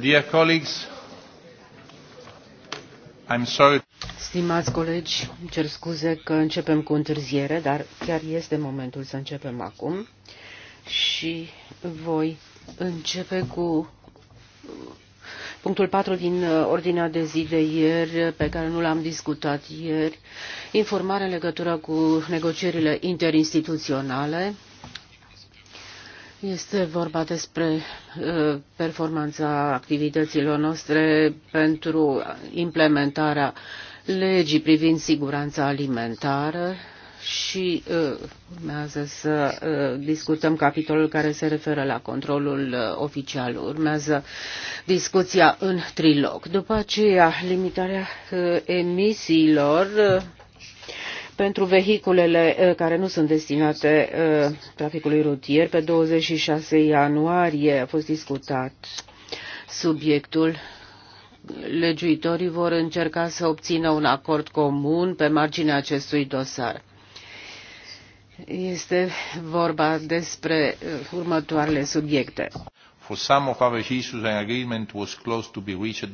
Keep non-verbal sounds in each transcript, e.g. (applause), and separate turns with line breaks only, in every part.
Dear colleagues, I'm sorry. Stimați colegi,
cer scuze că începem cu întârziere, dar chiar este momentul să începem acum și voi începe cu uh, punctul 4 din uh, ordinea de zi de ieri, pe care nu l-am discutat ieri, informare în legătură cu negocierile interinstituționale este vorba despre performanța activităților noastre pentru implementarea legii privind siguranța alimentară și urmează să discutăm capitolul care se referă la controlul oficial. Urmează discuția în trilog. După aceea, limitarea emisiilor pentru vehiculele eh, care nu sunt destinate eh, traficului rutier. Pe 26 ianuarie a fost discutat subiectul. Legiuitorii vor încerca să obțină un acord comun pe marginea acestui dosar. Este vorba despre eh, următoarele subiecte.
For some of our issues, an agreement was close to be reached.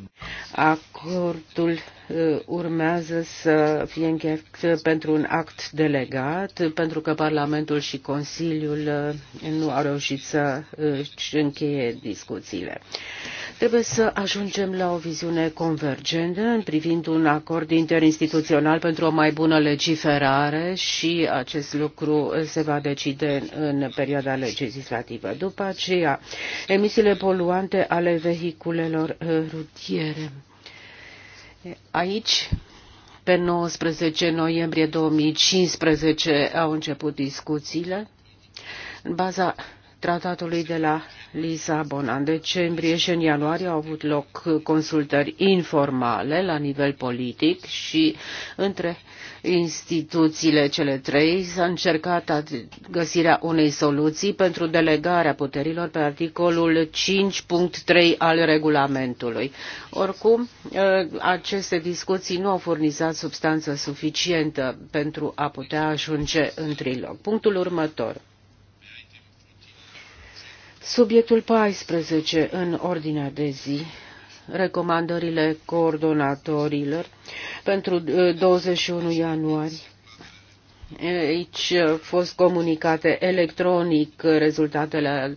Acordul Uh, urmează să fie încheiat pentru un act delegat, pentru că Parlamentul și Consiliul uh, nu au reușit să își uh, încheie discuțiile. Trebuie să ajungem la o viziune convergentă în privind un acord interinstituțional pentru o mai bună legiferare și acest lucru se va decide în perioada legislativă. După aceea, emisiile poluante ale vehiculelor rutiere. Aici, pe 19 noiembrie 2015, au început discuțiile în baza tratatului de la Lisabona. În decembrie și în ianuarie au avut loc consultări informale la nivel politic și între instituțiile cele trei s-a încercat găsirea unei soluții pentru delegarea puterilor pe articolul 5.3 al regulamentului. Oricum, ă, aceste discuții nu au furnizat substanță suficientă pentru a putea ajunge în trilog. Punctul următor. Subiectul 14 în ordinea de zi recomandările coordonatorilor pentru 21 uh, ianuarie. Aici au fost comunicate electronic rezultatele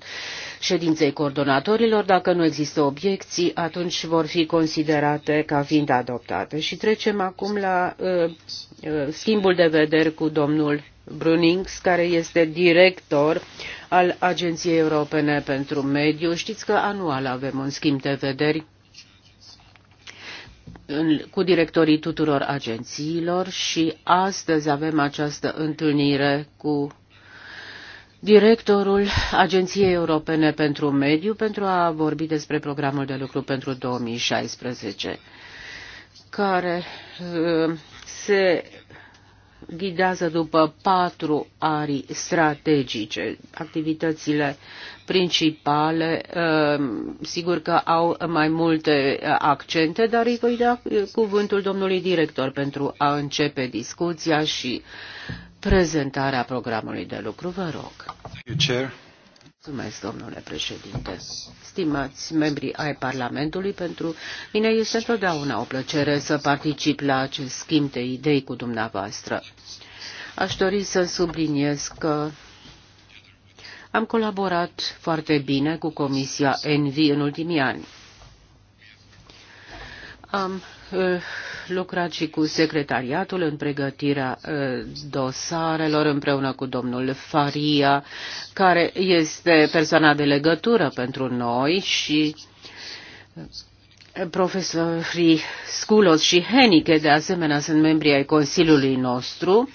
ședinței coordonatorilor. Dacă nu există obiecții, atunci vor fi considerate ca fiind adoptate. Și trecem acum la uh, uh, schimbul de vederi cu domnul Brunings, care este director al Agenției Europene pentru Mediu. Știți că anual avem un schimb de vederi cu directorii tuturor agențiilor și astăzi avem această întâlnire cu directorul Agenției Europene pentru Mediu pentru a vorbi despre programul de lucru pentru 2016, care uh, se ghidează după patru arii strategice. Activitățile principale, uh, sigur că au mai multe uh, accente, dar îi voi da uh, cuvântul domnului director pentru a începe discuția și prezentarea programului de lucru. Vă rog. Mulțumesc, domnule președinte stimați membri ai Parlamentului, pentru mine este totdeauna o plăcere să particip la acest schimb de idei cu dumneavoastră. Aș dori să subliniez că am colaborat foarte bine cu Comisia ENVI în ultimii ani. Am Eh, lucrat și cu secretariatul în pregătirea eh, dosarelor împreună cu domnul Faria, care este persoana de legătură pentru noi și Profesorii Sculos și Henike, de asemenea, sunt membri ai Consiliului nostru,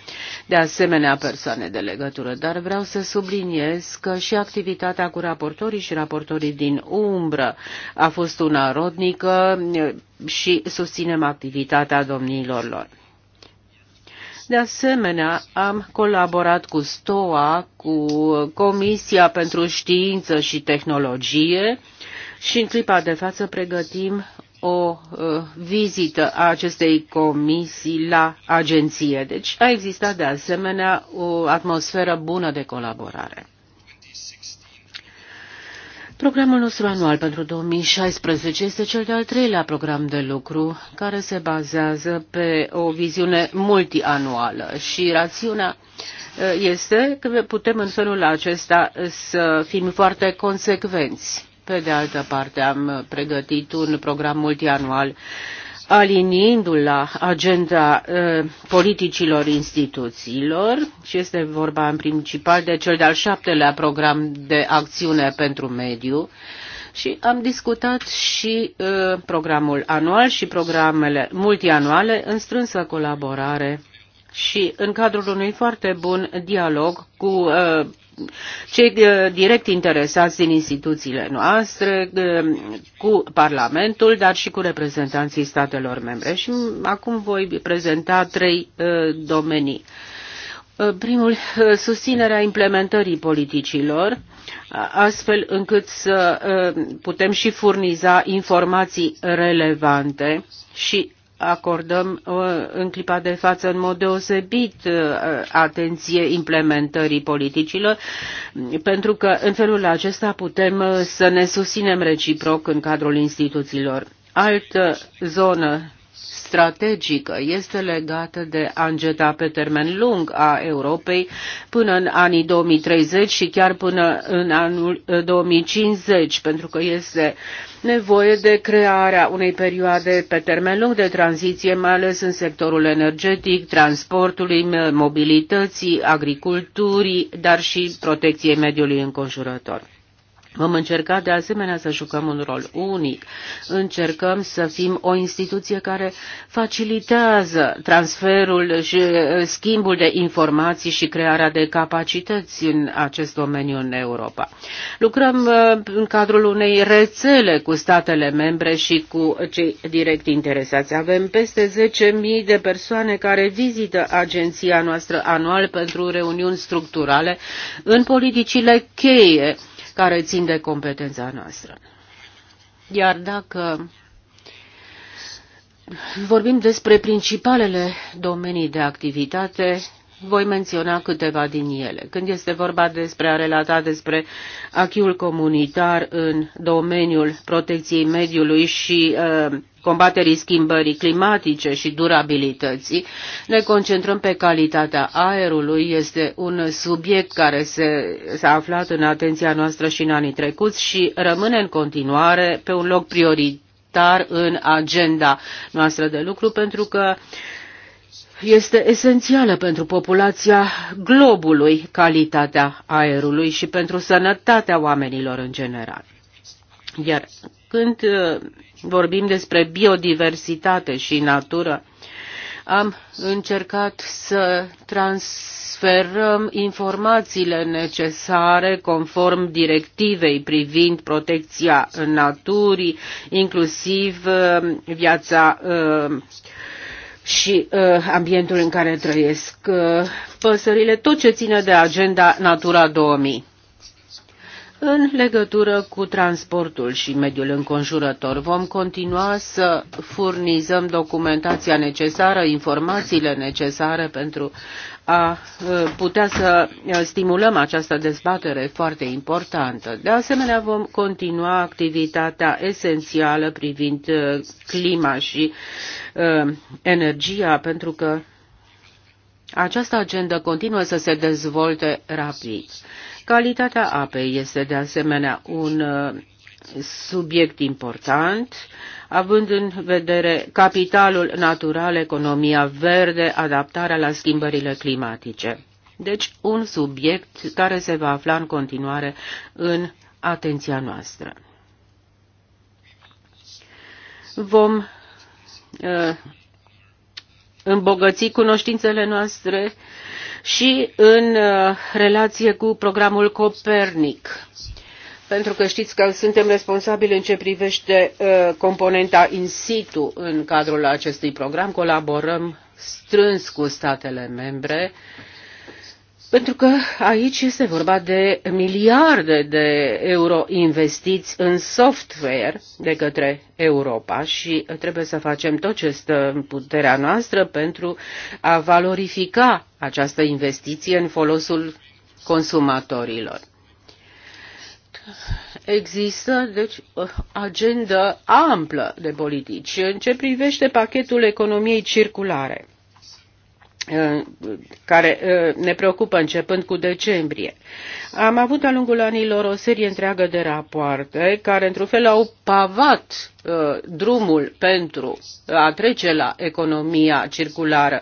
de asemenea persoane de legătură, dar vreau să subliniez că și activitatea cu raportorii și raportorii din umbră a fost una rodnică și susținem activitatea domnilor lor. De asemenea, am colaborat cu STOA, cu Comisia pentru Știință și Tehnologie, și în clipa de față pregătim o uh, vizită a acestei comisii la agenție. Deci a existat de asemenea o atmosferă bună de colaborare. Programul nostru anual pentru 2016 este cel de-al treilea program de lucru care se bazează pe o viziune multianuală și rațiunea uh, este că putem în felul acesta să fim foarte consecvenți pe de altă parte, am pregătit un program multianual aliniindu-l la agenda uh, politicilor instituțiilor și este vorba în principal de cel de-al șaptelea program de acțiune pentru mediu și am discutat și uh, programul anual și programele multianuale în strânsă colaborare și în cadrul unui foarte bun dialog cu uh, cei uh, direct interesați din instituțiile noastre, uh, cu Parlamentul, dar și cu reprezentanții statelor membre. Și acum voi prezenta trei uh, domenii. Primul, susținerea implementării politicilor, astfel încât să putem și furniza informații relevante și acordăm uh, în clipa de față în mod deosebit uh, atenție implementării politicilor, pentru că în felul acesta putem uh, să ne susținem reciproc în cadrul instituțiilor. Altă zonă strategică este legată de angeta pe termen lung a Europei până în anii 2030 și chiar până în anul 2050, ă, pentru că este nevoie de crearea unei perioade pe termen lung de tranziție, mai ales în sectorul energetic, transportului, mobilității, agriculturii, dar și protecției mediului înconjurător. Vom încerca de asemenea să jucăm un rol unic. Încercăm să fim o instituție care facilitează transferul și uh, schimbul de informații și crearea de capacități în acest domeniu în Europa. Lucrăm uh, în cadrul unei rețele cu statele membre și cu cei direct interesați. Avem peste 10.000 de persoane care vizită agenția noastră anual pentru reuniuni structurale în politicile cheie care țin de competența noastră. Iar dacă vorbim despre principalele domenii de activitate, voi menționa câteva din ele. Când este vorba despre a relata despre achiul comunitar în domeniul protecției mediului și uh, combaterii schimbării climatice și durabilității, ne concentrăm pe calitatea aerului. Este un subiect care s-a aflat în atenția noastră și în anii trecuți și rămâne în continuare pe un loc prioritar în agenda noastră de lucru pentru că uh, este esențială pentru populația globului, calitatea aerului și pentru sănătatea oamenilor în general. Iar când uh, vorbim despre biodiversitate și natură, am încercat să transferăm informațiile necesare conform directivei privind protecția naturii, inclusiv uh, viața uh, și uh, ambientul în care trăiesc uh, păsările, tot ce ține de agenda Natura 2000. În legătură cu transportul și mediul înconjurător, vom continua să furnizăm documentația necesară, informațiile necesare pentru a putea să stimulăm această dezbatere foarte importantă. De asemenea, vom continua activitatea esențială privind clima și energia, pentru că această agendă continuă să se dezvolte rapid. Calitatea apei este de asemenea un subiect important având în vedere capitalul natural, economia verde, adaptarea la schimbările climatice. Deci un subiect care se va afla în continuare în atenția noastră. Vom uh, îmbogăți cunoștințele noastre și în uh, relație cu programul Copernic pentru că știți că suntem responsabili în ce privește uh, componenta in situ în cadrul acestui program. Colaborăm strâns cu statele membre, pentru că aici este vorba de miliarde de euro investiți în software de către Europa și trebuie să facem tot ce stă în puterea noastră pentru a valorifica această investiție în folosul consumatorilor. Există, deci, o agendă amplă de politici în ce privește pachetul economiei circulare, eh, care eh, ne preocupă începând cu decembrie. Am avut de-a lungul anilor o serie întreagă de rapoarte care, într-un fel, au pavat Uh, drumul pentru a trece la economia circulară.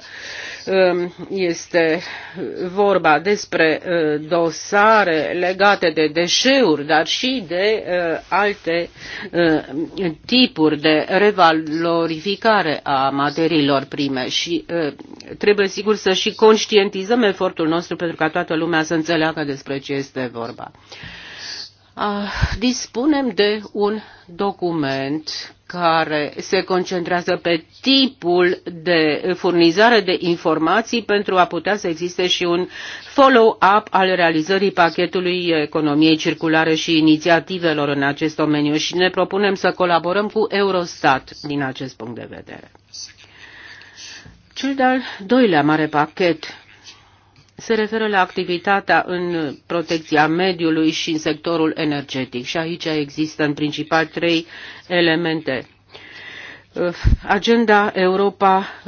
Um, este vorba despre uh, dosare legate de deșeuri, dar și de uh, alte tipuri de revalorificare a materiilor prime și trebuie sigur să și conștientizăm efortul nostru pentru ca toată lumea să înțeleagă despre ce este vorba dispunem de un document care se concentrează pe tipul de furnizare de informații pentru a putea să existe și un follow-up al realizării pachetului economiei circulare și inițiativelor în acest domeniu și ne propunem să colaborăm cu Eurostat din acest punct de vedere. Cel de-al doilea mare pachet se referă la activitatea în protecția mediului și în sectorul energetic. Și aici există în principal trei elemente. Agenda Europa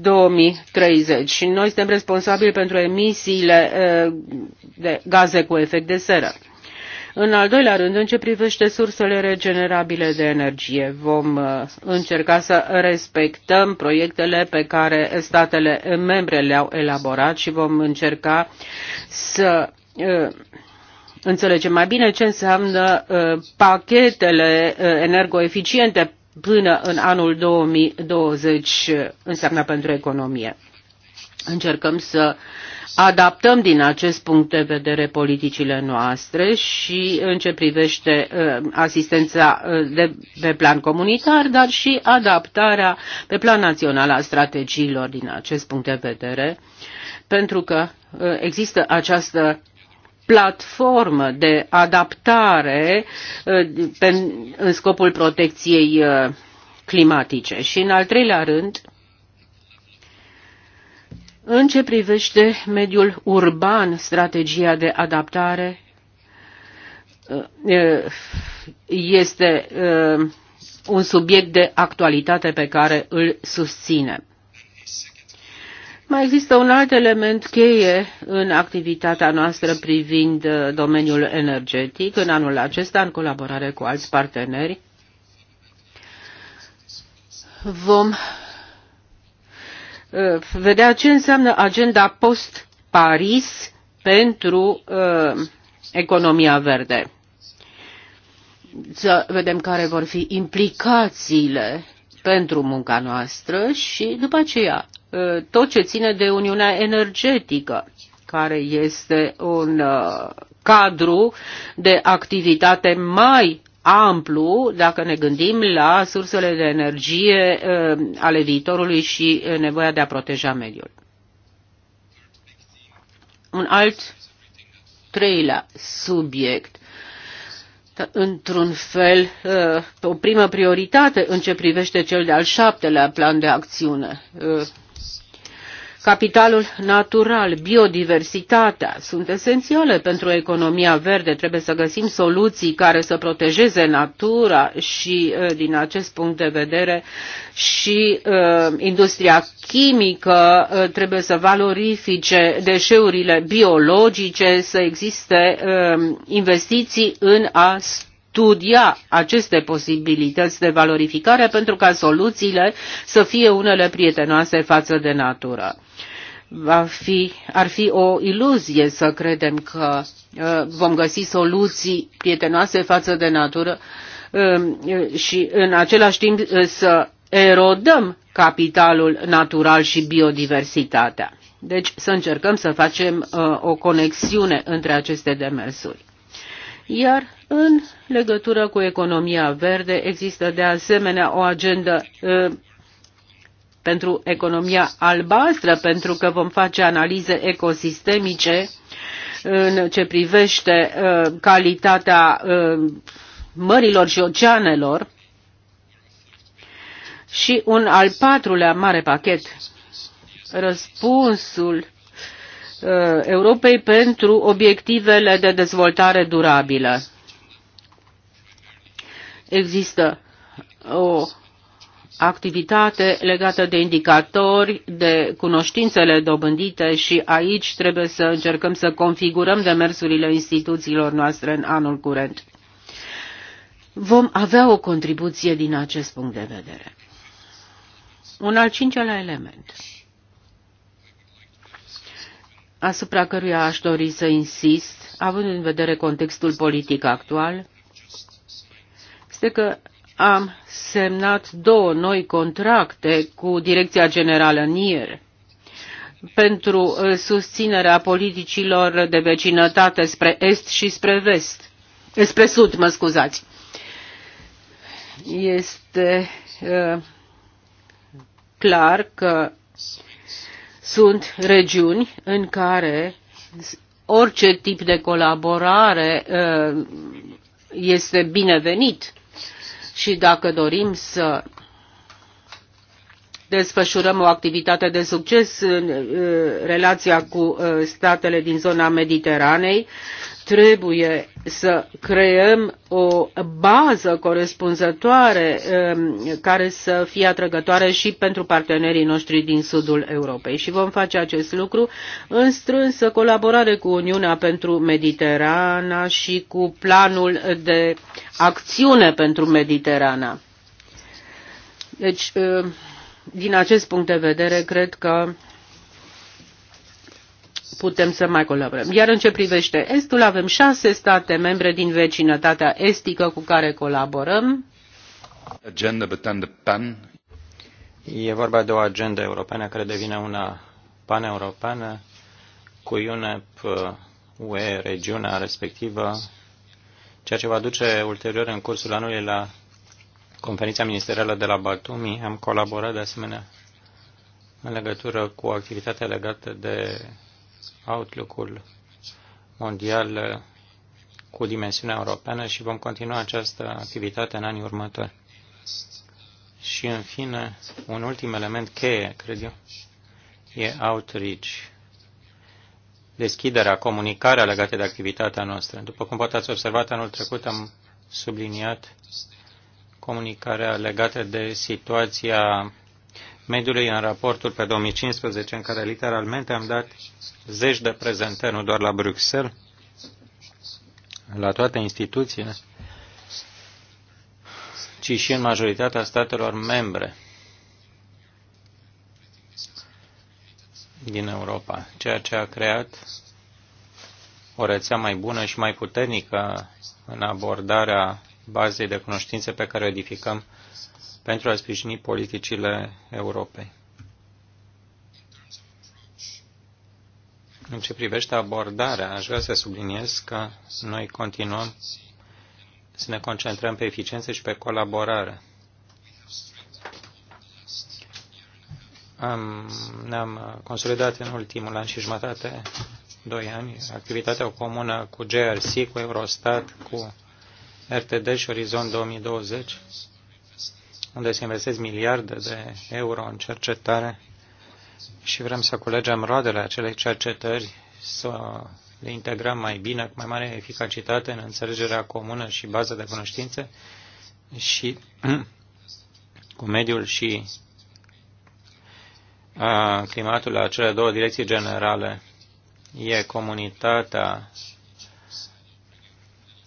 2030 și noi suntem responsabili pentru emisiile de gaze cu efect de seră. În al doilea rând, în ce privește sursele regenerabile de energie, vom uh, încerca să respectăm proiectele pe care statele membre le-au elaborat și vom încerca să uh, înțelegem mai bine ce înseamnă uh, pachetele energoeficiente până în anul 2020 înseamnă pentru economie. Încercăm să uh, adaptăm din acest punct de vedere politicile noastre și în ce privește uh, asistența uh, de, pe plan comunitar, dar și adaptarea pe plan național a strategiilor din acest punct de vedere, pentru că uh, există această platformă de adaptare în scopul protecției climatice. Și în al treilea rând, în ce privește mediul urban, strategia de adaptare uh, este uh, un subiect de actualitate pe care îl susține. Mai există un alt element cheie în activitatea noastră privind uh, domeniul energetic. În anul acesta, în colaborare cu alți parteneri, vom Uh, vedea ce înseamnă agenda post-Paris pentru uh, economia verde. Să vedem care vor fi implicațiile pentru munca noastră și după aceea uh, tot ce ține de Uniunea Energetică, care este un cadru de activitate mai amplu dacă ne gândim la sursele de energie eh, ale viitorului și eh, nevoia de a proteja mediul. Un alt treilea subiect da, într-un fel eh, o primă prioritate în ce privește cel de-al șaptelea plan de acțiune. Capitalul natural, biodiversitatea sunt esențiale pentru economia verde. Trebuie să găsim soluții care să protejeze natura și, uh, din acest punct de vedere, și uh, industria chimică uh, trebuie să valorifice deșeurile biologice, să existe uh, investiții în a studia aceste posibilități de valorificare pentru ca soluțiile să fie unele prietenoase față de natură va fi, ar fi o iluzie să credem că uh, vom găsi soluții prietenoase față de natură um, uh, și în același timp uh, să erodăm capitalul natural și biodiversitatea. Deci să încercăm să facem o conexiune între aceste demersuri. Iar în legătură cu economia verde există de asemenea o agendă pentru economia albastră, pentru că vom face analize ecosistemice în ce privește uh, calitatea uh, mărilor și oceanelor. Și un al patrulea mare pachet, răspunsul uh, Europei pentru obiectivele de dezvoltare durabilă. Există o activitate legată de indicatori, de cunoștințele dobândite și aici trebuie să încercăm să configurăm demersurile instituțiilor noastre în anul curent. Vom avea o contribuție din acest punct de vedere. Un al cincelea element asupra căruia aș dori să insist, având în vedere contextul politic actual, este că am semnat două noi contracte cu Direcția Generală NIR pentru uh, susținerea politicilor de vecinătate spre est și spre vest, eh, spre sud, mă scuzați. Este uh, clar că sunt regiuni în care orice tip de colaborare uh, este binevenit și dacă dorim să desfășurăm o activitate de succes în relația cu uh, statele din zona Mediteranei, trebuie să creăm o bază corespunzătoare um, care să fie atrăgătoare și pentru partenerii noștri din sudul Europei. Și vom face acest lucru în strânsă colaborare cu Uniunea pentru Mediterana și cu planul de acțiune pentru Mediterana. Deci, um, din acest punct de vedere, cred că putem să mai colaborăm. Iar în ce privește Estul, avem șase state membre din vecinătatea estică cu care colaborăm.
Agenda, pan. E vorba de o agendă europeană care devine una paneuropeană cu UNEP, UE, regiunea respectivă, ceea ce va duce ulterior în cursul anului la conferința ministerială de la Batumi. Am colaborat de asemenea în legătură cu activitatea legată de outlook-ul mondial cu dimensiunea europeană și vom continua această activitate în anii următori. Și, în fine, un ultim element cheie, cred eu, e outreach, deschiderea, comunicarea legată de activitatea noastră. După cum poate ați observat, anul trecut am subliniat comunicarea legată de situația mediului în raportul pe 2015, în care literalmente am dat zeci de prezentări, nu doar la Bruxelles, la toate instituțiile, ci și în majoritatea statelor membre din Europa, ceea ce a creat o rețea mai bună și mai puternică în abordarea bazei de cunoștințe pe care o edificăm pentru a sprijini politicile Europei. În ce privește abordarea, aș vrea să subliniez că noi continuăm să ne concentrăm pe eficiență și pe colaborare. Am, ne-am consolidat în ultimul an și jumătate, doi ani, activitatea comună cu GRC, cu Eurostat, cu RTD și Orizont 2020 unde se investesc miliarde de euro în cercetare și vrem să culegem roadele acelei cercetări, să le integrăm mai bine, cu mai mare eficacitate în înțelegerea comună și baza de cunoștințe și (clears throat) cu mediul și climatul la cele două direcții generale. E comunitatea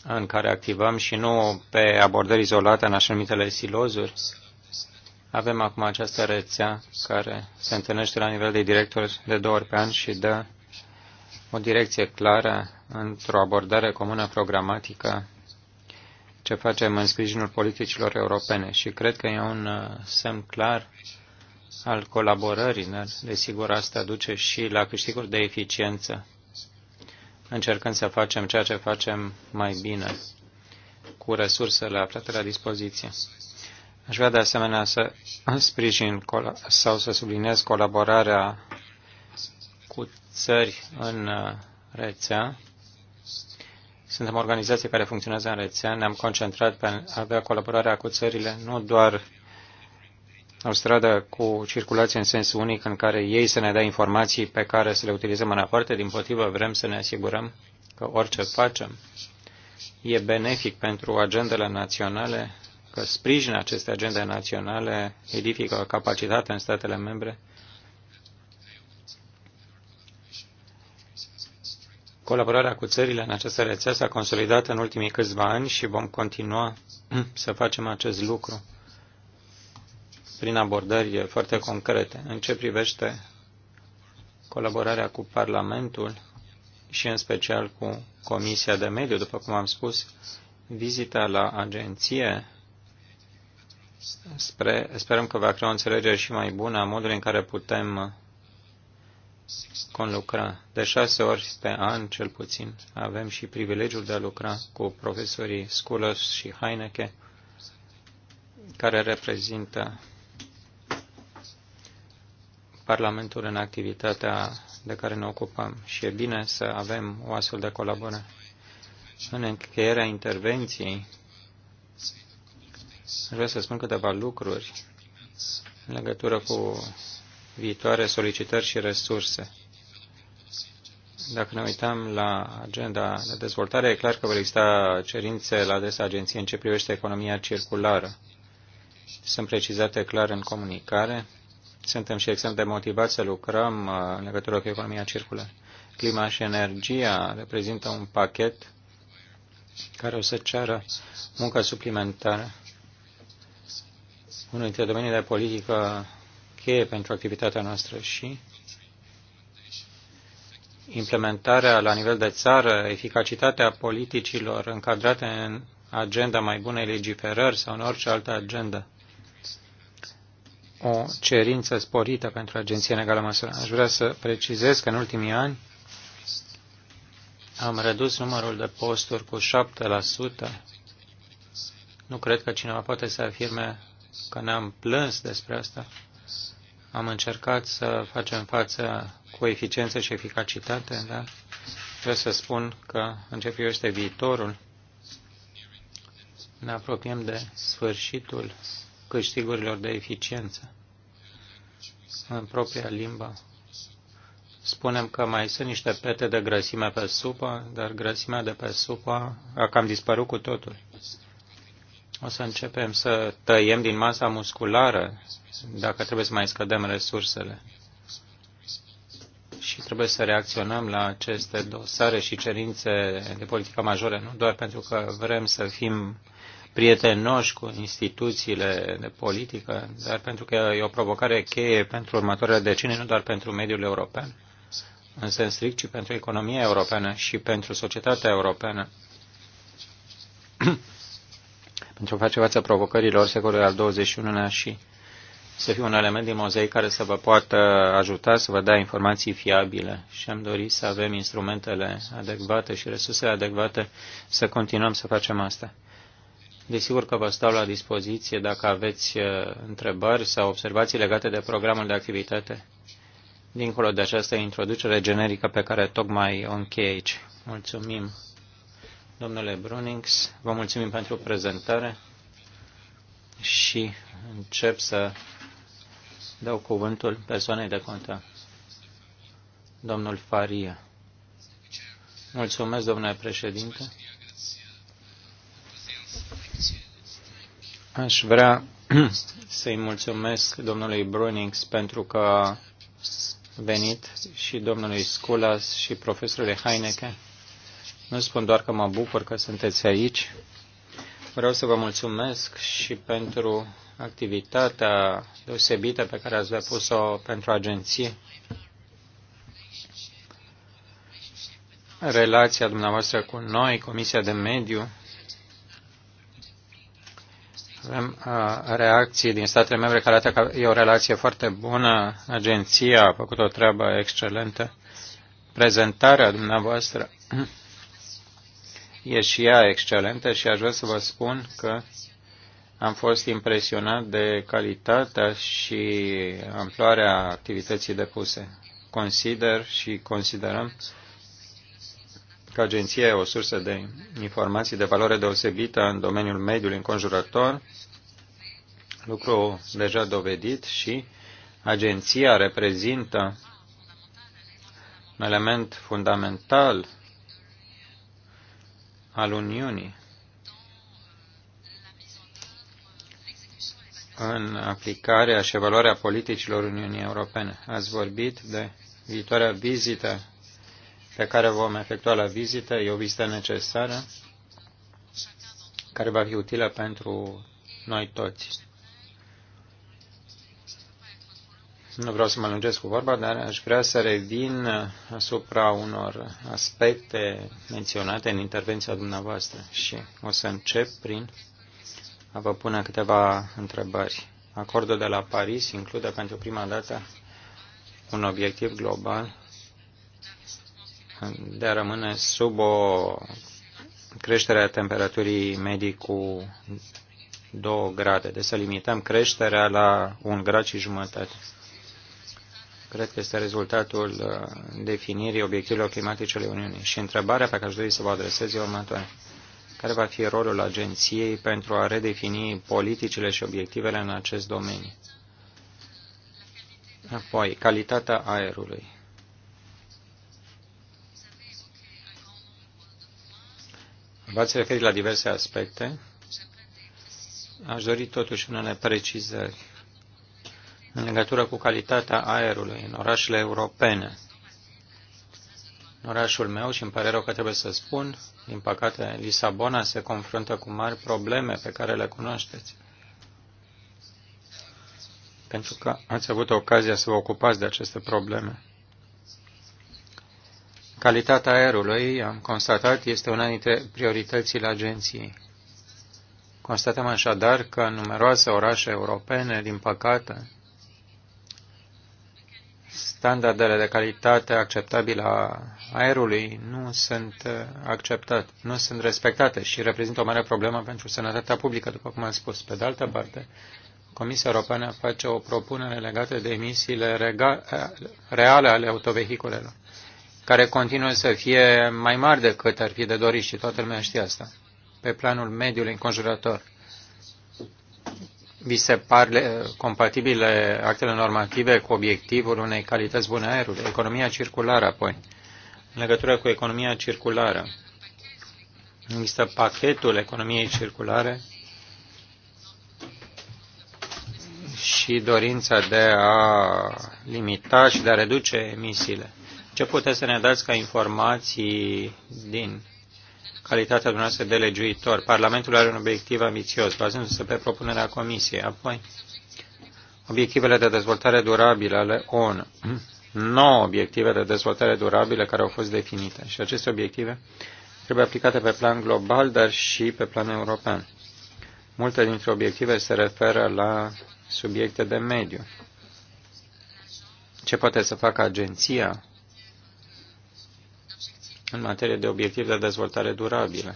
în care activăm și nu pe abordări izolate în așa numitele silozuri. Avem acum această rețea care se întâlnește la nivel de director de două ori pe an și dă o direcție clară într-o abordare comună programatică ce facem în sprijinul politicilor europene și cred că e un uh, semn clar al colaborării. Desigur, asta duce și la câștiguri de eficiență încercând să facem ceea ce facem mai bine cu resursele aflate la dispoziție. Aș vrea de asemenea să sprijin sau să subliniez colaborarea cu țări în uh, rețea. Suntem organizații care funcționează în rețea. Ne-am concentrat pe a avea colaborarea cu țările nu doar o stradă cu circulație în sens unic în care ei să ne dea informații pe care să le utilizăm în aparte. Din potrivă, vrem să ne asigurăm că orice facem e benefic pentru agendele naționale, că sprijină aceste agende naționale, edifică capacitatea în statele membre. Colaborarea cu țările în această rețea s-a consolidat în ultimii câțiva ani și vom continua să facem acest lucru prin abordări foarte concrete. În ce privește colaborarea cu Parlamentul și în special cu Comisia de Mediu, după cum am spus, vizita la agenție spre, sperăm că va crea o înțelegere și mai bună a modului în care putem conlucra. De șase ori pe an, cel puțin, avem și privilegiul de a lucra cu profesorii Sculos și Heineke, care reprezintă Parlamentul în activitatea de care ne ocupăm și e bine să avem o astfel de colaborare. În încheierea intervenției, vreau să spun câteva lucruri în legătură cu viitoare solicitări și resurse. Dacă ne uităm la agenda de dezvoltare, e clar că vor exista cerințe la adresa agenției în ce privește economia circulară. Sunt precizate clar în comunicare suntem și extrem de motivați să lucrăm uh, în legătură cu economia circulară. Clima și energia reprezintă un pachet care o să ceară muncă suplimentară. Unul dintre domeniile de politică cheie pentru activitatea noastră și implementarea la nivel de țară, eficacitatea politicilor încadrate în agenda mai bunei legiferări sau în orice altă agenda o cerință sporită pentru agenția în egală măsură. Aș vrea să precizez că în ultimii ani am redus numărul de posturi cu 7%. Nu cred că cineva poate să afirme că ne-am plâns despre asta. Am încercat să facem față cu eficiență și eficacitate, dar vreau să spun că în ce viitorul, ne apropiem de sfârșitul câștigurilor de eficiență în propria limbă. Spunem că mai sunt niște pete de grăsime pe supă, dar grăsimea de pe supă a cam dispărut cu totul. O să începem să tăiem din masa musculară dacă trebuie să mai scădem resursele. Și trebuie să reacționăm la aceste dosare și cerințe de politică majore, nu doar pentru că vrem să fim prietenoși cu instituțiile de politică, dar pentru că e o provocare cheie pentru următoarea decenii, nu doar pentru mediul european, în sens strict, ci pentru economia europeană și pentru societatea europeană. (clears throat) pentru a face față provocărilor secolului al XXI-lea și să fie un element din mozei care să vă poată ajuta să vă dea informații fiabile și am dorit să avem instrumentele adecvate și resursele adecvate să continuăm să facem asta. Desigur că vă stau la dispoziție dacă aveți uh, întrebări sau observații legate de programul de activitate, dincolo de această introducere generică pe care tocmai o încheie aici. Mulțumim, domnule Brunings, vă mulțumim pentru prezentare și încep să dau cuvântul persoanei de contă, domnul Faria. Mulțumesc, domnule președinte. Aș vrea (clears throat) să-i mulțumesc domnului Brunings pentru că a venit și domnului Sculas și profesorului Heineke. Nu spun doar că mă bucur că sunteți aici. Vreau să vă mulțumesc și pentru activitatea deosebită pe care ați depus-o pentru agenție. Relația dumneavoastră cu noi, Comisia de Mediu, avem uh, reacții din statele membre care arată că e o relație foarte bună, agenția a făcut o treabă excelentă, prezentarea dumneavoastră e și ea excelentă și aș vrea să vă spun că am fost impresionat de calitatea și amploarea activității depuse. Consider și considerăm că agenția e o sursă de informații de valoare deosebită în domeniul mediului înconjurător, lucru deja dovedit și agenția reprezintă un element fundamental al Uniunii în aplicarea și evaluarea politicilor Uniunii Europene. Ați vorbit de viitoarea vizită pe care vom efectua la vizită. E o vizită necesară care va fi utilă pentru noi toți. Nu vreau să mă lungesc cu vorba, dar aș vrea să revin asupra unor aspecte menționate în intervenția dumneavoastră și o să încep prin a vă pune câteva întrebări. Acordul de la Paris include pentru prima dată un obiectiv global de a rămâne sub o creștere a temperaturii medii cu 2 grade. de deci să limităm creșterea la 1 grad și jumătate. Cred că este rezultatul uh, definirii obiectivelor climatice ale Uniunii. Și întrebarea pe care aș dori să vă adresez e Care va fi rolul agenției pentru a redefini politicile și obiectivele în acest domeniu? Apoi, calitatea aerului. V-ați referit la diverse aspecte. Aș dori totuși unele precizări în legătură cu calitatea aerului în orașele europene. În orașul meu, și îmi pare rău că trebuie să spun, din păcate, Lisabona se confruntă cu mari probleme pe care le cunoașteți. Pentru că ați avut ocazia să vă ocupați de aceste probleme. Calitatea aerului, am constatat, este una dintre prioritățile agenției. Constatăm așadar că numeroase orașe europene, din păcate, standardele de calitate acceptabile a aerului nu sunt uh, acceptate, nu sunt respectate și reprezintă o mare problemă pentru sănătatea publică, după cum am spus. Pe de altă parte, Comisia Europeană face o propunere legată de emisiile uh, reale ale autovehiculelor care continuă să fie mai mari decât ar fi de dorit și toată lumea știe asta, pe planul mediului înconjurător. Vi se par compatibile actele normative cu obiectivul unei calități bune a aerului? Economia circulară, apoi. În legătură cu economia circulară, există pachetul economiei circulare și dorința de a limita și de a reduce emisiile. Ce puteți să ne dați ca informații din calitatea dumneavoastră de legiuitor? Parlamentul are un obiectiv ambițios, bazându-se pe propunerea Comisiei. Apoi, obiectivele de dezvoltare durabilă ale ONU. 9 obiective de dezvoltare durabilă care au fost definite. Și aceste obiective trebuie aplicate pe plan global, dar și pe plan european. Multe dintre obiective se referă la subiecte de mediu. Ce poate să facă agenția în materie de obiectiv de dezvoltare durabilă.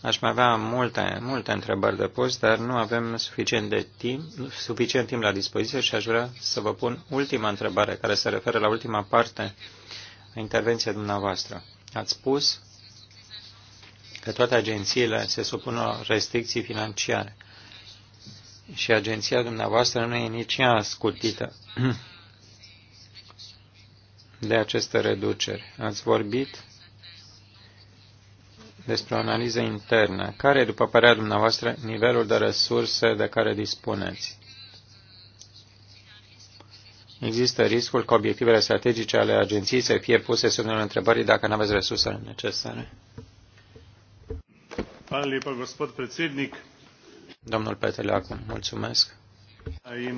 Aș mai avea multe, multe întrebări de pus, dar nu avem suficient, de timp, suficient timp la dispoziție și aș vrea să vă pun ultima întrebare care se referă la ultima parte a intervenției dumneavoastră. Ați spus că toate agențiile se supun la restricții financiare și agenția dumneavoastră nu e nici ea scutită (clears throat) de aceste reduceri. Ați vorbit despre o analiză internă. Care, după părerea dumneavoastră, nivelul de resurse de care dispuneți? Există riscul că obiectivele strategice ale agenției să fie puse sub semnul întrebării dacă nu aveți resursele necesare.
Domnul Petele, acum
mulțumesc. Eh,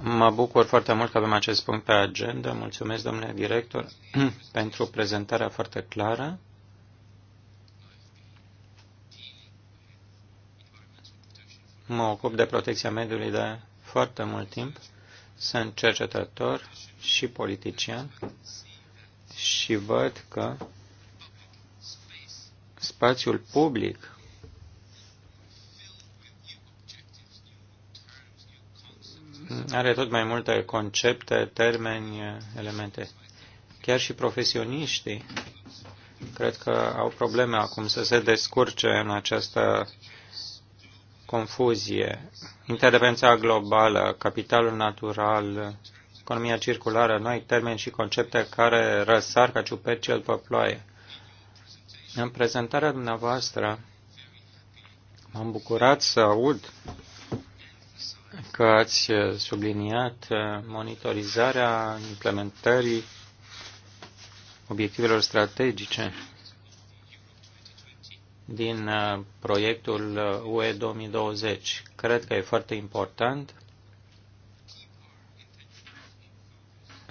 mă bucur foarte mult că avem acest punct pe agenda. Mulțumesc, domnule director, (clears throat) pentru prezentarea foarte clară. Mă ocup de protecția mediului de foarte mult timp. Sunt cercetător și politician și văd că spațiul public are tot mai multe concepte, termeni, elemente. Chiar și profesioniștii cred că au probleme acum să se descurce în această confuzie. Intervenția globală, capitalul natural, economia circulară, noi termeni și concepte care răsar ca ciupercel pe ploaie. În prezentarea dumneavoastră m-am bucurat să aud că ați subliniat monitorizarea implementării obiectivelor strategice din uh, proiectul uh, UE 2020. Cred că e foarte important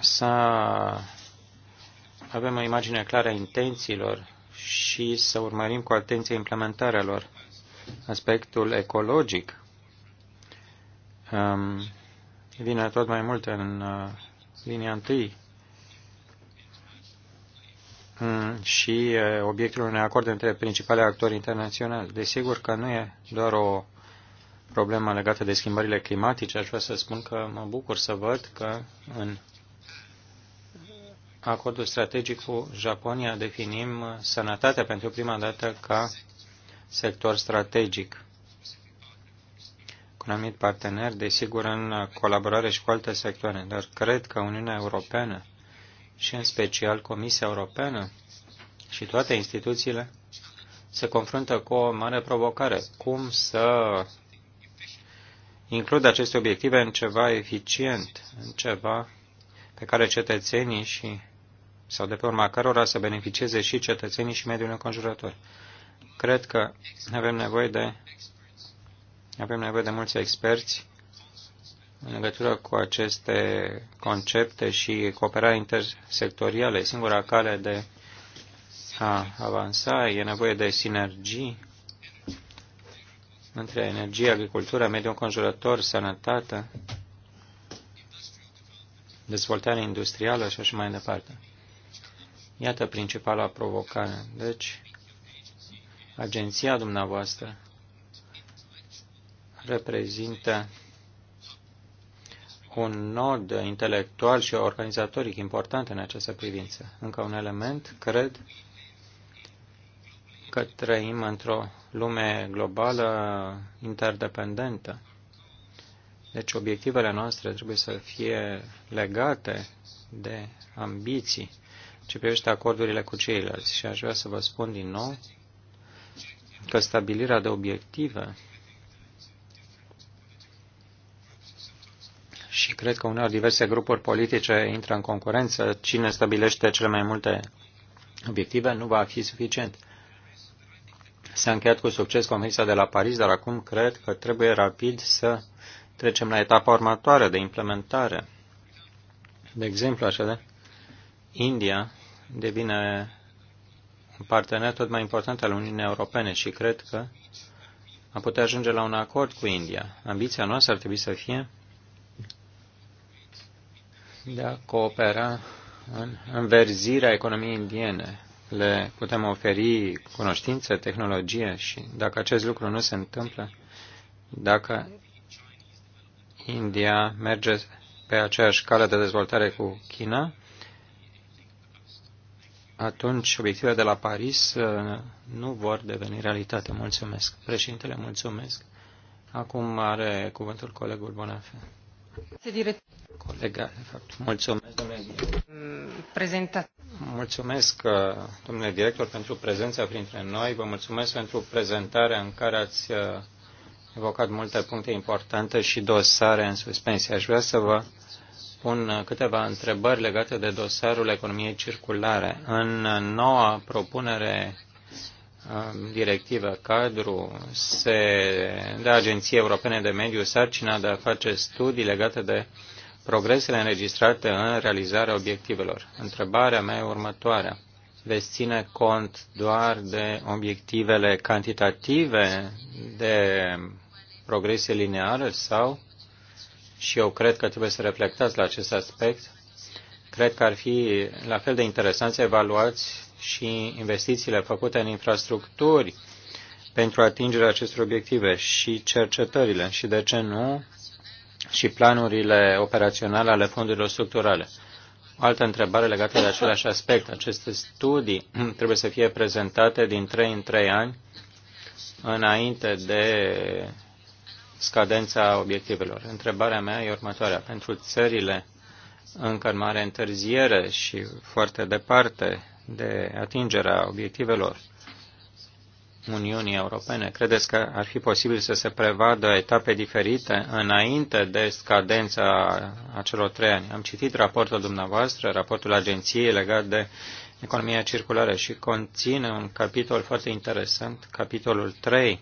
să avem o imagine clară a intențiilor și să urmărim cu atenție implementarea lor. Aspectul ecologic um, vine tot mai mult în uh, linia întâi um, și uh, obiectul unui acord între principale actori internaționali. Desigur că nu e doar o problemă legată de schimbările climatice, aș vrea să spun că mă bucur să văd că în acordul strategic cu Japonia definim sănătatea pentru prima dată ca sector strategic un anumit partener, desigur în colaborare și cu alte sectoare, dar cred că Uniunea Europeană și în special Comisia Europeană și toate instituțiile se confruntă cu o mare provocare. Cum să includ aceste obiective în ceva eficient, în ceva pe care cetățenii și sau de pe urma cărora să beneficieze și cetățenii și mediul înconjurător. Cred că avem nevoie de avem nevoie de mulți experți în legătură cu aceste concepte și cooperarea intersectorială. singura cale de a avansa. E nevoie de sinergii între energie, agricultură, mediul înconjurător, sănătate, dezvoltare industrială și așa mai departe. Iată principala provocare. Deci, agenția dumneavoastră reprezintă un nod intelectual și organizatoric important în această privință. Încă un element, cred că trăim într-o lume globală interdependentă. Deci obiectivele noastre trebuie să fie legate de ambiții ce privește acordurile cu ceilalți. Și aș vrea să vă spun din nou că stabilirea de obiective și cred că uneori diverse grupuri politice intră în concurență. Cine stabilește cele mai multe obiective nu va fi suficient. S-a încheiat cu succes Comisia de la Paris, dar acum cred că trebuie rapid să trecem la etapa următoare de implementare. De exemplu, așa de, India devine un partener tot mai important al Uniunii Europene și cred că am putea ajunge la un acord cu India. Ambiția noastră ar trebui să fie de a coopera în înverzirea economiei indiene. Le putem oferi cunoștință, tehnologie și dacă acest lucru nu se întâmplă, dacă India merge pe aceeași cale de dezvoltare cu China, atunci obiectivele de la Paris uh, nu vor deveni realitate. Mulțumesc. Președintele, mulțumesc. Acum are cuvântul colegul Bonafé. Colega, de fapt, mulțumesc, domnule director. Prezentat. Mulțumesc, uh, domnule director, pentru prezența printre noi. Vă mulțumesc pentru prezentarea în care ați uh, evocat multe puncte importante și dosare în suspensie. Aș vrea să vă pun uh, câteva întrebări legate de dosarul economiei circulare. În noua propunere directivă cadru se dă Agenției Europene de Mediu sarcina de a face studii legate de progresele înregistrate în realizarea obiectivelor. Întrebarea mea e următoarea. Veți ține cont doar de obiectivele cantitative de progresie lineară sau, și eu cred că trebuie să reflectați la acest aspect, cred că ar fi la fel de interesant să evaluați și investițiile făcute în infrastructuri pentru atingerea acestor obiective și cercetările și, de ce nu, și planurile operaționale ale fondurilor structurale. O altă întrebare legată de același aspect. Aceste studii (clears throat) trebuie să fie prezentate din 3 în 3 ani înainte de scadența obiectivelor. Întrebarea mea e următoarea. Pentru țările încă în mare întârziere și foarte departe de atingerea obiectivelor Uniunii Europene? Credeți că ar fi posibil să se prevadă etape diferite înainte de scadența acelor trei ani? Am citit raportul dumneavoastră, raportul agenției legat de economia circulară și conține un capitol foarte interesant, capitolul 3,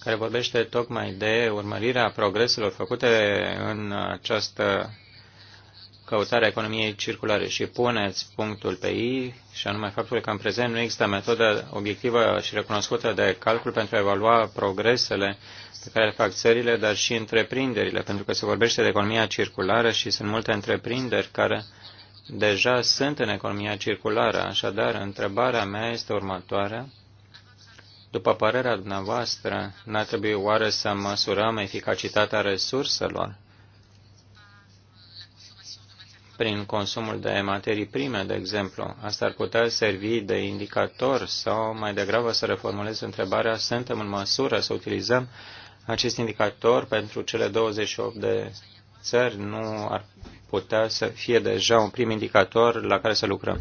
care vorbește tocmai de urmărirea progreselor făcute în această căutarea economiei circulare și puneți punctul pe I, și anume faptul că în prezent nu există metodă obiectivă și recunoscută de calcul pentru a evalua progresele pe care le fac țările, dar și întreprinderile, pentru că se vorbește de economia circulară și sunt multe întreprinderi care deja sunt în economia circulară. Așadar, întrebarea mea este următoarea. După părerea dumneavoastră, n-ar trebui oare să măsurăm eficacitatea resurselor? prin consumul de materii prime, de exemplu. Asta ar putea servi de indicator sau mai degrabă să reformulez întrebarea, suntem în măsură să utilizăm acest indicator pentru cele 28 de țări, nu ar putea să fie deja un prim indicator la care să lucrăm.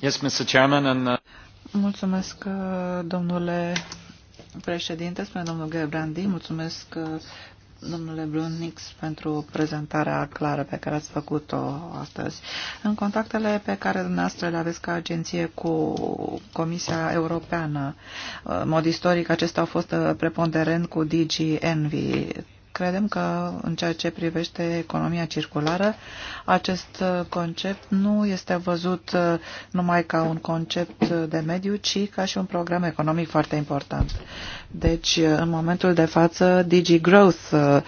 Yes, Mr. Chairman, and... Uh,
mulțumesc, uh, domnule președinte, spune domnul Gebrandi, mulțumesc uh, domnule Brunix, pentru prezentarea clară pe care ați făcut-o astăzi. În contactele pe care dumneavoastră le aveți ca agenție cu Comisia Europeană, în mod istoric, acestea au fost uh, preponderent cu DG Envy. Credem că în ceea ce privește economia circulară, acest concept nu este văzut uh, numai ca un concept de mediu, ci ca și un program economic foarte important. Deci, uh, în momentul de față, DigiGrowth uh,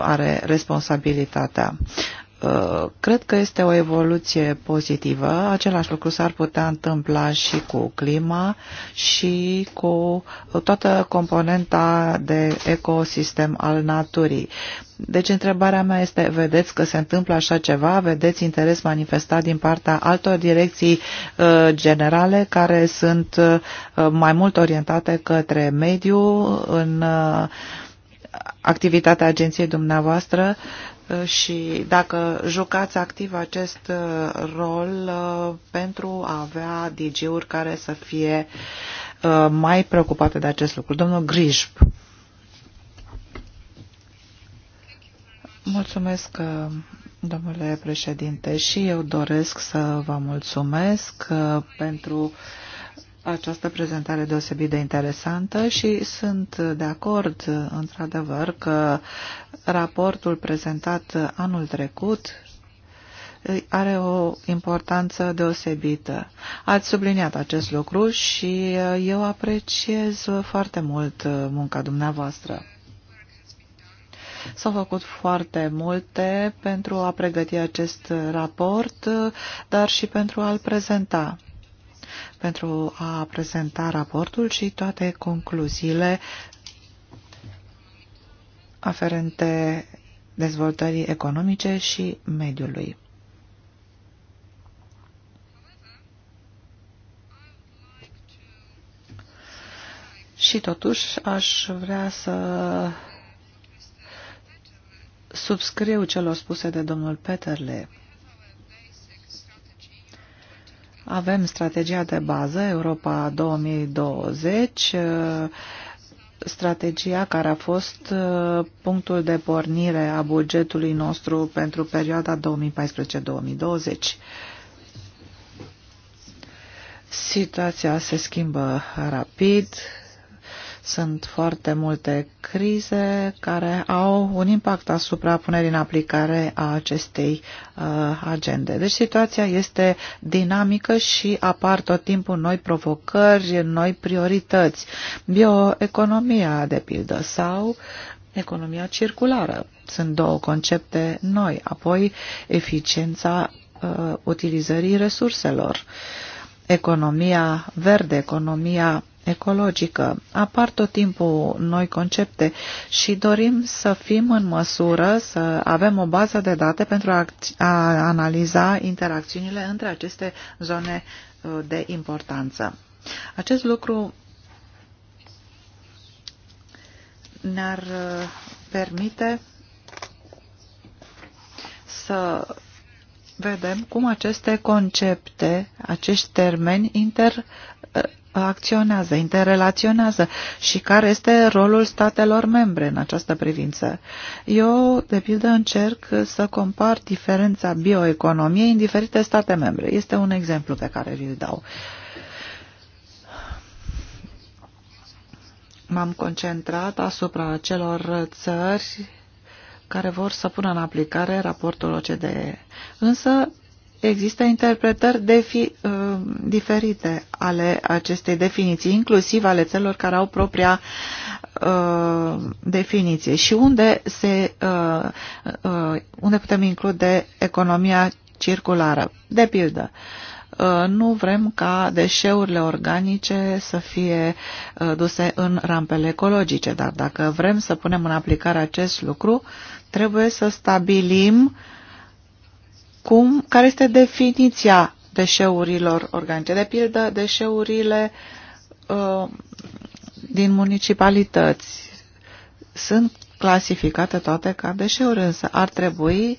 are responsabilitatea. Uh, cred că este o evoluție pozitivă. Același lucru s-ar putea întâmpla și cu clima și cu toată componenta de ecosistem al naturii. Deci întrebarea mea este, vedeți că se întâmplă așa ceva? Vedeți interes manifestat din partea altor direcții uh, generale care sunt uh, mai mult orientate către mediu în uh, activitatea agenției dumneavoastră? Uh, și dacă jucați activ acest uh, rol uh, pentru a avea DG-uri care să fie uh, mai preocupate de acest lucru. Domnul Grijp. Mulțumesc, domnule președinte, și eu doresc să vă mulțumesc pentru această prezentare deosebit de interesantă și sunt de acord, într-adevăr, că raportul prezentat anul trecut are o importanță deosebită. Ați subliniat acest lucru și eu apreciez foarte mult munca dumneavoastră. S-au făcut foarte multe pentru a pregăti acest raport, dar și pentru a-l prezenta pentru a prezenta raportul și toate concluziile aferente dezvoltării economice și mediului. Și totuși aș vrea să subscriu celor spuse de domnul Peterle. Avem strategia de bază, Europa 2020, uh, strategia care a fost uh, punctul de pornire a bugetului nostru pentru perioada 2014-2020. Situația se schimbă rapid, sunt foarte multe crize care au un impact asupra punerii în aplicare a acestei uh, agende. Deci situația este dinamică și apar tot timpul noi provocări, noi priorități. Bioeconomia, de pildă, sau economia circulară. Sunt două concepte noi. Apoi, eficiența uh, utilizării resurselor. Economia verde, economia ecologică. Apar tot timpul noi concepte și dorim să fim în măsură să avem o bază de date pentru a, a analiza interacțiunile între aceste zone uh, de importanță. Acest lucru ne-ar uh, permite să vedem cum aceste concepte, acești termeni inter uh, acționează, interrelaționează și care este rolul statelor membre în această privință. Eu, de pildă, încerc să compar diferența bioeconomiei în diferite state membre. Este un exemplu pe care vi-l dau. M-am concentrat asupra celor țări care vor să pună în aplicare raportul OCDE. Însă Există interpretări defi, uh, diferite ale acestei definiții, inclusiv ale celor care au propria uh, definiție și unde, se, uh, uh, unde putem include economia circulară. De pildă, uh, nu vrem ca deșeurile organice să fie uh, duse în rampele ecologice, dar dacă vrem să punem în aplicare acest lucru, trebuie să stabilim uh, cum, care este definiția deșeurilor organice. De pildă, deșeurile uh, din municipalități sunt clasificate toate ca deșeuri, însă ar trebui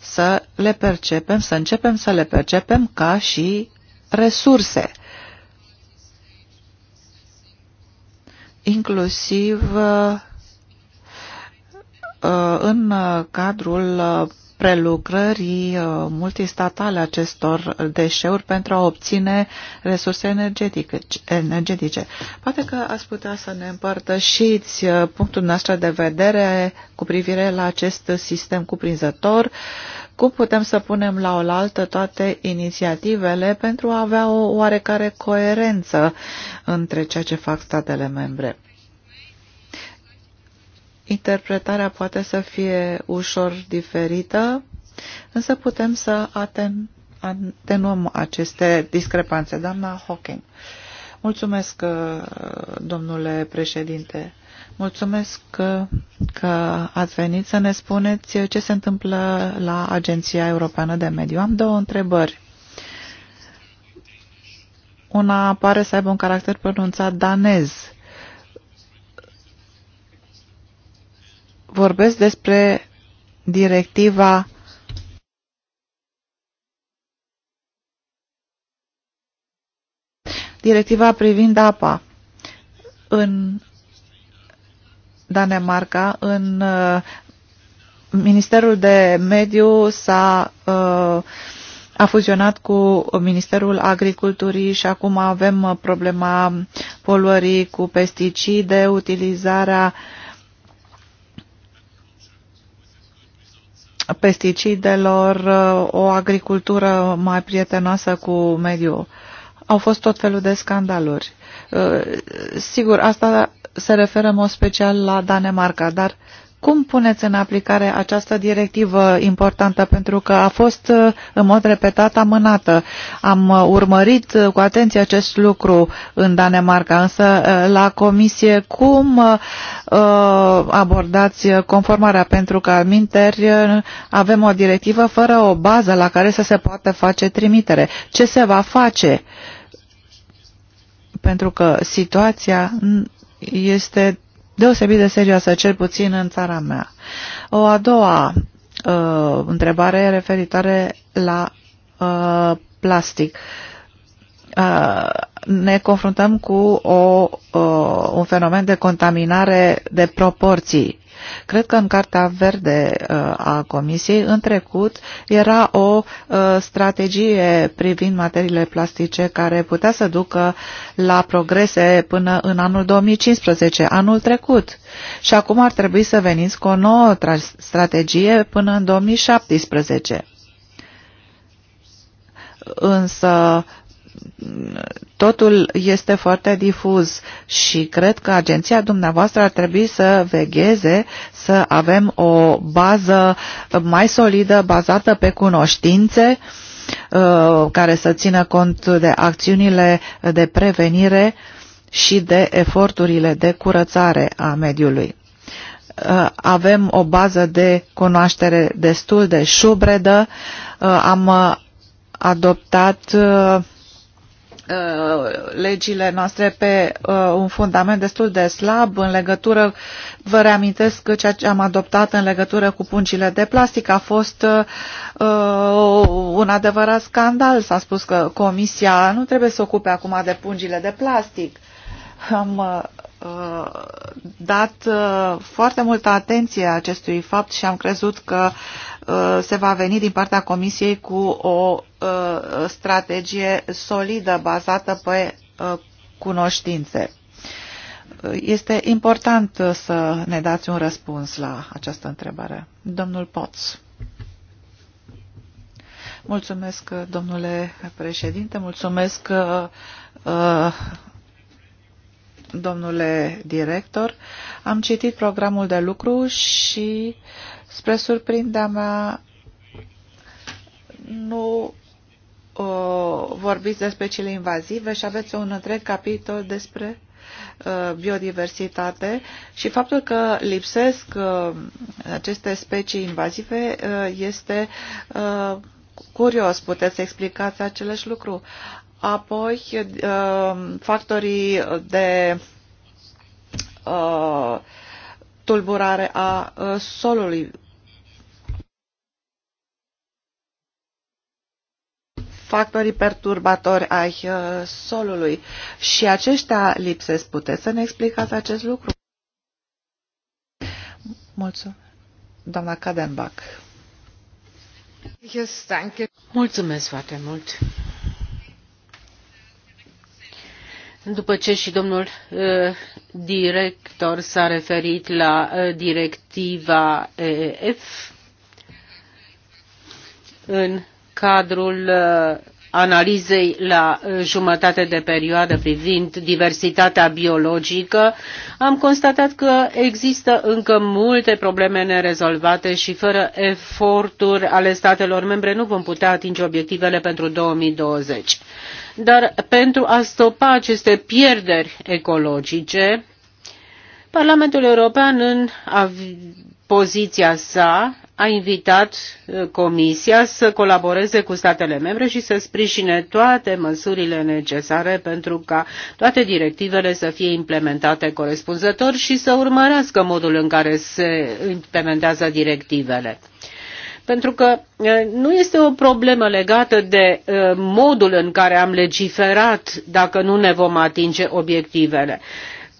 să le percepem, să începem să le percepem ca și resurse. Inclusiv uh, în uh, cadrul uh, prelucrării uh, multistatale acestor deșeuri pentru a obține resurse energetice. Poate că ați putea să ne împărtășiți uh, punctul nostru de vedere cu privire la acest sistem cuprinzător, cum putem să punem la oaltă toate inițiativele pentru a avea o oarecare coerență între ceea ce fac statele membre. Interpretarea poate să fie ușor diferită, însă putem să aten atenuăm aceste discrepanțe. Doamna Hawking. Mulțumesc, uh, domnule președinte. Mulțumesc că, uh, că ați venit să ne spuneți ce se întâmplă la Agenția Europeană de Mediu. Am două întrebări. Una pare să aibă un caracter pronunțat danez vorbesc despre directiva directiva privind apa în Danemarca, în uh, Ministerul de Mediu s-a uh, a fuzionat cu Ministerul Agriculturii și acum avem problema poluării cu pesticide, utilizarea uh, pesticidelor, o agricultură mai prietenoasă cu mediul. Au fost tot felul de scandaluri. Uh, sigur, asta se referă în mod special la Danemarca, dar cum puneți în aplicare această directivă importantă? Pentru că a fost uh, în mod repetat amânată. Am uh, urmărit uh, cu atenție acest lucru în Danemarca, însă la comisie cum abordați conformarea? Pentru că al avem o directivă fără o bază la care să se poată face trimitere. Ce se va face? Pentru că situația este deosebit de serioasă, cel puțin în țara mea. O a doua uh, întrebare referitoare la uh, plastic. Uh, ne confruntăm cu o, uh, un fenomen de contaminare de proporții Cred că în Cartea Verde uh, a Comisiei, în trecut, era o uh, strategie privind materiile plastice care putea să ducă la progrese până în anul 2015, anul trecut. Și acum ar trebui să veniți cu o nouă strategie până în 2017 însă totul este foarte difuz și cred că agenția dumneavoastră ar trebui să vegheze să avem o bază mai solidă, bazată pe cunoștințe, uh, care să țină cont de acțiunile de prevenire și de eforturile de curățare a mediului uh, avem o bază de cunoaștere destul de șubredă. Uh, am adoptat Uh, legile noastre pe uh, un fundament destul de slab în legătură, vă reamintesc că ceea ce am adoptat în legătură cu pungile de plastic a fost uh, un adevărat scandal. S-a spus că Comisia nu trebuie să ocupe acum de pungile de plastic. Am dat foarte multă atenție acestui fapt și am crezut că Uh, se va veni din partea Comisiei cu o uh, strategie solidă bazată pe uh, cunoștințe. Este important să ne dați un răspuns la această întrebare. Domnul Poț. Mulțumesc, domnule președinte, mulțumesc, domnule director. Am citit programul de lucru și Spre surprinderea mea, nu uh, vorbiți despre cele invazive și aveți un întreg capitol despre uh, biodiversitate și faptul că lipsesc uh, aceste specii invazive uh, este curios. Puteți să explicați același lucru. Apoi, factorii de tulburare a solului factorii perturbatori ai uh, solului și aceștia lipsesc. Puteți să ne explicați acest lucru? Mulțumesc. Doamna Cadenbach. Mulțumesc foarte mult.
După ce și domnul uh, director s-a referit la uh, directiva EF, în cadrul uh, analizei la uh, jumătate de perioadă privind diversitatea biologică, am constatat că există încă multe probleme nerezolvate și fără eforturi ale statelor membre nu vom putea atinge obiectivele pentru 2020. Dar pentru a stopa aceste pierderi ecologice, Parlamentul European în poziția sa a invitat uh, Comisia să colaboreze cu statele membre și să sprijine toate măsurile necesare pentru ca toate directivele să fie implementate corespunzător și să urmărească modul în care se implementează directivele pentru că uh, nu este o problemă legată de uh, modul în care am legiferat dacă nu ne vom atinge obiectivele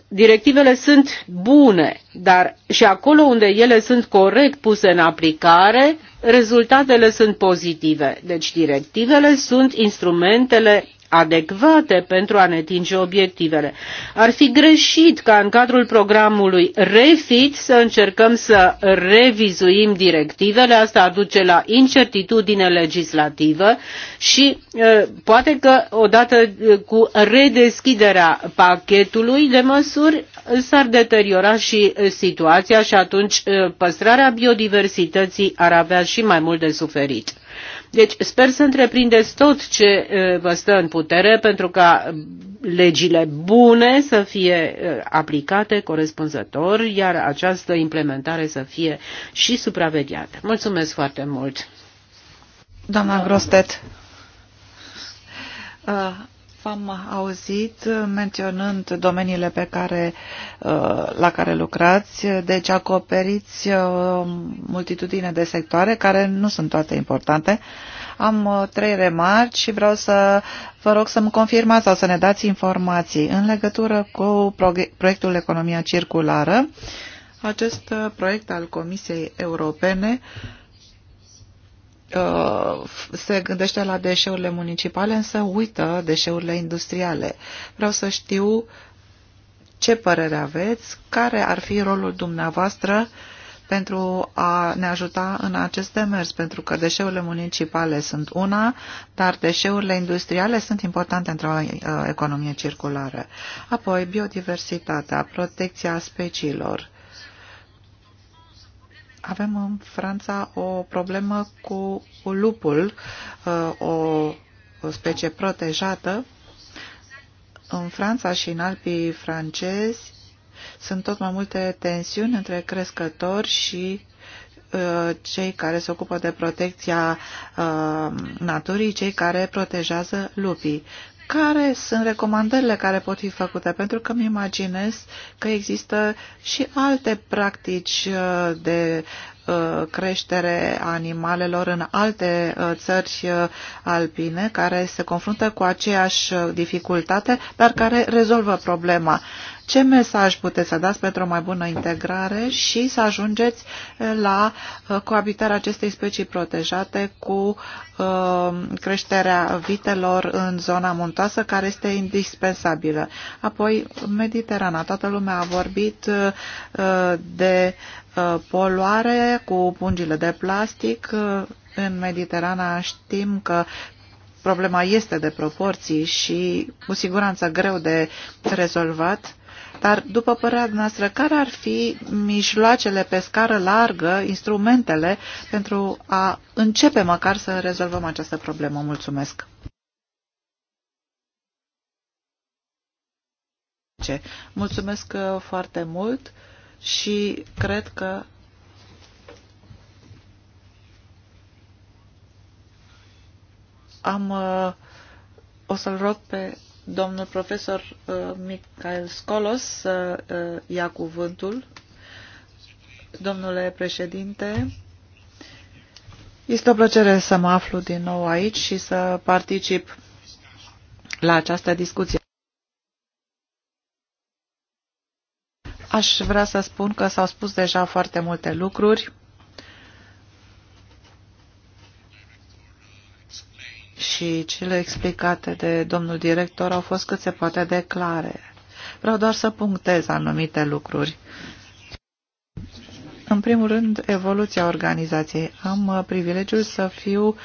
directivele sunt bune, dar și acolo unde ele sunt corect puse în aplicare, rezultatele sunt pozitive. Deci directivele sunt instrumentele adecvate pentru a ne atinge obiectivele. Ar fi greșit ca în cadrul programului REFIT să încercăm să revizuim directivele, asta aduce la incertitudine legislativă și poate că odată cu redeschiderea pachetului de măsuri s-ar deteriora și situația și atunci păstrarea biodiversității ar avea și mai mult de suferit. Deci sper să întreprindeți tot ce vă stă în putere pentru ca legile bune să fie aplicate corespunzător, iar această implementare să fie și supravegheată. Mulțumesc foarte mult!
Doamna Grostet, uh, V-am auzit menționând domeniile pe care, uh, la care lucrați, deci acoperiți uh, multitudine de sectoare care nu sunt toate importante. Am uh, trei remarci și vreau să vă rog să-mi confirmați sau să ne dați informații în legătură cu proiectul Economia Circulară. Acest proiect al Comisiei Europene uh, Uh, se gândește la deșeurile municipale, însă uită deșeurile industriale. Vreau să știu ce părere aveți, care ar fi rolul dumneavoastră pentru a ne ajuta în acest demers, pentru că deșeurile municipale sunt una, dar deșeurile industriale sunt importante într-o uh, economie circulară. Apoi, biodiversitatea, protecția speciilor, avem în Franța o problemă cu lupul, uh, o specie protejată. În Franța și în Alpii francezi sunt tot mai multe tensiuni între crescători și uh, cei care se ocupă de protecția uh, naturii, cei care protejează lupii care sunt recomandările care pot fi făcute? Pentru că îmi imaginez că există și alte practici uh, de uh, creștere a animalelor în alte uh, țări alpine care se confruntă cu aceeași dificultate, dar care rezolvă problema ce mesaj puteți să dați pentru o mai bună integrare și să ajungeți la uh, coabitarea acestei specii protejate cu uh, creșterea vitelor în zona muntoasă, care este indispensabilă. Apoi, Mediterana. Toată lumea a vorbit uh, de poluare cu pungile de plastic. În Mediterana știm că problema este de proporții și cu siguranță greu de rezolvat. Dar, după părerea noastră, care ar fi mijloacele pe scară largă, instrumentele, pentru a începe măcar să rezolvăm această problemă? Mulțumesc! Mulțumesc uh, foarte mult și cred că am uh, o să-l rog pe domnul profesor uh, Michael Scolos să uh, ia cuvântul. Domnule președinte, este o plăcere să mă aflu din nou aici și să particip la această discuție. Aș vrea să spun că s-au spus deja foarte multe lucruri. și cele explicate de domnul director au fost cât se poate de clare. Vreau doar să punctez anumite lucruri. În primul rând, evoluția organizației. Am uh, privilegiul să fiu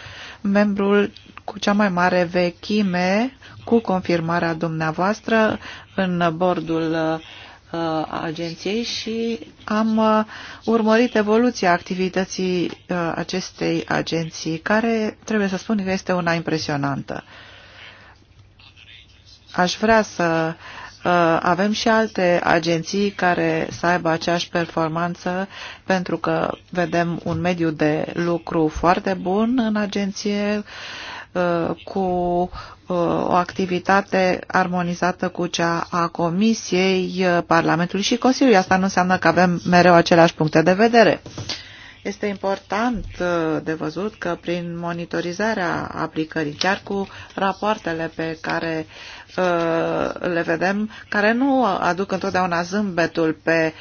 membrul cu cea mai mare vechime, cu confirmarea dumneavoastră, în bordul uh, Uh, agenției și am uh, urmărit evoluția activității uh, acestei agenții, care trebuie să spun că este una impresionantă. Aș vrea să avem și alte agenții care să aibă aceeași performanță pentru că vedem un mediu de lucru foarte bun în agenție Uh, cu uh, o activitate armonizată cu cea a Comisiei, uh, Parlamentului și Consiliului. Asta nu înseamnă că avem mereu aceleași puncte de vedere. Este important de văzut că prin monitorizarea aplicării, chiar cu rapoartele pe care le vedem, care nu aduc întotdeauna zâmbetul pe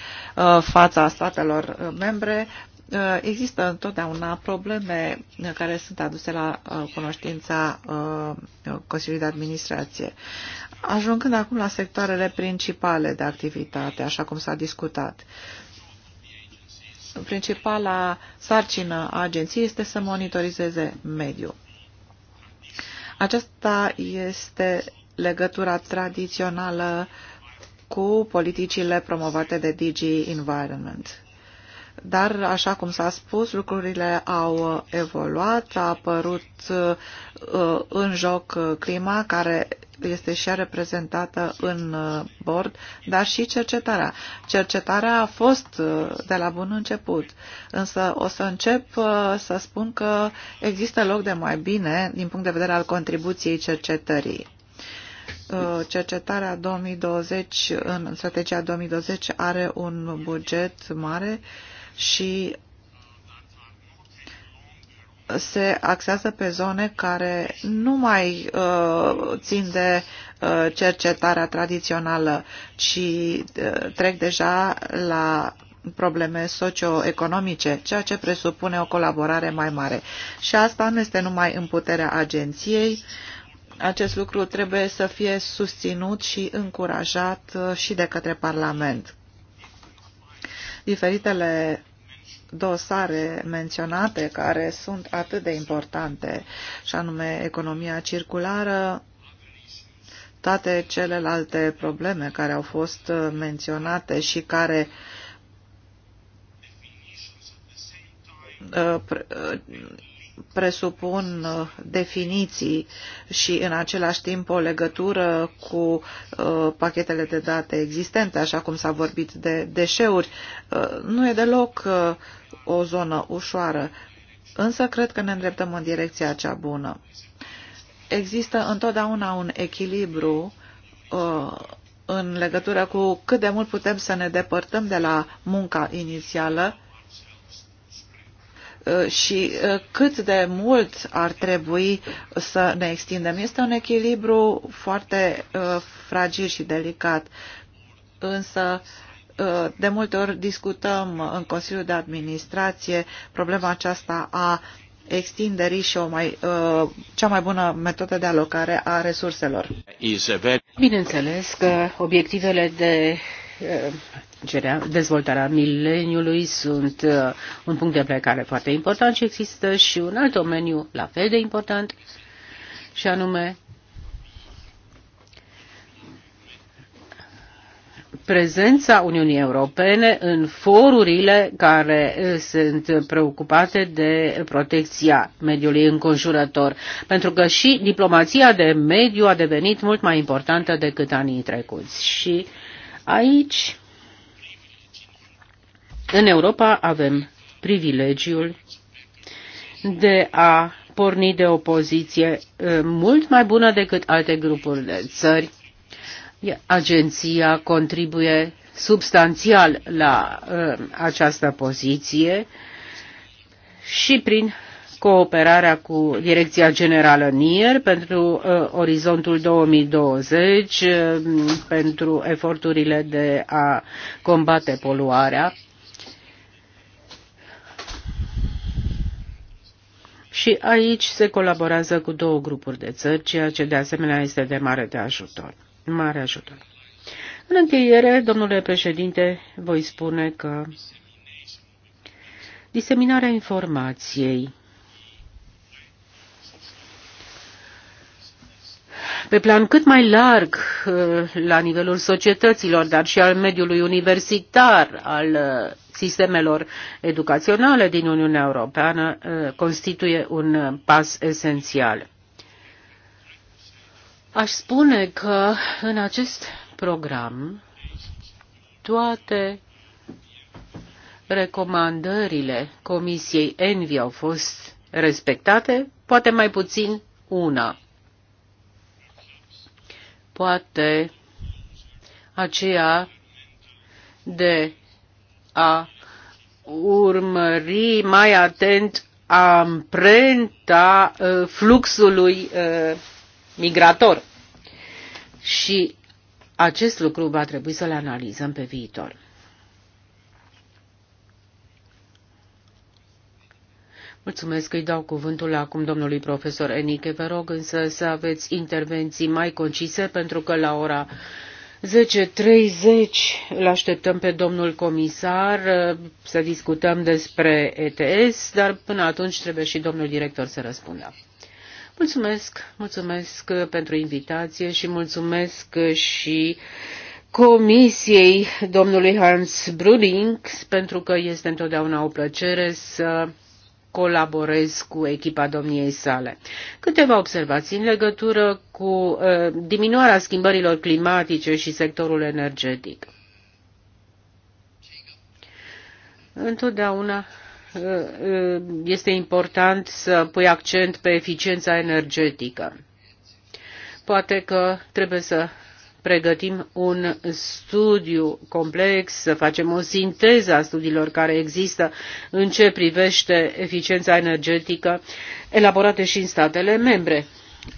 fața statelor membre, Uh, există întotdeauna probleme care sunt aduse la uh, cunoștința uh, Consiliului de Administrație. Ajungând acum la sectoarele principale de activitate, așa cum s-a discutat, principala sarcină a agenției este să monitorizeze mediul. Aceasta este legătura tradițională cu politicile promovate de DG Environment dar, așa cum s-a spus, lucrurile au uh, evoluat, a apărut uh, în joc uh, clima, care este și reprezentată în bord, dar și cercetarea. Cercetarea a fost de la bun început, însă o să încep să spun că există loc de mai bine din punct de vedere al contribuției cercetării cercetarea 2020 în strategia 2020 are un buget mare și se axează pe zone care nu mai uh, țin de uh, cercetarea tradițională, ci uh, trec deja la probleme socioeconomice, ceea ce presupune o colaborare mai mare. Și asta nu este numai în puterea agenției, acest lucru trebuie să fie susținut și încurajat uh, și de către Parlament diferitele dosare menționate care sunt atât de importante, și anume economia circulară, toate celelalte probleme care au fost menționate și care uh, uh, presupun uh, definiții și în același timp o legătură cu uh, pachetele de date existente, așa cum s-a vorbit de deșeuri, uh, nu e deloc o zonă ușoară, însă cred că ne îndreptăm în direcția cea bună. Există întotdeauna un echilibru în legătură cu cât de mult putem să ne depărtăm de la munca inițială Uh, și uh, cât de mult ar trebui să ne extindem. Este un echilibru foarte uh, fragil și delicat, însă de multe ori discutăm în Consiliul de Administrație problema aceasta a extinderii și o mai, cea mai bună metodă de alocare a resurselor. Bineînțeles că obiectivele de afacerea,
dezvoltarea mileniului sunt uh, un punct de plecare foarte important și există și un alt domeniu la fel de important și anume prezența Uniunii Europene în forurile care uh, sunt preocupate de protecția mediului înconjurător, pentru că și diplomația de mediu a devenit mult mai importantă decât anii trecuți. Și aici în Europa avem privilegiul de a porni de o poziție mult mai bună decât alte grupuri de țări. Agenția contribuie substanțial la această poziție și prin cooperarea cu Direcția Generală NIR pentru uh, orizontul 2020, uh, pentru eforturile de a combate poluarea. și aici se colaborează cu două grupuri de țări, ceea ce de asemenea este de mare de ajutor. Mare ajutor. În încheiere, domnule președinte, voi spune că diseminarea informației pe plan cât mai larg uh, la nivelul societăților, dar și al mediului universitar, al uh, sistemelor educaționale din Uniunea Europeană, uh, constituie un pas esențial. Aș spune că în acest program toate recomandările Comisiei Envi au fost respectate, poate mai puțin una poate aceea de a urmări mai atent amprenta uh, fluxului uh, migrator. Și acest lucru va trebui să-l analizăm pe viitor. Mulțumesc că îi dau cuvântul acum domnului profesor Enike. Vă rog însă să aveți intervenții mai concise pentru că la ora 10.30 îl așteptăm pe domnul comisar uh, să discutăm despre ETS, dar până atunci trebuie și domnul director să răspundă. Mulțumesc, mulțumesc pentru invitație și mulțumesc și comisiei domnului Hans Brüning pentru că este întotdeauna o plăcere să colaborez cu echipa domniei sale. Câteva observații în legătură cu uh, diminuarea schimbărilor climatice și sectorul energetic. Întotdeauna uh, uh, este important să pui accent pe eficiența energetică. Poate că trebuie să pregătim un studiu complex, să facem o sinteză a studiilor care există în ce privește eficiența energetică elaborate și în statele membre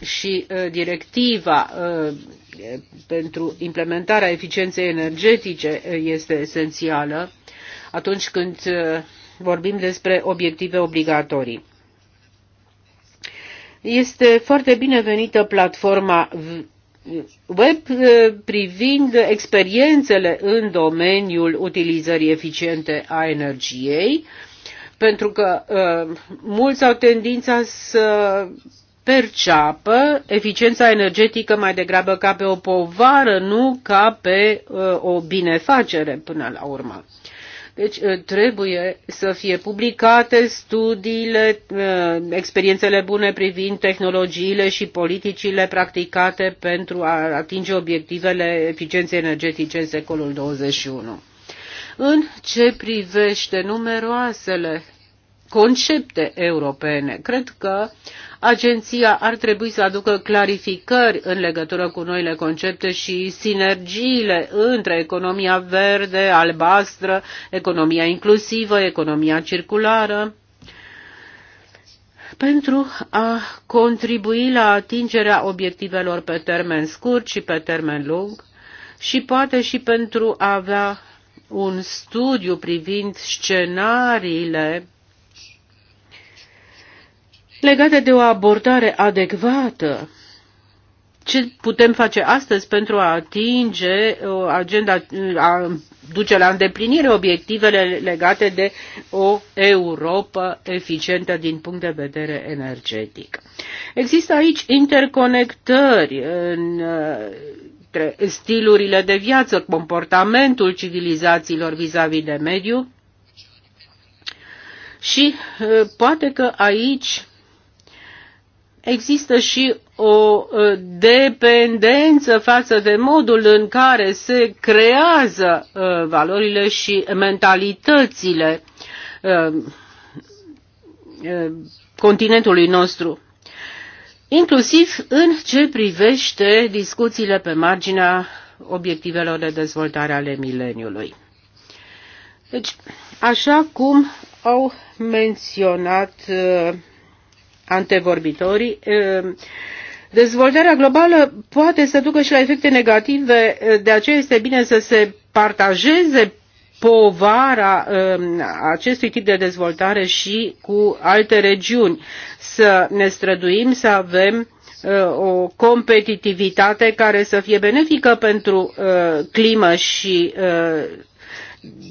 și uh, directiva uh, pentru implementarea eficienței energetice uh, este esențială atunci când vorbim despre obiective obligatorii. Este foarte binevenită platforma web uh, privind experiențele în domeniul utilizării eficiente a energiei, pentru că uh, mulți au tendința să perceapă eficiența energetică mai degrabă ca pe o povară, nu ca pe uh, o binefacere până la urmă. Deci uh, trebuie să fie publicate studiile, uh, experiențele bune privind tehnologiile și politicile practicate pentru a atinge obiectivele eficienței energetice în secolul 21. În ce privește numeroasele concepte europene. Cred că agenția ar trebui să aducă clarificări în legătură cu noile concepte și sinergiile între economia verde, albastră, economia inclusivă, economia circulară pentru a contribui la atingerea obiectivelor pe termen scurt și pe termen lung și poate și pentru a avea un studiu privind scenariile legate de o abordare adecvată. Ce putem face astăzi pentru a atinge uh, agenda, uh, a duce la îndeplinire obiectivele legate de o Europa eficientă din punct de vedere energetic. Există aici interconectări în uh, stilurile de viață, comportamentul civilizațiilor vis-a-vis -vis de mediu și poate că aici există și o dependență față de modul în care se creează uh, valorile și mentalitățile uh, uh, continentului nostru, inclusiv în ce privește discuțiile pe marginea obiectivelor de dezvoltare ale mileniului. Deci, așa cum au menționat antevorbitorii, ehm, dezvoltarea globală poate să ducă și la efecte negative, ehm, de aceea este bine să se partajeze povara ehm, acestui tip de dezvoltare și cu alte regiuni. Să ne străduim să avem o competitivitate care să fie benefică pentru climă și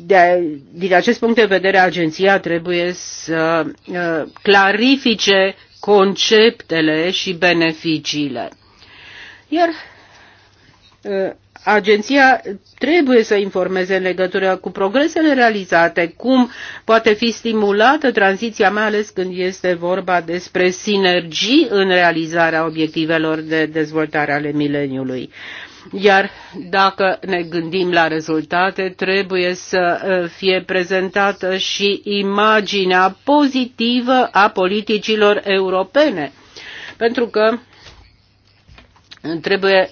de, din acest punct de vedere, agenția trebuie să uh, clarifice conceptele și beneficiile. Iar uh, agenția trebuie să informeze în legătură cu progresele realizate, cum poate fi stimulată tranziția, mai ales când este vorba despre sinergii în realizarea obiectivelor de dezvoltare ale mileniului. Uh, iar dacă ne gândim la rezultate, trebuie să uh, fie prezentată și imaginea pozitivă a politicilor europene. Pentru că uh, trebuie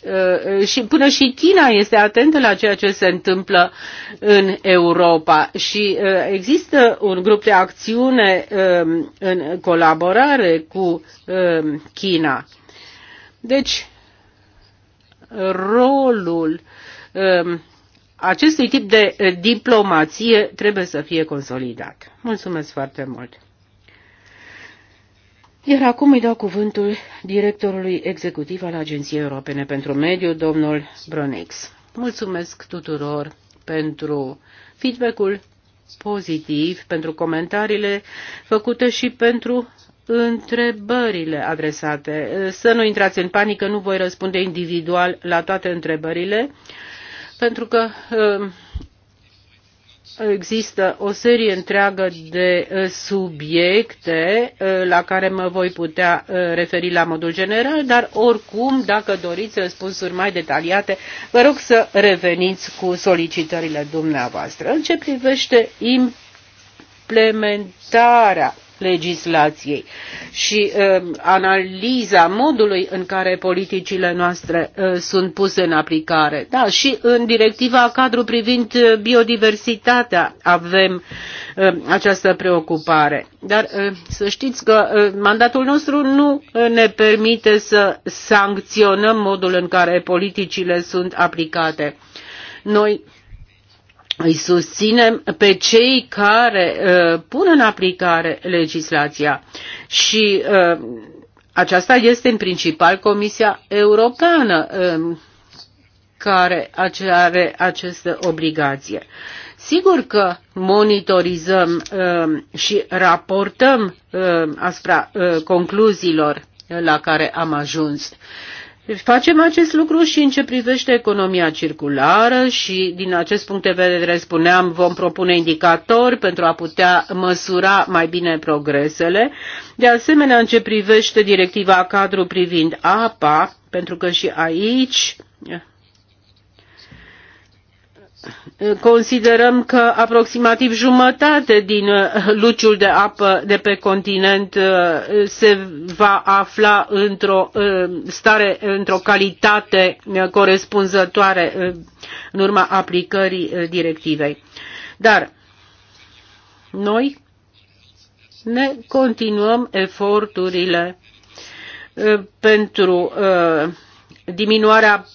uh, și până și China este atentă la ceea ce se întâmplă în Europa și există un grup de acțiune um, în colaborare cu um, China. Deci rolul um, acestui tip de uh, diplomație trebuie să fie consolidat. Mulțumesc foarte mult! Iar acum îi dau cuvântul directorului executiv al Agenției Europene pentru Mediu, domnul Bronex. Mulțumesc tuturor pentru feedback-ul pozitiv, pentru comentariile făcute și pentru întrebările adresate. Să nu intrați în panică, nu voi răspunde individual la toate întrebările, pentru că um, există o serie întreagă de uh, subiecte uh, la care mă voi putea uh, referi la modul general, dar oricum, dacă doriți răspunsuri mai detaliate, vă rog să reveniți cu solicitările dumneavoastră. În ce privește implementarea legislației și uh, analiza modului în care politicile noastre uh, sunt puse în aplicare. Da, și în directiva cadru privind uh, biodiversitatea avem uh, această preocupare. Dar uh, să știți că uh, mandatul nostru nu uh, ne permite să sancționăm modul în care politicile sunt aplicate. Noi îi susținem pe cei care uh, pun în aplicare legislația și uh, aceasta este în principal Comisia Europeană uh, care are această obligație. Sigur că monitorizăm uh, și raportăm uh, asupra uh, concluziilor la care am ajuns. Uh, Facem acest lucru și în ce privește economia circulară și din acest punct de vedere spuneam vom propune indicatori pentru a putea măsura mai bine progresele. De asemenea, în ce privește directiva cadru privind apa, pentru că și aici considerăm că aproximativ jumătate din uh, luciul de apă de pe continent uh, se va afla într-o uh, stare, într-o calitate corespunzătoare în urma aplicării directivei. Dar noi ne continuăm eforturile pentru diminuarea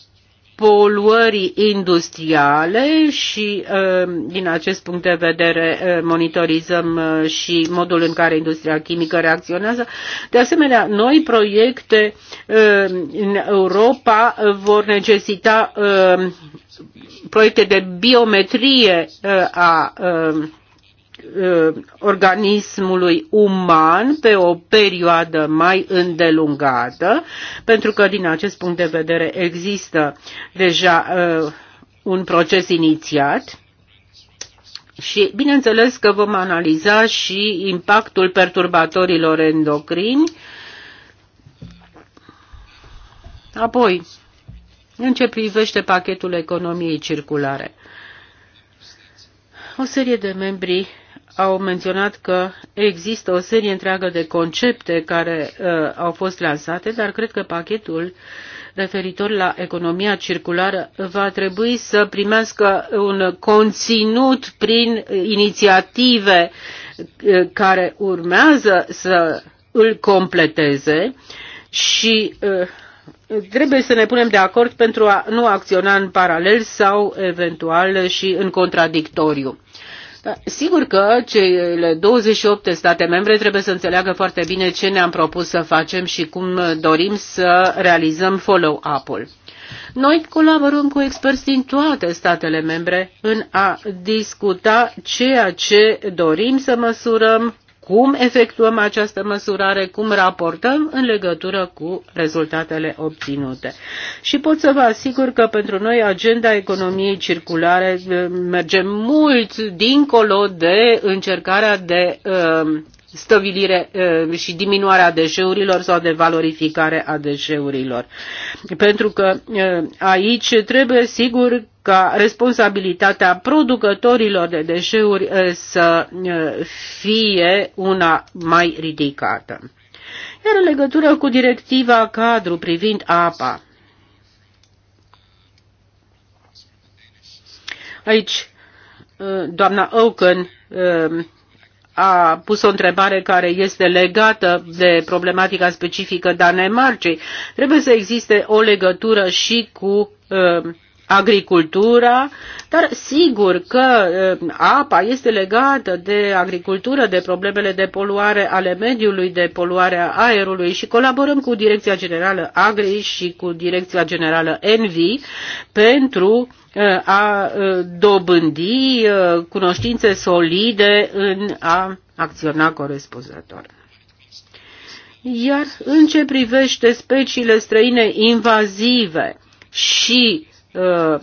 poluării industriale și uh, din acest punct de vedere uh, monitorizăm uh, și modul în care industria chimică reacționează. De asemenea, noi proiecte în Europa vor necesita proiecte de biometrie a Uh, organismului uman pe o perioadă mai îndelungată, pentru că din acest punct de vedere există deja uh, un proces inițiat. Și bineînțeles că vom analiza și impactul perturbatorilor endocrini. Apoi, în ce privește pachetul economiei circulare, o serie de membri au menționat că există o serie întreagă de concepte care uh, au fost lansate, dar cred că pachetul referitor la economia circulară va trebui să primească un conținut prin inițiative uh, care urmează să îl completeze și uh, trebuie să ne punem de acord pentru a nu acționa în paralel sau eventual și în contradictoriu. Da, sigur că cele 28 de state membre trebuie să înțeleagă foarte bine ce ne-am propus să facem și cum dorim să realizăm follow-up-ul. Noi colaborăm cu experți din toate statele membre în a discuta ceea ce dorim să măsurăm, cum efectuăm această măsurare, cum raportăm în legătură cu rezultatele obținute. Și pot să vă asigur că pentru noi agenda economiei circulare eh, merge mult dincolo de încercarea de uh, stăvilire și diminuarea deșeurilor sau de valorificare a deșeurilor. Pentru că aici trebuie sigur ca responsabilitatea producătorilor de deșeuri să fie una mai ridicată. Iar în legătură cu directiva cadru privind apa, aici doamna Oaken a pus o întrebare care este legată de problematica specifică Danemarcei. Trebuie să existe o legătură și cu uh, agricultura, dar sigur că eh, apa este legată de agricultură, de problemele de poluare ale mediului, de poluarea aerului și colaborăm cu Direcția Generală Agri și cu Direcția Generală Envi pentru eh, a eh, dobândi cunoștințe solide în a acționa corespunzător. Iar în ce privește speciile străine invazive și Uh,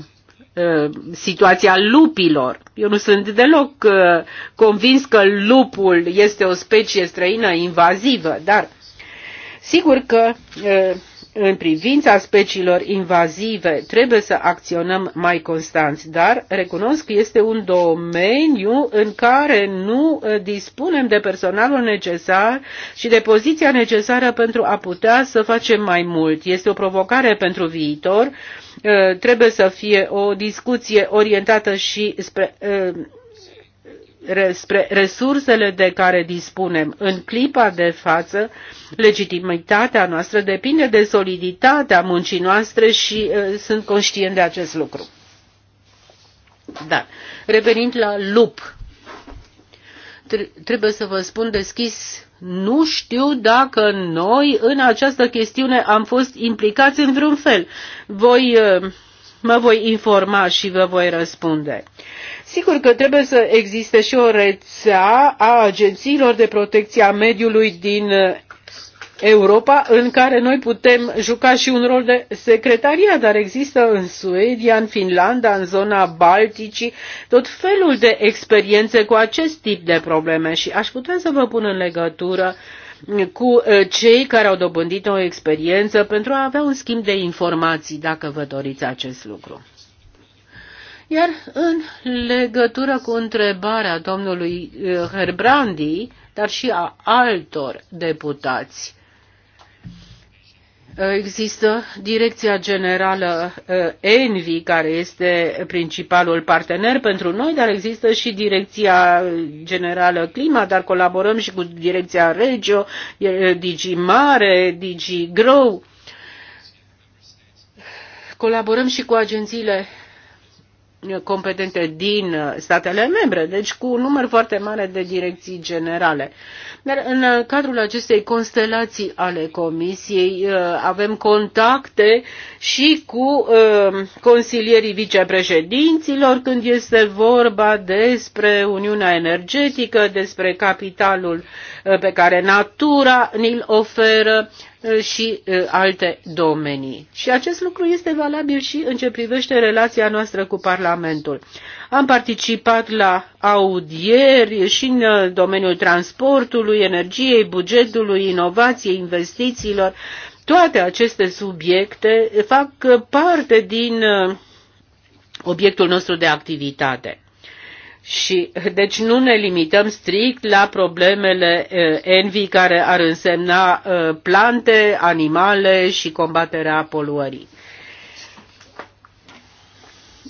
uh, situația lupilor. Eu nu sunt deloc uh, convins că lupul este o specie străină invazivă, dar sigur că în privința speciilor invazive trebuie să acționăm mai constanți, dar recunosc că este un domeniu în care nu dispunem de personalul necesar și de poziția necesară pentru a putea să facem mai mult. Este o provocare pentru viitor Eh, trebuie să fie o discuție orientată și spre eh, spre resursele de care dispunem. În clipa de față, legitimitatea noastră depinde de soliditatea muncii noastre și eh, sunt conștient de acest lucru. Da. revenind la lup, trebuie să vă spun deschis nu știu dacă noi în această chestiune am fost implicați în vreun fel. Voi, uh, mă voi informa și vă voi răspunde. Sigur că trebuie să existe și o rețea a agențiilor de protecție a mediului din uh, Europa în care noi putem juca și un rol de secretariat, dar există în Suedia, în Finlanda, în zona Balticii, tot felul de experiențe cu acest tip de probleme și aș putea să vă pun în legătură cu eh, cei care au dobândit o experiență pentru a avea un schimb de informații, dacă vă doriți acest lucru. Iar în legătură cu întrebarea domnului eh, Herbrandi, dar și a altor deputați, Există Direcția Generală eh, ENVI, care este principalul partener pentru noi, dar există și Direcția Generală Clima, dar colaborăm și cu Direcția Regio, eh, Digi Mare, Digi Grow. Colaborăm și cu agențiile competente din eh, statele membre, deci cu un număr foarte mare de direcții generale. Dar în uh, cadrul acestei constelații ale Comisiei uh, avem contacte și cu uh, consilierii vicepreședinților când este vorba despre Uniunea Energetică, despre capitalul pe care natura ni-l oferă, Uh, și uh, alte domenii. Și acest lucru este valabil și în ce privește relația noastră cu Parlamentul. Am participat la audieri și în uh, domeniul transportului, energiei, bugetului, inovației, investițiilor. Toate aceste subiecte fac parte din obiectul nostru de activitate. Și deci nu ne limităm strict la problemele eh, envi care ar însemna eh, plante, animale și combaterea poluării.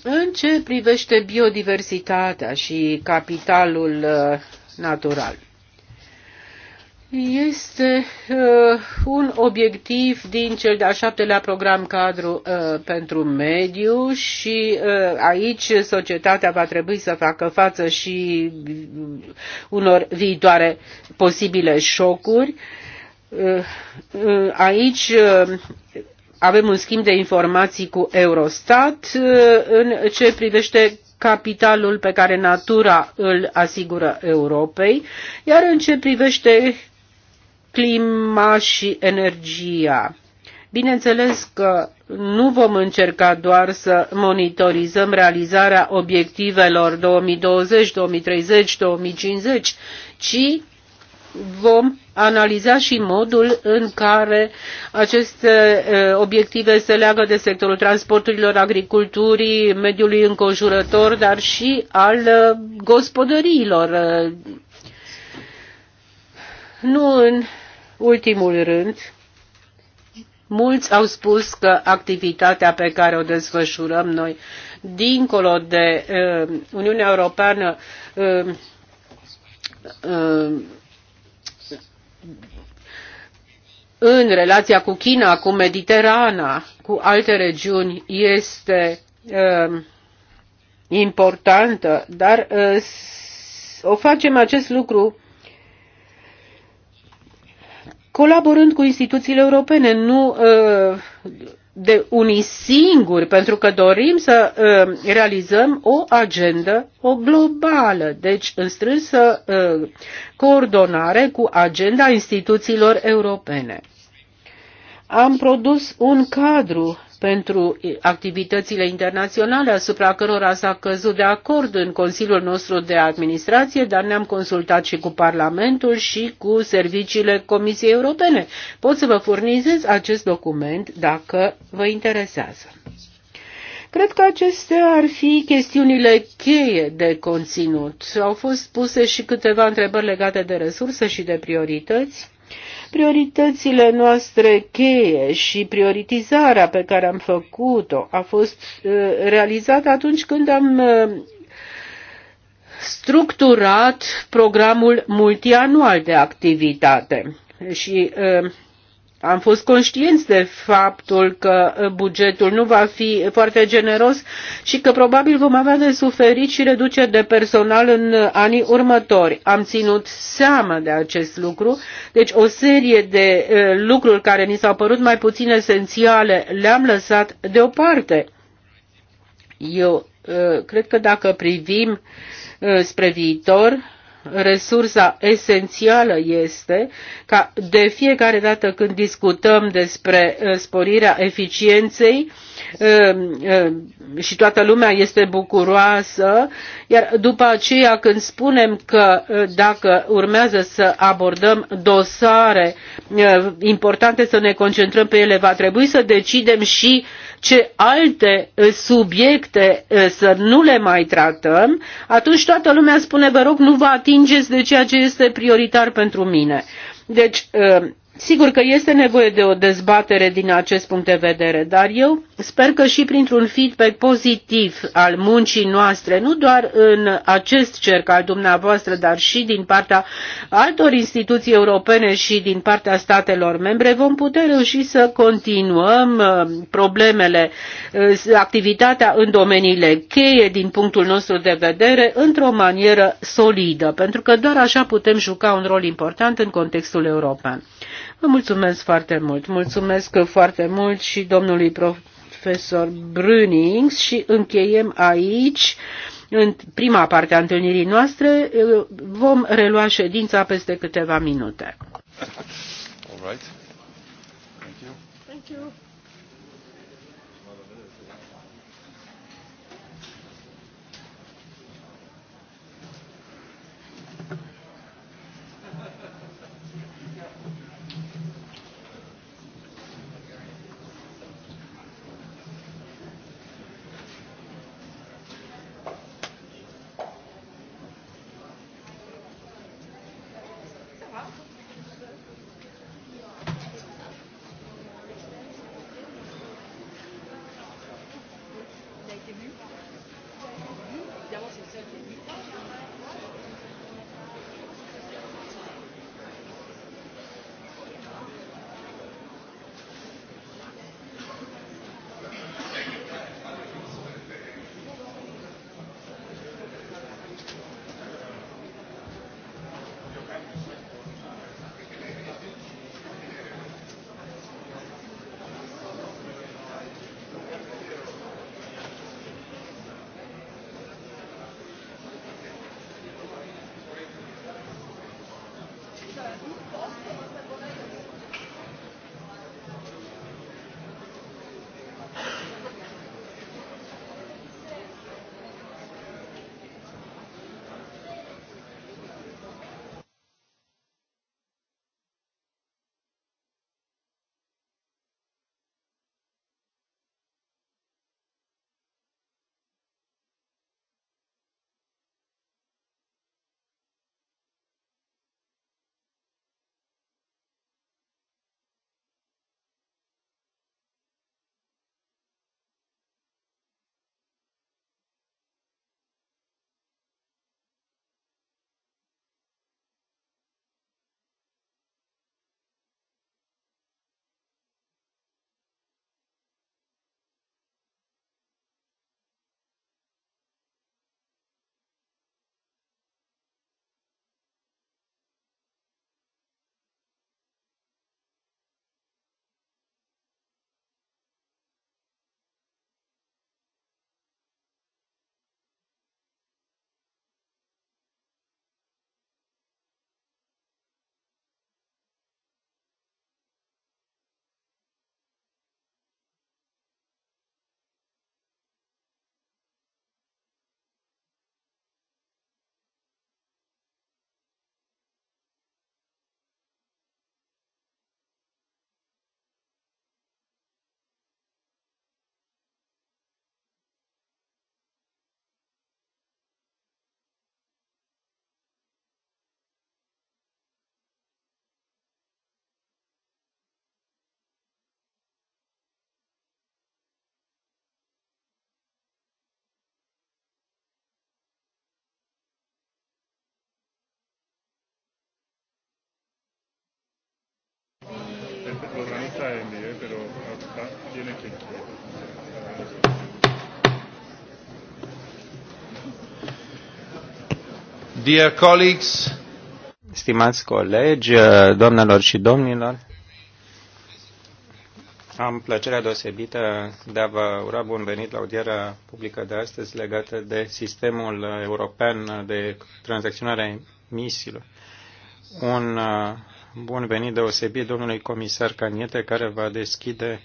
În ce privește biodiversitatea și capitalul eh, natural? este uh, un obiectiv din cel de-al șaptelea program cadru uh, pentru mediu și uh, aici societatea va trebui să facă față și uh, unor viitoare posibile șocuri. Uh, uh, aici uh, avem un schimb de informații cu Eurostat uh, în ce privește capitalul pe care natura îl asigură Europei, iar în ce privește clima și energia. Bineînțeles că nu vom încerca doar să monitorizăm realizarea obiectivelor 2020, 2030, 2050, ci vom analiza și modul în care aceste obiective se leagă de sectorul transporturilor, agriculturii, mediului înconjurător, dar și al gospodăriilor. Nu în ultimul rând, mulți au spus că activitatea pe care o desfășurăm noi, dincolo de uh, Uniunea Europeană, uh, uh, în relația cu China, cu Mediterana, cu alte regiuni, este uh, importantă, dar uh, o facem acest lucru colaborând cu instituțiile europene, nu ă, de unii singuri, pentru că dorim să ă, realizăm o agendă o globală, deci în strânsă ă, coordonare cu agenda instituțiilor europene. Am produs un cadru pentru activitățile internaționale asupra cărora s-a căzut de acord în Consiliul nostru de administrație, dar ne-am consultat și cu Parlamentul și cu serviciile Comisiei Europene. Pot să vă furnizez acest document dacă vă interesează. Cred că acestea ar fi chestiunile cheie de conținut. Au fost puse și câteva întrebări legate de resurse și de priorități. Prioritățile noastre cheie și prioritizarea pe care am făcut-o a fost uh, realizată atunci când am uh, structurat programul multianual de activitate și uh, am fost conștienți de faptul că uh, bugetul nu va fi foarte generos și că probabil vom avea de suferit și reduceri de personal în uh, anii următori. Am ținut seama de acest lucru, deci o serie de uh, lucruri care mi s-au părut mai puțin esențiale le-am lăsat deoparte. Eu cred că dacă privim spre viitor, resursa esențială este ca de fiecare dată când discutăm despre uh, sporirea eficienței Ehm, ehm, și toată lumea este bucuroasă, iar după aceea când spunem că eh, dacă urmează să abordăm dosare eh, importante, să ne concentrăm pe ele, va trebui să decidem și ce alte eh, subiecte să nu le mai tratăm, atunci toată lumea spune, vă rog, nu vă atingeți de ceea ce este prioritar pentru mine. Deci, ehm, Sigur că este nevoie de o dezbatere din acest punct de vedere, dar eu sper că și printr-un feedback pozitiv al muncii noastre, nu doar în acest cerc al dumneavoastră, dar și din partea altor instituții europene și din partea statelor membre, vom putea reuși să continuăm uh, problemele, uh, activitatea în domeniile cheie din punctul nostru de vedere într-o manieră solidă, pentru că doar așa putem juca un rol important în contextul european. Mulțumesc foarte mult. Mulțumesc foarte mult și domnului profesor Brünings și încheiem aici în prima parte a întâlnirii noastre. Vom relua ședința peste câteva minute.
All right. lo organiza Andy, ¿eh? pero está, tiene que.
Dear
colleagues, stimați colegi, uh, doamnelor și domnilor, am plăcerea deosebită de a vă ura bun venit la audierea publică de astăzi legată de sistemul european de tranzacționare a emisiilor. Un uh, bun venit deosebit domnului comisar Caniete, care va deschide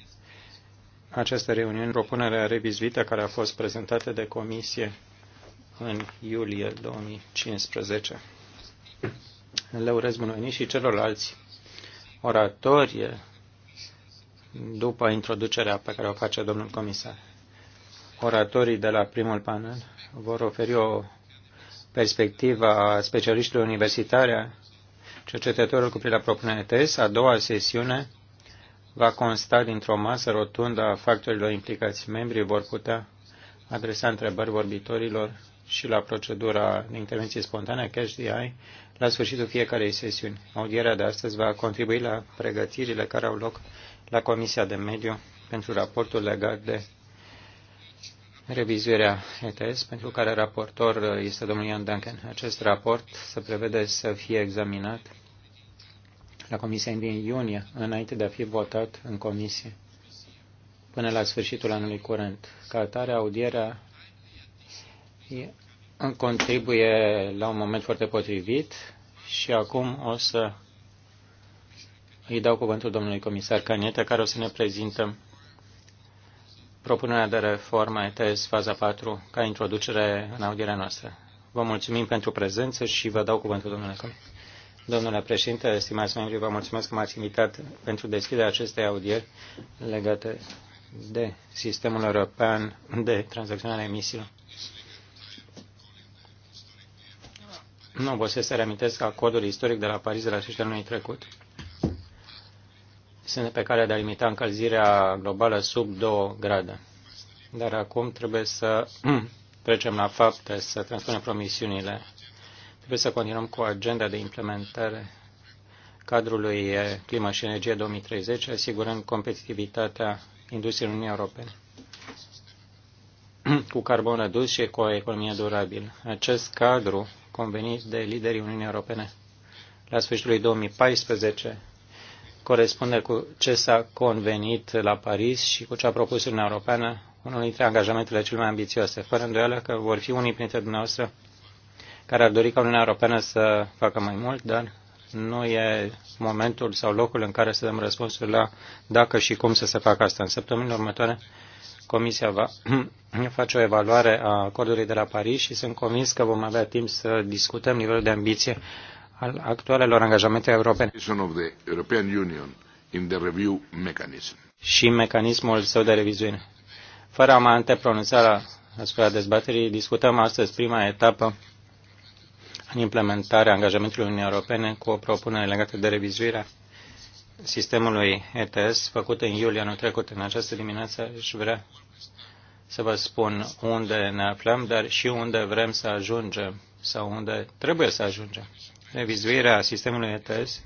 această reuniune, propunerea revizuită care a fost prezentată de comisie în iulie 2015. Le urez bun venit și celorlalți oratori după introducerea pe care o face domnul comisar. Oratorii de la primul panel vor oferi o perspectivă a specialiștilor universitare Cercetătorul cu privire la propunerea TES, a doua sesiune, va consta dintr-o masă rotundă a factorilor implicați. Membrii vor putea adresa întrebări vorbitorilor și la procedura de intervenție spontană Cash DI la sfârșitul fiecarei sesiuni. Audierea de astăzi va contribui la pregătirile care au loc la Comisia de Mediu pentru raportul legat de revizuirea ETS, pentru care raportor este domnul Ian Duncan. Acest raport se prevede să fie examinat la Comisia din iunie, înainte de a fi votat în Comisie până la sfârșitul anului curent. Ca atare, audierea contribuie la un moment foarte potrivit și acum o să îi dau cuvântul domnului comisar Caneta, care o să ne prezintă propunerea de reformă ETS faza 4 ca introducere în audierea noastră. Vă mulțumim pentru prezență și vă dau cuvântul, domnule comisar. Domnule președinte, stimați membri, vă mulțumesc că m-ați invitat pentru deschiderea acestei audieri legate de sistemul european de tranzacționare emisiilor. Nu vă să reamintesc acordul istoric de la Paris de la sfârșitul anului trecut sunt pe care de a limita încălzirea globală sub 2 grade. Dar acum trebuie să (clears throat) trecem la fapte, să transpunem promisiunile. Trebuie să continuăm cu agenda de implementare cadrului Climă și Energie 2030, asigurând competitivitatea industriei Uniunii Europene (clears throat) cu carbon redus și cu o economie durabilă. Acest cadru convenit de liderii Uniunii Europene la sfârșitul 2014 corespunde cu ce s-a convenit la Paris și cu ce a propus Uniunea Europeană, unul dintre angajamentele cele mai ambițioase. Fără îndoială că vor fi unii printre dumneavoastră care ar dori ca Uniunea Europeană să facă mai mult, dar nu e momentul sau locul în care să dăm răspunsul la dacă și cum să se facă asta. În săptămâna următoare, Comisia va (clears throat) face o evaluare a acordului de la Paris și sunt convins că vom avea timp să discutăm nivelul de ambiție al actualelor angajamente europene și mecanismul său de revizuire. Fără a pronunța antepronunța asupra dezbaterii, discutăm astăzi prima etapă în implementarea angajamentului Uniunii Europene cu o propunere legată de revizuirea sistemului ETS făcută în iulie anul trecut. În această dimineață își vrea să vă spun unde ne aflăm, dar și unde vrem să ajungem sau unde trebuie să ajungem. Revizuirea sistemului ETS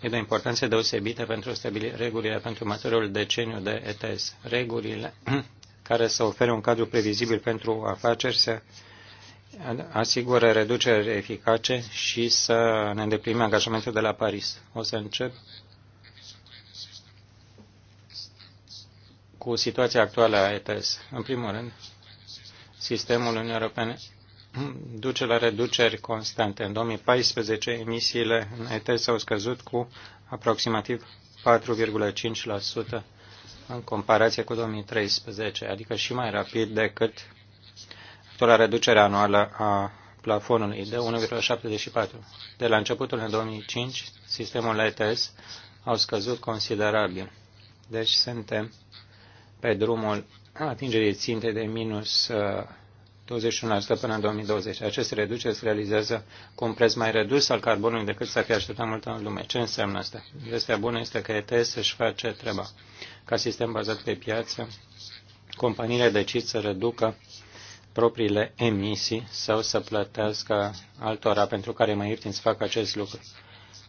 e de importanță deosebită pentru stabilirea regulile pentru materialul deceniu de ETS. Regulile (clears throat) care să ofere un cadru previzibil pentru afaceri să asigură reduceri eficace și să ne îndeplinim angajamentul de la Paris. O să încep cu situația actuală a ETS. În primul rând, sistemul Uniunii Europene duce la reduceri constante. În 2014, emisiile în ET s-au scăzut cu aproximativ 4,5% în comparație cu 2013, adică și mai rapid decât la reducerea anuală a plafonului de 1,74. De la începutul în 2005, sistemul ETS au scăzut considerabil. Deci suntem pe drumul atingerii țintei de minus uh, 21% până în 2020. Aceste reduceri se realizează cu un preț mai redus al carbonului decât s-ar fi așteptat multă în lume. Ce înseamnă asta? Vestea bună este că ETS își face treaba. Ca sistem bazat pe piață, companiile decid să reducă propriile emisii sau să plătească altora pentru care mai ieftin să facă acest lucru.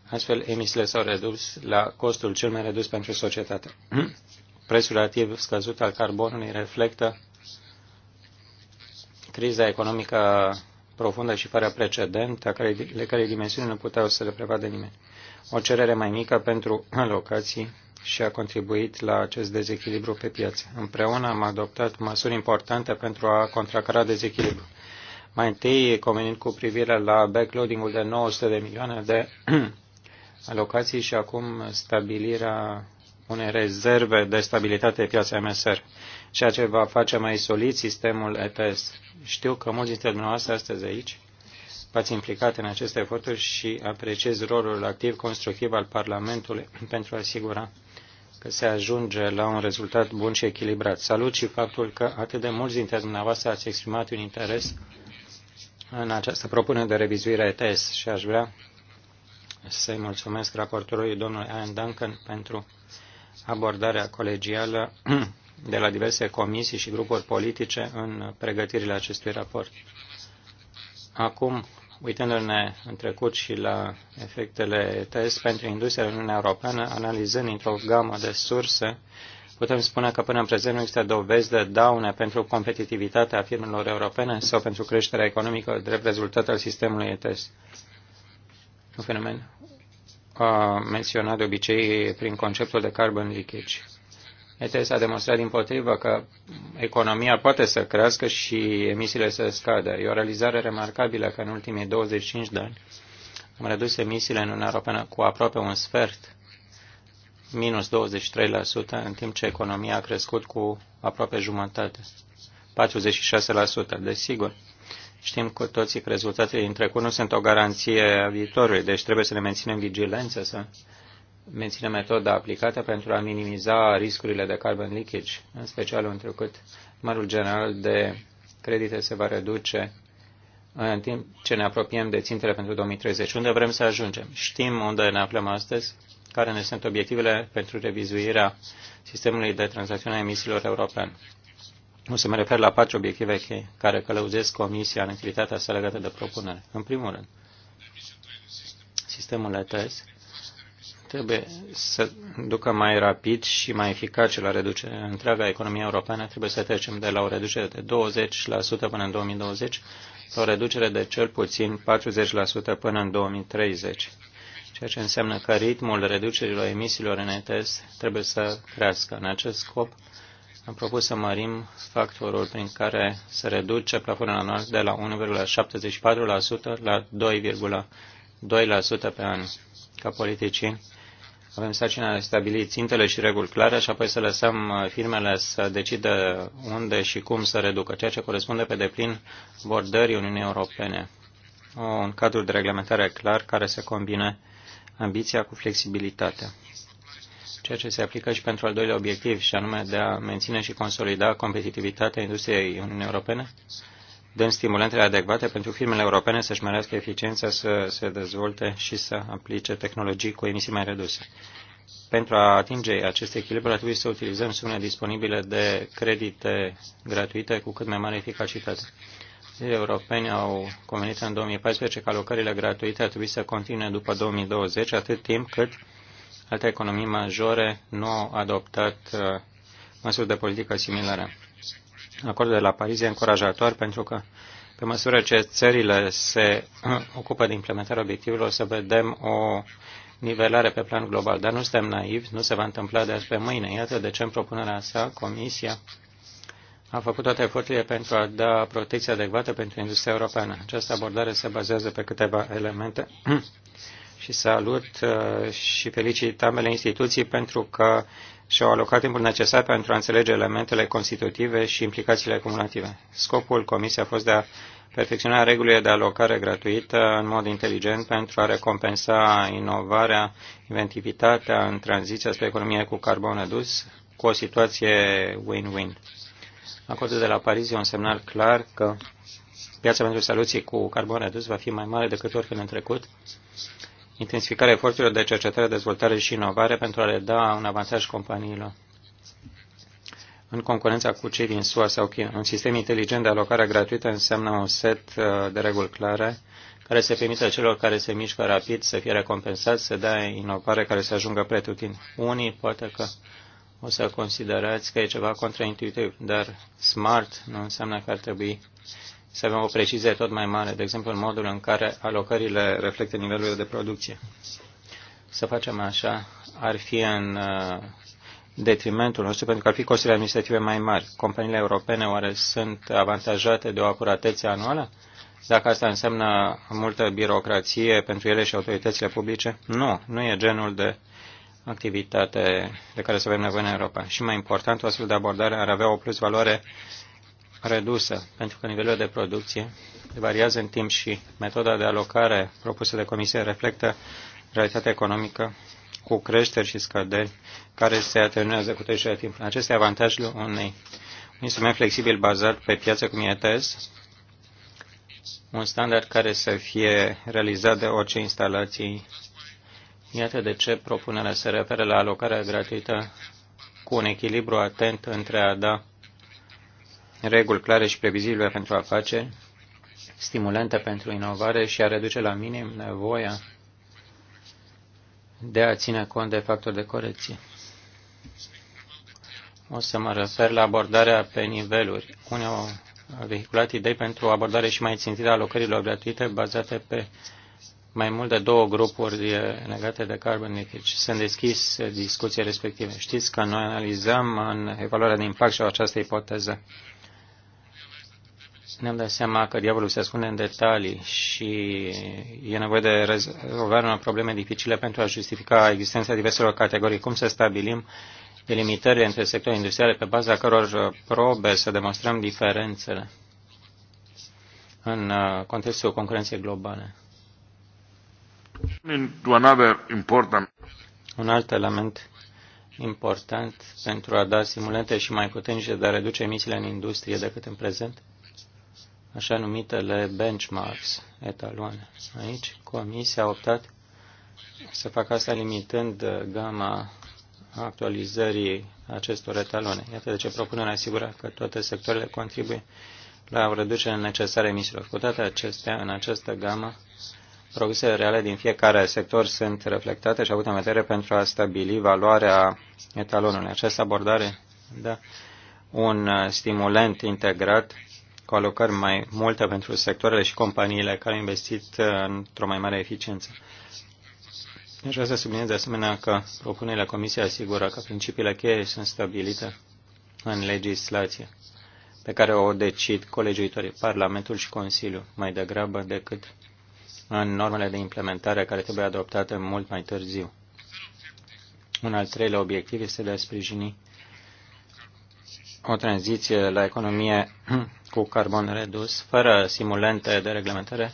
Astfel, emisiile s-au redus la costul cel mai redus pentru societate. (clears throat) Prețul relativ scăzut al carbonului reflectă criza economică profundă și fără precedent, a care dimensiuni nu puteau să le prevadă nimeni. O cerere mai mică pentru locații și a contribuit la acest dezechilibru pe piață. Împreună am adoptat măsuri importante pentru a contracara dezechilibru. Mai întâi, convenind cu privire la backloading-ul de 900 de milioane de (clears throat) alocații și acum stabilirea unei rezerve de stabilitate pe piața MSR ceea ce va face mai solid sistemul ETS. Știu că mulți dintre dumneavoastră astăzi aici v-ați implicat în aceste eforturi și apreciez rolul activ constructiv al Parlamentului (clears throat) pentru a asigura că se ajunge la un rezultat bun și echilibrat. Salut și faptul că atât de mulți dintre dumneavoastră ați exprimat un interes în această propunere de revizuire a ETS și aș vrea să-i mulțumesc raportorului domnului Ian Duncan pentru abordarea colegială (clears throat) de la diverse comisii și grupuri politice în pregătirile acestui raport. Acum, uitându-ne în trecut și la efectele ETS pentru industria în Uniunea Europeană, analizând într-o gamă de surse, putem spune că până în prezent nu există dovezi de daune pentru competitivitatea firmelor europene sau pentru creșterea economică drept rezultat al sistemului ETS. Un fenomen menționat de obicei prin conceptul de carbon leakage. Este s-a demonstrat din potrivă că economia poate să crească și emisiile să scadă. E o realizare remarcabilă că în ultimii 25 de ani am redus emisiile în Uniunea Europeană cu aproape un sfert, minus 23%, în timp ce economia a crescut cu aproape jumătate, 46%. Desigur, știm cu toții că rezultatele din trecut nu sunt o garanție a viitorului, deci trebuie să ne menținem vigilență, să menține metoda aplicată pentru a minimiza riscurile de carbon leakage, în special întrucât numărul general de credite se va reduce în timp ce ne apropiem de țintele pentru 2030. Unde vrem să ajungem? Știm unde ne aflăm astăzi, care ne sunt obiectivele pentru revizuirea sistemului de tranzacțiune a emisiilor european. Nu se mă refer la patru obiective care călăuzesc Comisia în activitatea sa legată de propunere. În primul rând, sistemul ETS trebuie să ducă mai rapid și mai eficace la reducere. Întreaga economie europeană trebuie să trecem de la o reducere de 20% până în 2020 la o reducere de cel puțin 40% până în 2030, ceea ce înseamnă că ritmul reducerilor emisiilor în ETS trebuie să crească. În acest scop, am propus să mărim factorul prin care se reduce plafonul anual de la 1,74% la 2,2% pe an. Ca politicieni, avem sarcina de stabili țintele și reguli clare și apoi să lăsăm uh, firmele să decidă unde și cum să reducă, ceea ce corespunde pe deplin bordării Uniunii Europene. Un cadru de reglementare clar care să combine ambiția cu flexibilitatea ceea ce se aplică și pentru al doilea obiectiv, și anume de a menține și consolida competitivitatea industriei Uniunii Europene, dăm stimulentele adecvate pentru firmele europene să-și mărească eficiența, să se dezvolte și să aplice tehnologii cu emisii mai reduse. Pentru a atinge acest echilibru, ar trebui să utilizăm sumele disponibile de credite gratuite cu cât mai mare eficacitate. Liderii europene au convenit în 2014 că alocările gratuite ar trebui să continue după 2020, atât timp cât alte economii majore nu au adoptat uh, măsuri de politică similare. Acordul de la Paris e încurajator pentru că, pe măsură ce țările se (clears throat) ocupă de implementarea obiectivelor, o să vedem o nivelare pe plan global. Dar nu suntem naivi, nu se va întâmpla de azi pe mâine. Iată de ce în propunerea sa, Comisia a făcut toate eforturile pentru a da protecție adecvată pentru industria europeană. Această abordare se bazează pe câteva elemente (clears throat) și salut uh, și felicit ambele instituții pentru că și-au alocat timpul necesar pentru a înțelege elementele constitutive și implicațiile cumulative. Scopul comisiei a fost de a perfecționa regulile de alocare gratuită în mod inteligent pentru a recompensa inovarea, inventivitatea în tranziția spre economie cu carbon redus, cu o situație win-win. Acordul de la Paris e un semnal clar că piața pentru soluții cu carbon redus va fi mai mare decât oricând în trecut intensificarea eforturilor de cercetare, dezvoltare și inovare pentru a le da un avansaj companiilor în concurența cu cei din SUA sau China. Un sistem inteligent de alocare gratuită înseamnă un set uh, de reguli clare care se permite celor care se mișcă rapid să fie recompensați, să dea inovare care să ajungă pretutin. Unii poate că o să considerați că e ceva contraintuitiv, dar smart nu înseamnă că ar trebui să avem o precizie tot mai mare, de exemplu în modul în care alocările reflectă nivelul de producție. Să facem așa ar fi în uh, detrimentul nostru, pentru că ar fi costurile administrative mai mari. Companiile europene oare sunt avantajate de o acuratețe anuală? Dacă asta înseamnă multă birocrație pentru ele și autoritățile publice, nu, nu e genul de activitate de care să avem nevoie în Europa. Și mai important, o astfel de abordare ar avea o plus valoare redusă, pentru că nivelul de producție variază în timp și metoda de alocare propusă de comisie reflectă realitatea economică cu creșteri și scăderi care se atenuează cu trecerea timpului. Acesta e avantajul un instrument flexibil bazat pe piață cum e TES, un standard care să fie realizat de orice instalații. Iată de ce propunerea se referă la alocarea gratuită cu un echilibru atent între a da reguli clare și previzibile pentru afaceri, stimulente pentru inovare și a reduce la minim nevoia de a ține cont de factori de corecție. O să mă refer la abordarea pe niveluri. Unii au vehiculat idei pentru o abordare și mai țintită a locărilor gratuite bazate pe mai mult de două grupuri legate de carbon leakage. Sunt deschis discuții respective. Știți că noi analizăm în evaluarea de impact și această ipoteză ne-am dat seama că diavolul se ascunde în detalii și e nevoie de rezolvarea unor probleme dificile pentru a justifica existența diverselor categorii. Cum să stabilim delimitările între sectoare industriale pe baza căror uh, probe să demonstrăm diferențele în uh, contextul concurenței globale? Un alt element important pentru a da simulente și mai puternice de a reduce emisiile în industrie decât în prezent așa numitele benchmarks, etaloane. Aici Comisia a optat să facă asta limitând uh, gama actualizării acestor etaloane. Iată de ce propunerea asigură că toate sectoarele contribuie la o reducere necesară emisiilor. Cu toate acestea, în această gamă, produsele reale din fiecare sector sunt reflectate și avute în vedere pentru a stabili valoarea etalonului. Această abordare dă un uh, stimulant integrat cu alocări mai multe pentru sectoarele și companiile care au investit uh, într-o mai mare eficiență. Aș vrea să subliniez de asemenea că propunerile Comisiei asigură că principiile cheie sunt stabilite în legislație pe care o decid colegiuitorii, Parlamentul și Consiliul, mai degrabă decât în normele de implementare care trebuie adoptate mult mai târziu. Un al treilea obiectiv este de a sprijini o tranziție la economie (clears throat) cu carbon redus, fără simulente de reglementare,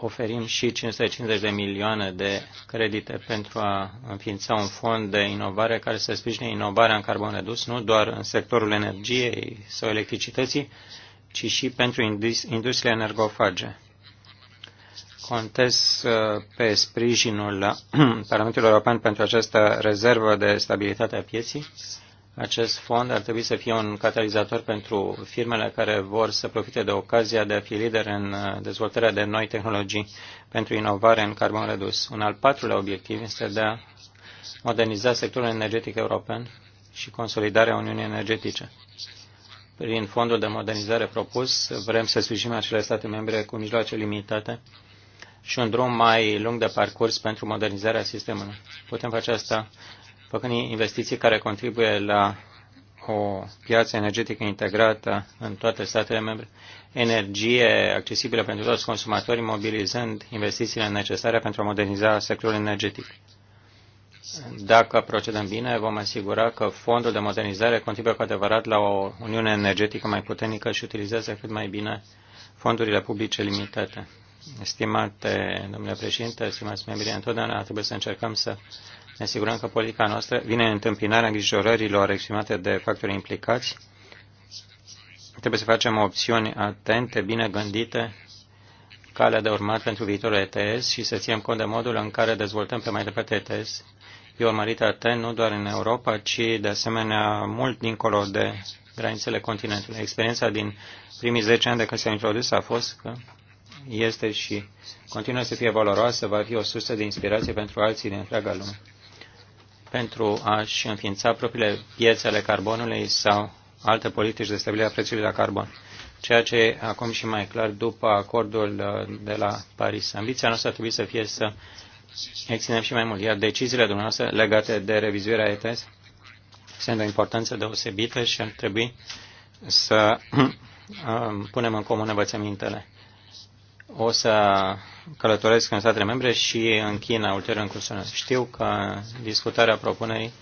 oferim și 550 de milioane de credite pentru a înființa un fond de inovare care să sprijine inovarea în carbon redus, nu doar în sectorul energiei sau electricității, ci și pentru industriile energofage. Contez uh, pe sprijinul (clears throat) Parlamentului European pentru această rezervă de stabilitate a pieții acest fond ar trebui să fie un catalizator pentru firmele care vor să profite de ocazia de a fi lider în uh, dezvoltarea de noi tehnologii pentru inovare în carbon redus. Un al patrulea obiectiv este de a moderniza sectorul energetic european și consolidarea Uniunii Energetice. Prin fondul de modernizare propus, vrem să sprijinim acele state membre cu mijloace limitate și un drum mai lung de parcurs pentru modernizarea sistemului. Putem face asta făcând investiții care contribuie la o piață energetică integrată în toate statele membre, energie accesibilă pentru toți consumatorii, mobilizând investițiile necesare pentru a moderniza sectorul energetic. Dacă procedăm bine, vom asigura că fondul de modernizare contribuie cu adevărat la o uniune energetică mai puternică și utilizează cât mai bine fondurile publice limitate. Stimate domnule președinte, stimați membrii, întotdeauna trebuie să încercăm să ne asigurăm că politica noastră vine în întâmpinarea îngrijorărilor exprimate de factorii implicați. Trebuie să facem opțiuni atente, bine gândite, calea de urmat pentru viitorul ETS și să ținem cont de modul în care dezvoltăm pe mai departe ETS. E urmărit atent nu doar în Europa, ci de asemenea mult dincolo de granițele continentului. Experiența din primii 10 ani de când s-a introdus a fost că este și continuă să fie valoroasă, va fi o sursă de inspirație pentru alții din întreaga lume pentru a-și înființa propriile piețe ale carbonului sau alte politici de stabilire a prețului la carbon. Ceea ce e acum și mai clar după acordul uh, de la Paris. Ambiția noastră ar trebui să fie să extindem și mai mult. Iar deciziile dumneavoastră legate de revizuirea ETS sunt de importanță deosebită și ar trebui să (clears throat) uh, punem în comun învățămintele o să călătoresc în statele membre și în China ulterior în cursul nostru. Știu că discutarea propunerii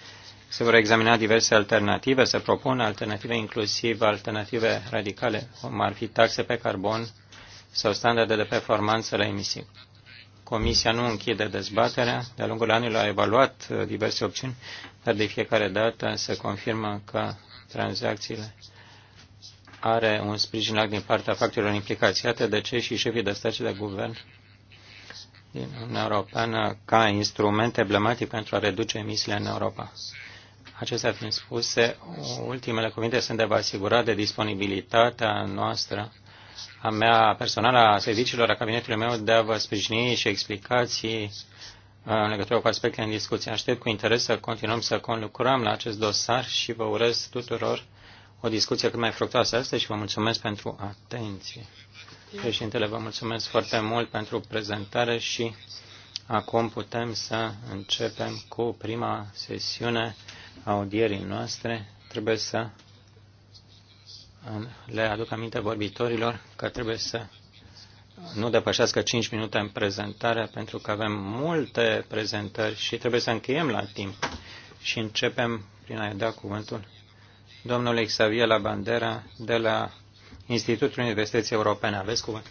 se vor examina diverse alternative, se propun alternative inclusiv alternative radicale, cum ar fi taxe pe carbon sau standarde de performanță la emisii. Comisia nu închide dezbaterea. De-a lungul anilor a evaluat diverse opțiuni, dar de fiecare dată se confirmă că tranzacțiile are un sprijin larg din partea factorilor implicați. Iată de ce și șefii de stat și de guvern din Uniunea Europeană ca instrument emblematic pentru a reduce emisiile în Europa. Acestea fiind spuse, ultimele cuvinte sunt de vă asigura de disponibilitatea noastră, a mea personală, a serviciilor, a cabinetului meu, de a vă sprijini și explicații uh, în legătură cu aspectele în discuție. Aștept cu interes să continuăm să conlucrăm la acest dosar și vă urez tuturor o discuție cât mai fructoasă astăzi și vă mulțumesc pentru atenție. Președintele, vă mulțumesc foarte mult pentru prezentare și acum putem să începem cu prima sesiune a audierii noastre. Trebuie să le aduc aminte vorbitorilor că trebuie să nu depășească 5 minute în prezentare, pentru că avem multe prezentări și trebuie să încheiem la timp. Și începem prin a da cuvântul domnului Xavier La Bandera de la Institutul Universității Europene. Aveți cuvânt.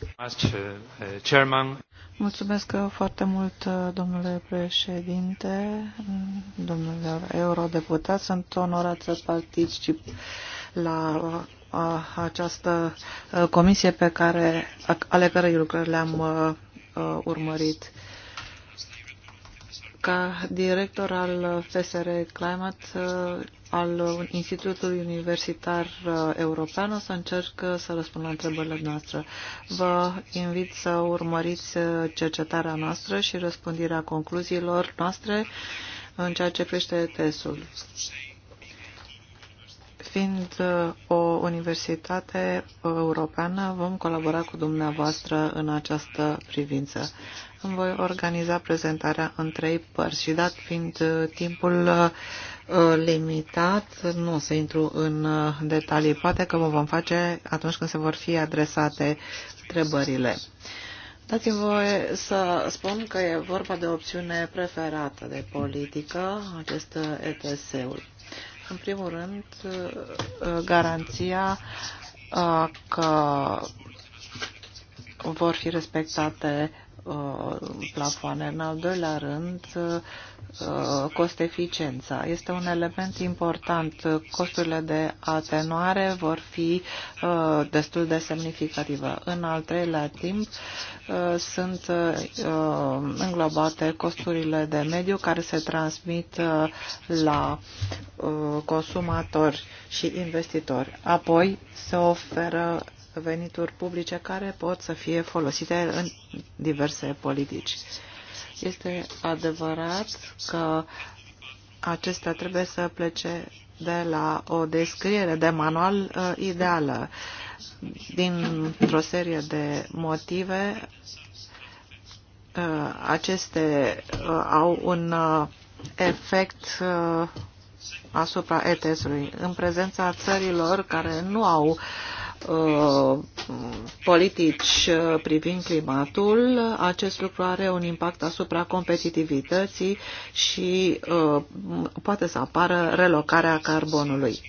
Mulțumesc foarte mult, domnule președinte, domnule eurodeputat. Sunt onorat să particip la această comisie pe care, ale cărei lucrări le-am urmărit. Ca director al FSR Climate, al Institutului Universitar uh, European. O să încerc uh, să răspund la întrebările noastre. Vă invit să urmăriți uh, cercetarea noastră și răspândirea concluziilor noastre în ceea ce privește testul. Fiind o universitate europeană, vom colabora cu dumneavoastră în această privință. Îmi voi organiza prezentarea în trei părți și dat fiind timpul uh, Uh, limitat, nu o să intru în uh, detalii, poate că vă vom face atunci când se vor fi adresate întrebările. Dați-mi voie să spun că e vorba de opțiune preferată de politică, acest uh, ETS-ul. În primul rând, garanția că vor fi respectate Uh, plafoane. În al doilea rând, uh, cost-eficiența. Este un element important. Costurile de atenuare vor fi uh, destul de semnificative. În al treilea timp, sunt înglobate costurile de mediu care se transmit la consumatori și investitori. Apoi se oferă venituri publice care pot să fie folosite în diverse politici. Este adevărat că acestea trebuie să plece de la o descriere de manual uh, ideală. Dintr-o serie de motive, uh, aceste uh, au un uh, efect uh, asupra ETS-ului. În prezența țărilor care nu au Uh, politici uh, privind climatul, acest lucru are un impact asupra competitivității și uh, poate să apară relocarea carbonului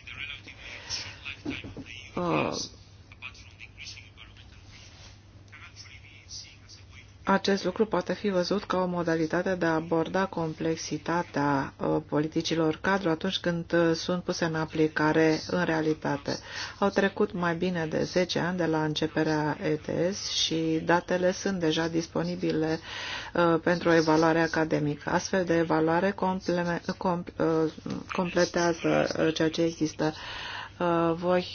Acest lucru poate fi văzut ca o modalitate de a aborda complexitatea uh, politicilor cadru atunci când uh, sunt puse în aplicare în realitate. Au trecut mai bine de 10 ani de la începerea ETS și datele sunt deja disponibile uh, pentru o evaluare academică. Astfel de evaluare completează ceea ce există. Voi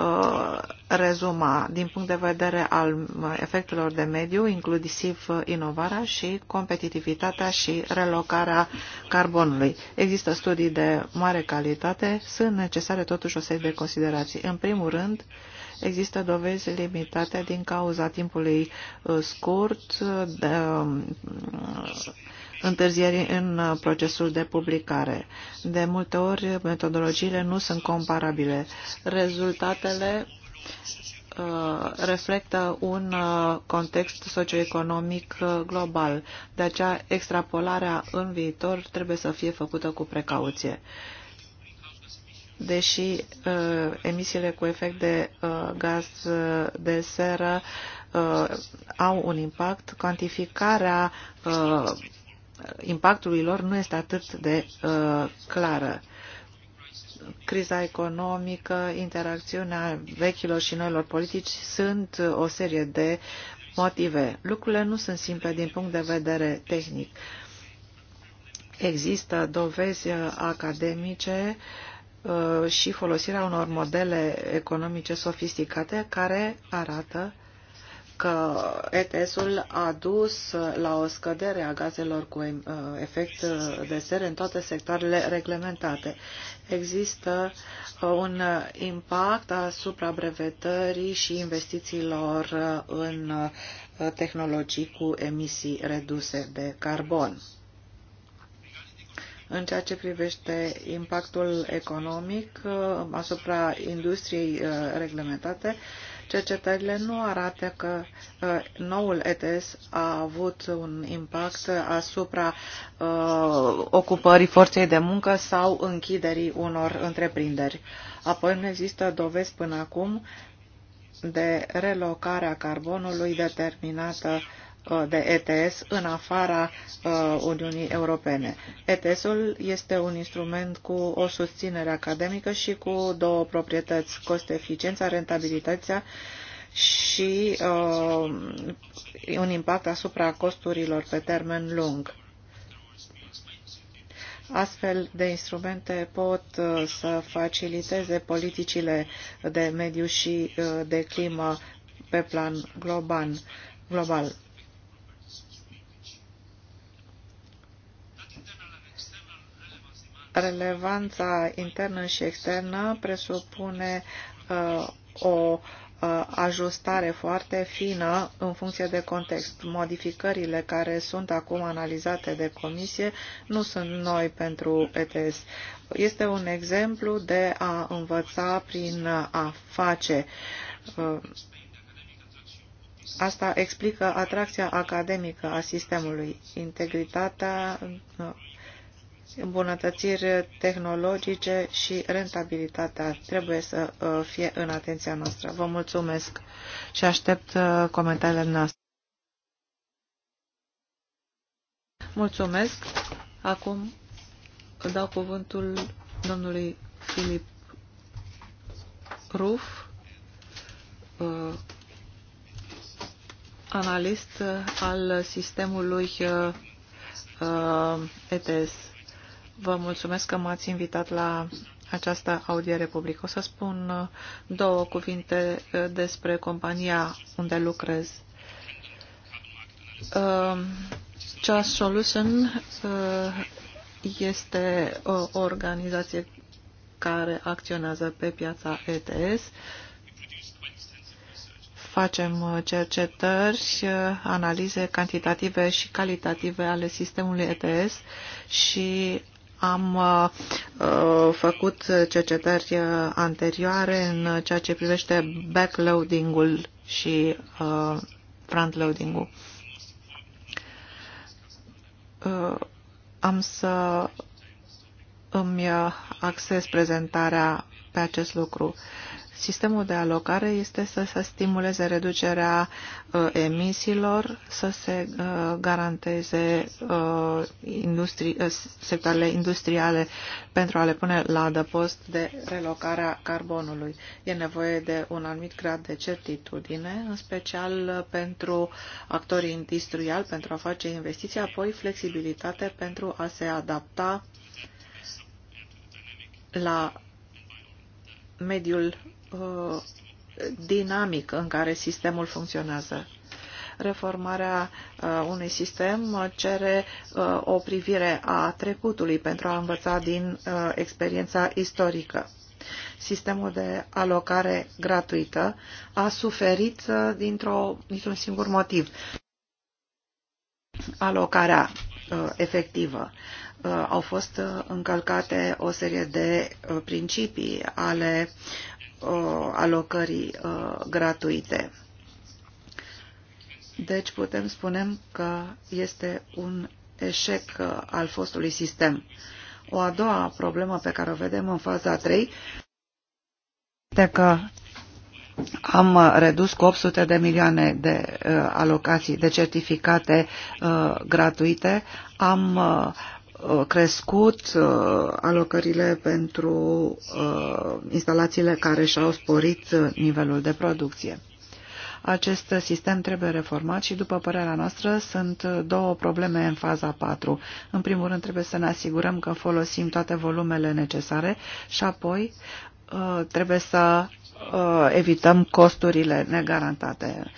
Uh, rezuma din punct de vedere al uh, efectelor de mediu, inclusiv uh, inovarea și competitivitatea și relocarea carbonului. Există studii de mare calitate, sunt necesare totuși o serie de considerații. În primul rând, există dovezi limitate din cauza timpului scurt, de, întârzieri în uh, procesul de publicare. De multe ori, metodologiile nu sunt comparabile. Rezultatele uh, reflectă un uh, context socioeconomic global. De aceea, extrapolarea în viitor trebuie să fie făcută cu precauție. Deși emisiile cu efect de gaz de seră au un impact, cantificarea impactului lor nu este atât de uh, clară. Criza economică, interacțiunea vechilor și noilor politici sunt uh, o serie de motive. Lucrurile nu sunt simple din punct de vedere tehnic. Există dovezi uh, academice uh, și folosirea unor modele economice sofisticate care arată uh, că ETS-ul a dus la o scădere a gazelor cu uh, efect uh, de seră în toate sectoarele reglementate. Există uh, un impact asupra brevetării și investițiilor în tehnologii cu emisii reduse de carbon. În ceea ce privește impactul economic asupra industriei reglementate, Cercetările nu arată că uh, noul ETS a avut un impact asupra uh, ocupării forței de muncă sau închiderii unor întreprinderi. Apoi nu există dovezi până acum de relocarea carbonului determinată Uh, de ETS în afara uh, Uniunii Europene. ETS-ul este un instrument cu o susținere academică și cu două proprietăți, cost-eficiența, rentabilitatea și uh, un impact asupra costurilor pe termen lung. Astfel de instrumente pot uh, să faciliteze politicile de mediu și de climă pe plan global. global Relevanța internă și externă presupune uh, o uh, ajustare foarte fină în funcție de context. Modificările care sunt acum analizate de comisie nu sunt noi pentru ETS. Este un exemplu de a învăța prin a face. Uh, asta explică atracția academică a sistemului, integritatea uh, îmbunătățiri tehnologice și rentabilitatea trebuie să uh, fie în atenția noastră. Vă mulțumesc și aștept uh, comentariile noastre. Mulțumesc. Acum dau cuvântul domnului Filip Ruf, uh, analist al sistemului ETS. Vă mulțumesc că m-ați invitat la această audie publică. O să spun uh, două cuvinte uh, despre compania unde lucrez. Just uh, Solution este o organizație care acționează pe piața ETS. Facem cercetări, analize cantitative și calitative ale sistemului ETS și am uh, uh, făcut cercetări uh, anterioare în ceea ce privește backloading-ul și uh, frontloading-ul. Uh, am să îmi uh, acces prezentarea pe acest lucru. Sistemul de alocare este să se stimuleze reducerea uh, emisiilor, să se uh, garanteze uh, industri sectoarele industriale pentru a le pune la adăpost de relocarea carbonului. E nevoie de un anumit grad de certitudine, în special pentru actorii industriali, pentru a face investiții, apoi flexibilitate pentru a se adapta la mediul Uh, dinamic în care sistemul funcționează. Reformarea uh, unui sistem uh, cere uh, o privire a trecutului pentru a învăța din uh, experiența istorică. Sistemul de alocare gratuită a suferit uh, dintr-un dintr singur motiv. Alocarea uh, efectivă uh, au fost încălcate o serie de principii ale Uh, alocării uh, gratuite. Deci putem spune că este un eșec uh, al fostului sistem. O a doua problemă pe care o vedem în faza 3 este că am redus cu 800 de milioane de uh, alocații de certificate uh, gratuite, am Uh, crescut uh, alocările pentru uh, instalațiile care și-au sporit nivelul de producție. Acest sistem trebuie reformat și, după părerea noastră, sunt două probleme în faza 4. În primul rând, trebuie să ne asigurăm că folosim toate volumele necesare și apoi trebuie să evităm costurile negarantate.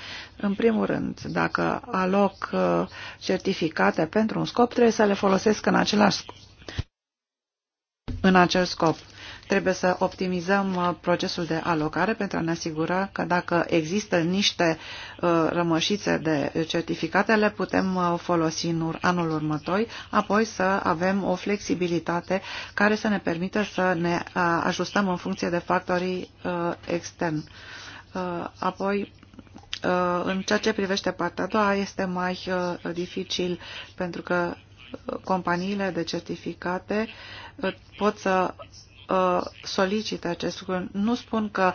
În primul rând, dacă aloc uh, certificate pentru un scop, trebuie să le folosesc în același în acel scop. Trebuie să optimizăm uh, procesul de alocare pentru a ne asigura că dacă există niște uh, rămășițe de certificate, le putem folosi în anul următor, apoi să avem o flexibilitate care să ne permită să ne ajustăm în funcție de factorii externi. Apoi, Uh, în ceea ce privește partea a doua, este mai uh, dificil pentru că uh, companiile de certificate pot să solicite acest lucru. Nu spun că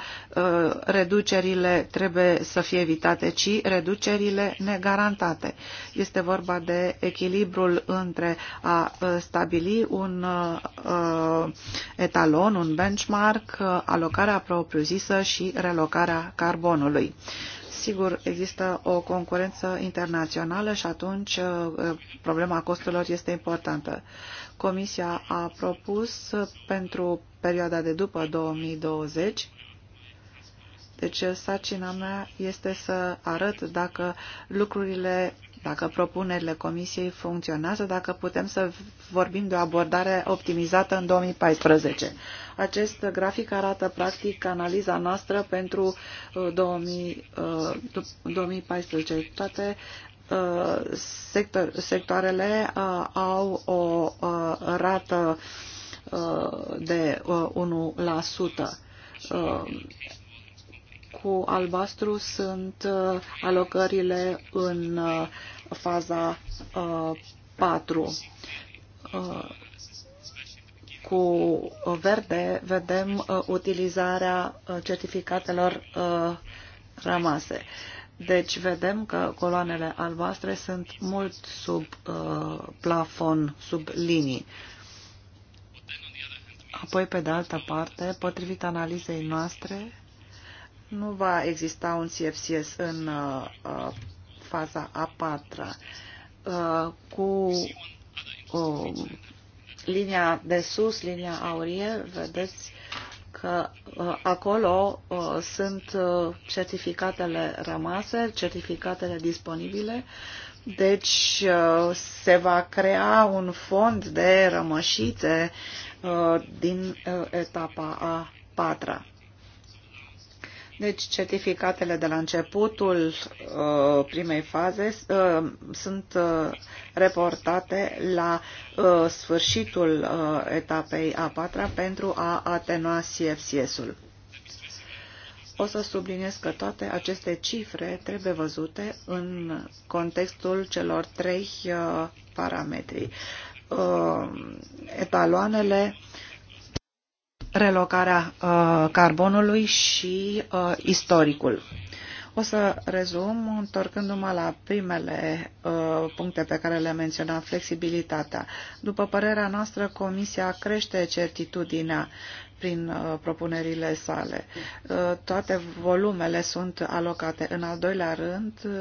reducerile trebuie să fie evitate, ci reducerile negarantate. Este vorba de echilibrul între a stabili un etalon, un benchmark, alocarea propriu-zisă și relocarea carbonului. Sigur, există o concurență internațională și atunci uh, uh, problema costurilor este importantă. Comisia a propus pentru perioada de după 2020 deci sarcina mea este să arăt dacă lucrurile dacă propunerile Comisiei funcționează, dacă putem să vorbim de o abordare optimizată în 2014. Acest grafic arată practic analiza noastră pentru 2000, uh, 2014. Uh, Toate uh, sector, sectoarele au o rată de 1% cu albastru sunt uh, alocările în uh, faza 4. Uh, cu verde vedem utilizarea certificatelor rămase. Deci vedem că coloanele albastre sunt mult sub uh, plafon, sub linii. Apoi, pe de altă parte, potrivit analizei noastre, nu va exista un CFCS în uh, uh, faza a patra. Uh, cu uh, linia de sus, linia aurie, vedeți că uh, acolo uh, sunt uh, certificatele rămase, certificatele disponibile, deci uh, se va crea un fond de rămășițe uh, din uh, etapa a patra. Deci certificatele de la începutul uh, primei faze uh, sunt uh, reportate la uh, sfârșitul uh, etapei a patra pentru a atenua CFCS-ul. O să subliniez că toate aceste cifre trebuie văzute în contextul celor trei uh, parametri. Uh, etaloanele uh, relocarea uh, carbonului și uh, istoricul. O să rezum întorcându-mă la primele uh, puncte pe care le menționam, flexibilitatea. După părerea noastră, Comisia crește certitudinea prin uh, propunerile sale. Uh, toate volumele sunt alocate. În al doilea rând, uh,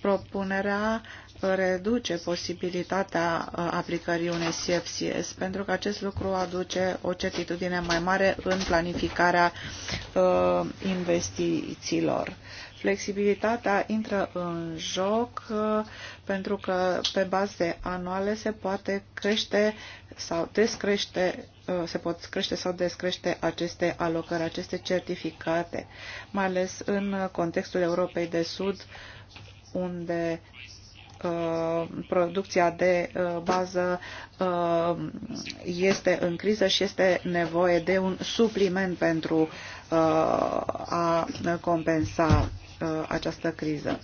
propunerea uh, reduce posibilitatea uh, aplicării unei CFCS, pentru că acest lucru aduce o certitudine mai mare în planificarea uh, investițiilor. Flexibilitatea intră în joc uh, pentru că pe baze anuale se poate crește sau descrește, se pot crește sau descrește aceste alocări, aceste certificate, mai ales în contextul Europei de Sud, unde Uh, producția de uh, bază uh, este în criză și este nevoie de un supliment pentru a compensa această criză.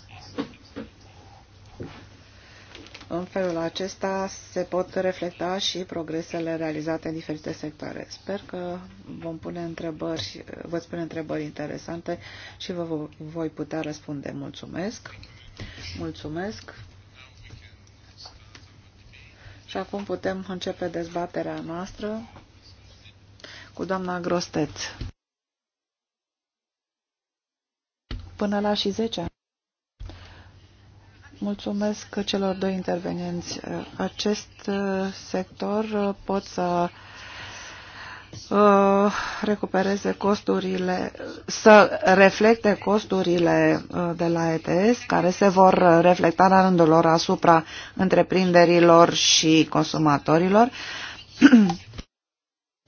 În felul acesta se pot reflecta și progresele realizate în diferite sectoare. Sper că vom pune întrebări, vă spune întrebări interesante și vă voi putea răspunde. Mulțumesc! Mulțumesc! Și acum putem începe dezbaterea noastră cu doamna Grosteț. Până la și 10. Mulțumesc celor doi intervenienți. Acest uh, sector uh, pot să Uh, recupereze costurile, să reflecte costurile uh, de la ETS, care se vor reflecta la rândul lor asupra întreprinderilor și consumatorilor (clears throat)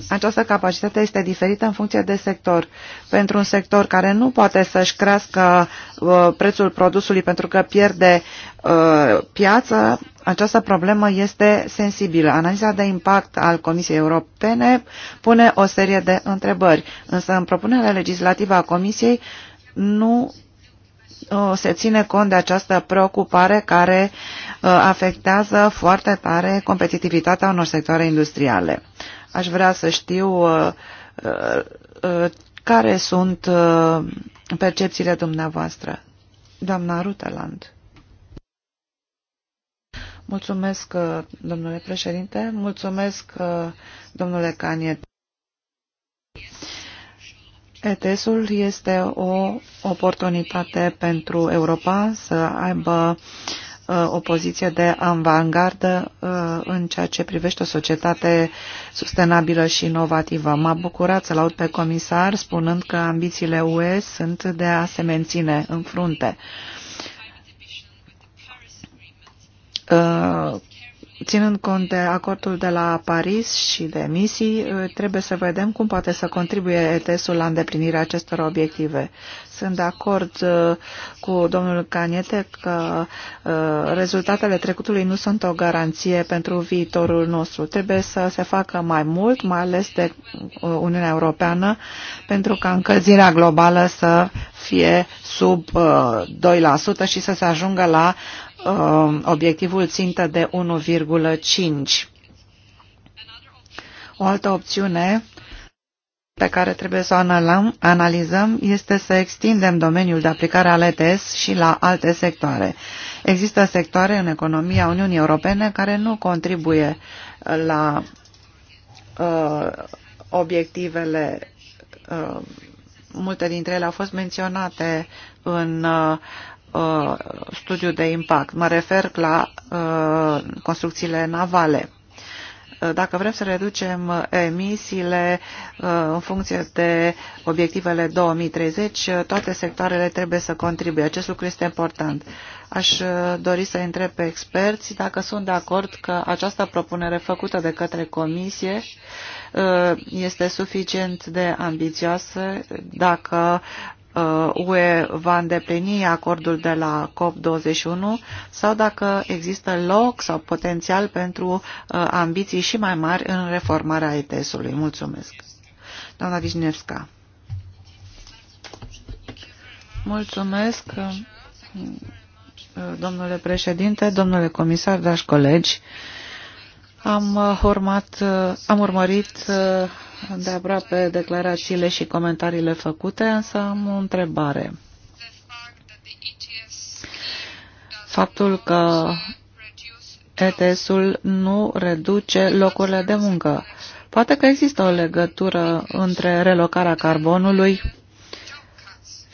Această capacitate este diferită în funcție de sector. Pentru un sector care nu poate să-și crească uh, prețul produsului pentru că pierde uh, piață, această problemă este sensibilă. Analiza de impact al Comisiei Europene pune o serie de întrebări, însă în propunerea legislativă a Comisiei nu uh, se ține cont de această preocupare care uh, afectează foarte tare competitivitatea unor sectoare industriale. Aș vrea să știu uh, uh, uh, care sunt percepțiile dumneavoastră. Doamna Ruteland. Mulțumesc, domnule președinte. Mulțumesc, domnule Caniet. ETS-ul este o oportunitate pentru Europa să aibă Uh, o poziție de avangardă uh, în ceea ce privește o societate sustenabilă și inovativă. M-a bucurat să-l aud pe comisar spunând că ambițiile UE sunt de a se menține în frunte. Uh, ținând cont de acordul de la Paris și de emisii, trebuie să vedem cum poate să contribuie ETS-ul la îndeplinirea acestor obiective. Sunt de acord uh, cu domnul Canete că uh, rezultatele trecutului nu sunt o garanție pentru viitorul nostru. Trebuie să se facă mai mult, mai ales de uh, Uniunea Europeană, pentru ca încălzirea globală să fie sub 2% și să se ajungă la obiectivul țintă de 1,5%. O altă opțiune pe care trebuie să o analizăm este să extindem domeniul de aplicare al ETS și la alte sectoare. Există sectoare în economia Uniunii Europene care nu contribuie uh, la uh, obiectivele, uh, multe dintre ele au fost menționate în uh, uh studiul de impact. Mă refer la uh, construcțiile navale dacă vrem să reducem emisiile uh, în funcție de obiectivele 2030, uh, toate sectoarele trebuie să contribuie. Acest lucru este important. Aș uh, dori să întreb pe experți dacă sunt de acord că această propunere făcută de către Comisie este suficient de ambițioasă dacă UE uh, va îndeplini acordul de la COP21 sau dacă există loc sau potențial pentru uh, ambiții și mai mari în reformarea ETS-ului. Mulțumesc. Doamna Vișnevska. Mulțumesc, uh, domnule președinte, domnule comisar, dragi colegi. Am, urmat, am urmărit de aproape declarațiile și comentariile făcute, însă am o întrebare. Faptul că ETS-ul nu reduce locurile de muncă. Poate că există o legătură între relocarea carbonului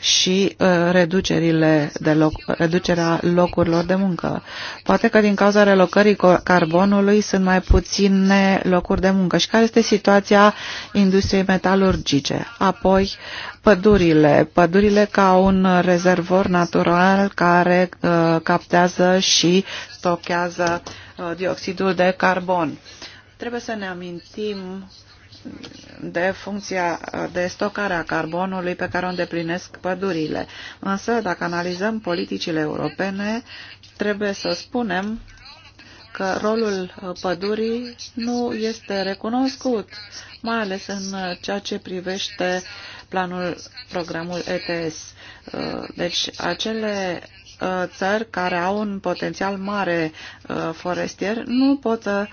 și uh, reducerile de loc, reducerea locurilor de muncă. Poate că din cauza relocării carbonului sunt mai puține locuri de muncă. Și care este situația industriei metalurgice? Apoi, pădurile. Pădurile ca un rezervor natural care uh, captează și stochează uh, dioxidul de carbon. Trebuie să ne amintim uh, de funcția de stocare a carbonului pe care o îndeplinesc pădurile. Însă, dacă analizăm politicile europene, trebuie să spunem că rolul pădurii nu este recunoscut, mai ales în ceea ce privește planul, programul ETS. Deci acele Uh, țări care au un potențial mare uh, forestier nu pot să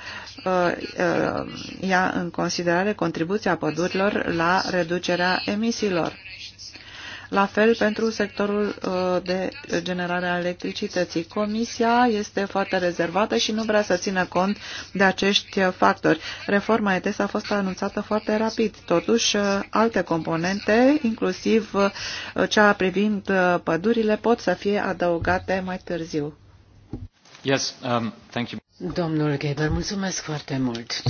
uh, ia în considerare contribuția pădurilor la reducerea emisiilor. La fel pentru sectorul uh, de generare a electricității. Comisia este foarte rezervată și nu vrea să țină cont de acești factori. Reforma ETS a fost anunțată foarte rapid. Totuși, uh, alte componente, inclusiv uh, cea privind pădurile, pot să fie adăugate mai târziu.
Yes, um, thank you.
Domnul Geber, mulțumesc foarte
mult.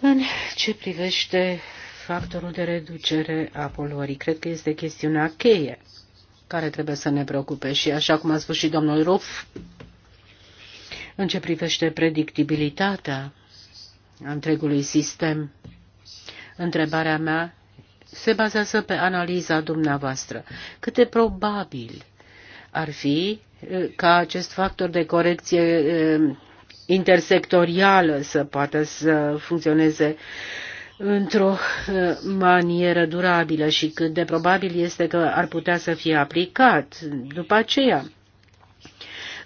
În ce privește factorul de reducere a poluării. Cred că este chestiunea cheie care trebuie să ne preocupe și așa cum a spus și domnul Ruf, în ce privește predictibilitatea întregului sistem, întrebarea mea se bazează pe analiza dumneavoastră. Cât de probabil ar fi ca acest factor de corecție intersectorială să poată să funcționeze uh, într-o uh, manieră durabilă și cât de probabil este că ar putea să fie aplicat după aceea.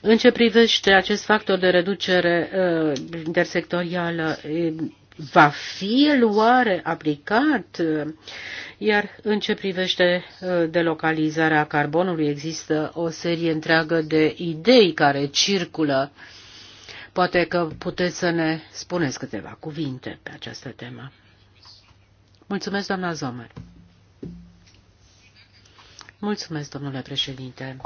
În ce privește acest factor de reducere uh, intersectorială, va fi luare aplicat? Iar în ce privește uh, delocalizarea carbonului, există o serie întreagă de idei care circulă. Poate că puteți să ne spuneți câteva cuvinte pe această temă. Mulțumesc, doamna Zomer. Mulțumesc, domnule președinte.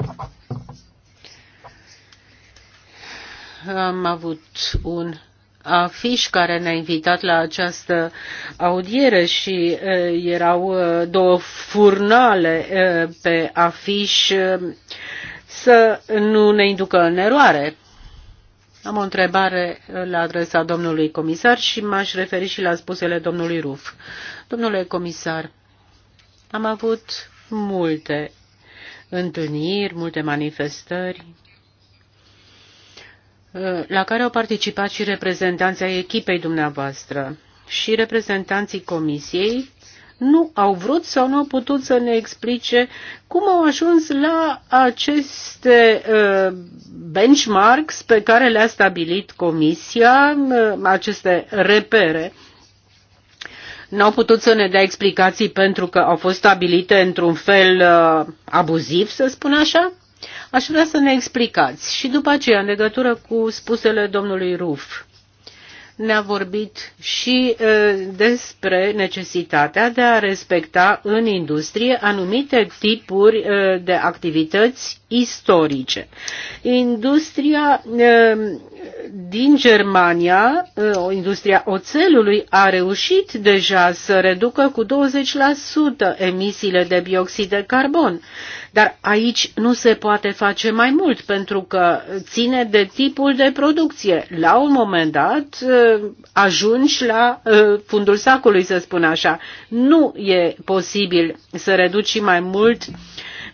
Am avut un afiș care ne-a invitat la această audiere și uh, erau uh, două furnale uh, pe afiș uh, să nu ne inducă în eroare. Am o întrebare la adresa domnului comisar și m-aș referi și la spusele domnului Ruf. Domnule comisar, am avut multe întâlniri, multe manifestări la care au participat și reprezentanții echipei dumneavoastră și reprezentanții comisiei nu au vrut sau nu au putut să ne explice cum au ajuns la aceste uh, benchmarks pe care le-a stabilit Comisia, uh, aceste repere. N-au putut să ne dea explicații pentru că au fost stabilite într-un fel uh, abuziv, să spun așa? Aș vrea să ne explicați și după aceea, în legătură cu spusele domnului Ruf ne-a vorbit și despre necesitatea de a respecta în industrie anumite tipuri de activități istorice. Industria din Germania, ă, industria oțelului a reușit deja să reducă cu 20% emisiile de bioxid de carbon. Dar aici nu se poate face mai mult pentru că ține de tipul de producție. La un moment dat ă, ajungi la ă, fundul sacului, să spun așa. Nu e posibil să reduci și mai mult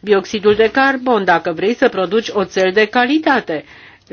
bioxidul de carbon dacă vrei să produci oțel de calitate.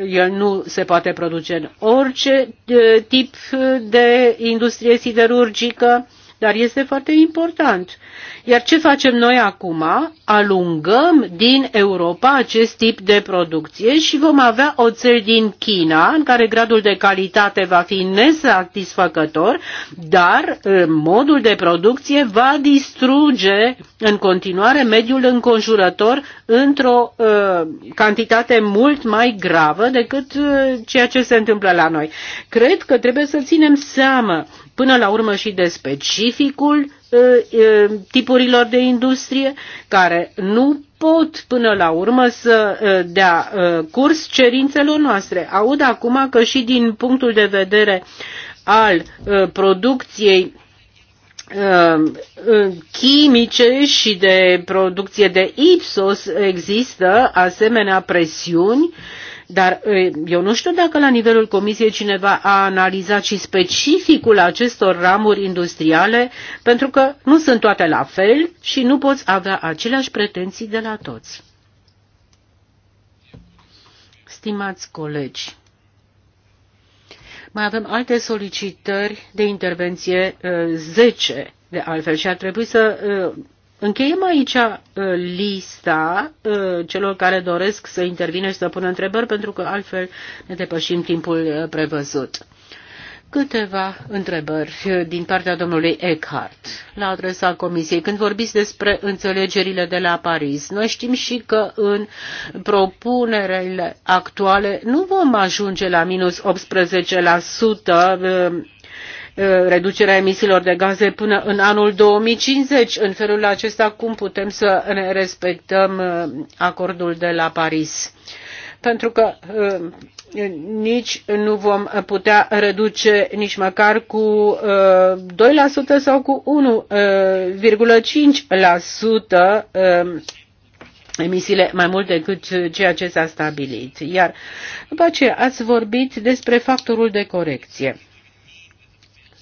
El nu se poate produce în orice eh, tip eh, de industrie siderurgică dar este foarte important. Iar ce facem noi acum? Alungăm din Europa acest tip de producție și vom avea o țări din China, în care gradul de calitate va fi nesatisfăcător, dar modul de producție va distruge în continuare mediul înconjurător într-o uh, cantitate mult mai gravă decât uh, ceea ce se întâmplă la noi. Cred că trebuie să ținem seama până la urmă și de specificul uh, uh, tipurilor de industrie care nu pot până la urmă să uh, dea curs cerințelor noastre. Aud acum că și din punctul de vedere al producției chimice și de producție de ipsos există asemenea presiuni uh, dar eu nu știu dacă la nivelul Comisiei cineva a analizat și specificul acestor ramuri industriale, pentru că nu sunt toate la fel și nu poți avea aceleași pretenții de la toți. Stimați colegi, mai avem alte solicitări de intervenție, 10 de altfel, și ar trebui să Încheiem aici uh, lista uh, celor care doresc să intervine și să pună întrebări, pentru că altfel ne depășim timpul uh, prevăzut. Câteva întrebări din partea domnului Eckhart la adresa Comisiei. Când vorbiți despre înțelegerile de la Paris, noi știm și că în propunerile actuale nu vom ajunge la minus 18% Uh, reducerea emisiilor de gaze până în anul 2050. În felul acesta, cum putem să ne respectăm uh, acordul de la Paris? Pentru că uh, nici nu vom putea reduce nici măcar cu 2% sau cu 1,5% emisiile mai mult decât ceea ce s-a stabilit. Iar după aceea ați vorbit despre factorul de corecție.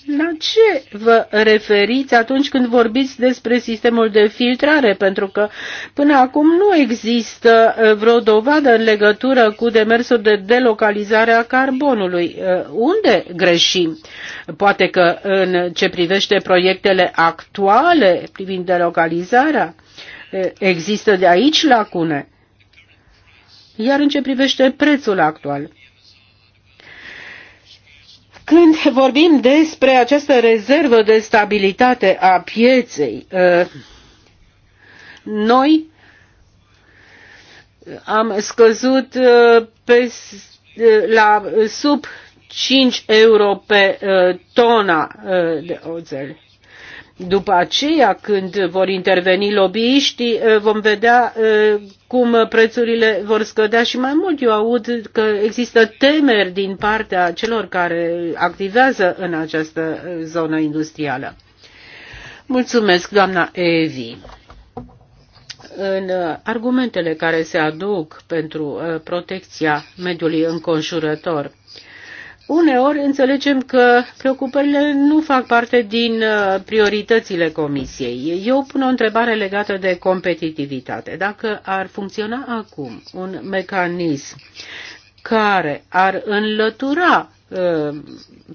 La ce vă referiți atunci când vorbiți despre sistemul de filtrare? Pentru că până acum nu există uh, vreo dovadă în legătură cu demersul de delocalizare a carbonului. Uh, unde greșim? Poate că în ce privește proiectele actuale privind delocalizarea uh, există de aici lacune. Iar în ce privește prețul actual, când vorbim despre această rezervă de stabilitate a pieței, uh, noi am scăzut uh, pe, uh, la sub 5 euro pe tona de oțel. După aceea, când vor interveni lobbyiștii, uh, vom vedea uh, cum prețurile vor scădea și mai mult. Eu aud că există temeri din partea celor care activează în această uh, zonă industrială. Mulțumesc, doamna Evi. În argumentele care se aduc pentru protecția mediului înconjurător, Uneori înțelegem că preocupările nu fac parte din uh, prioritățile Comisiei. Eu pun o întrebare legată de competitivitate. Dacă ar funcționa acum un mecanism care ar înlătura uh,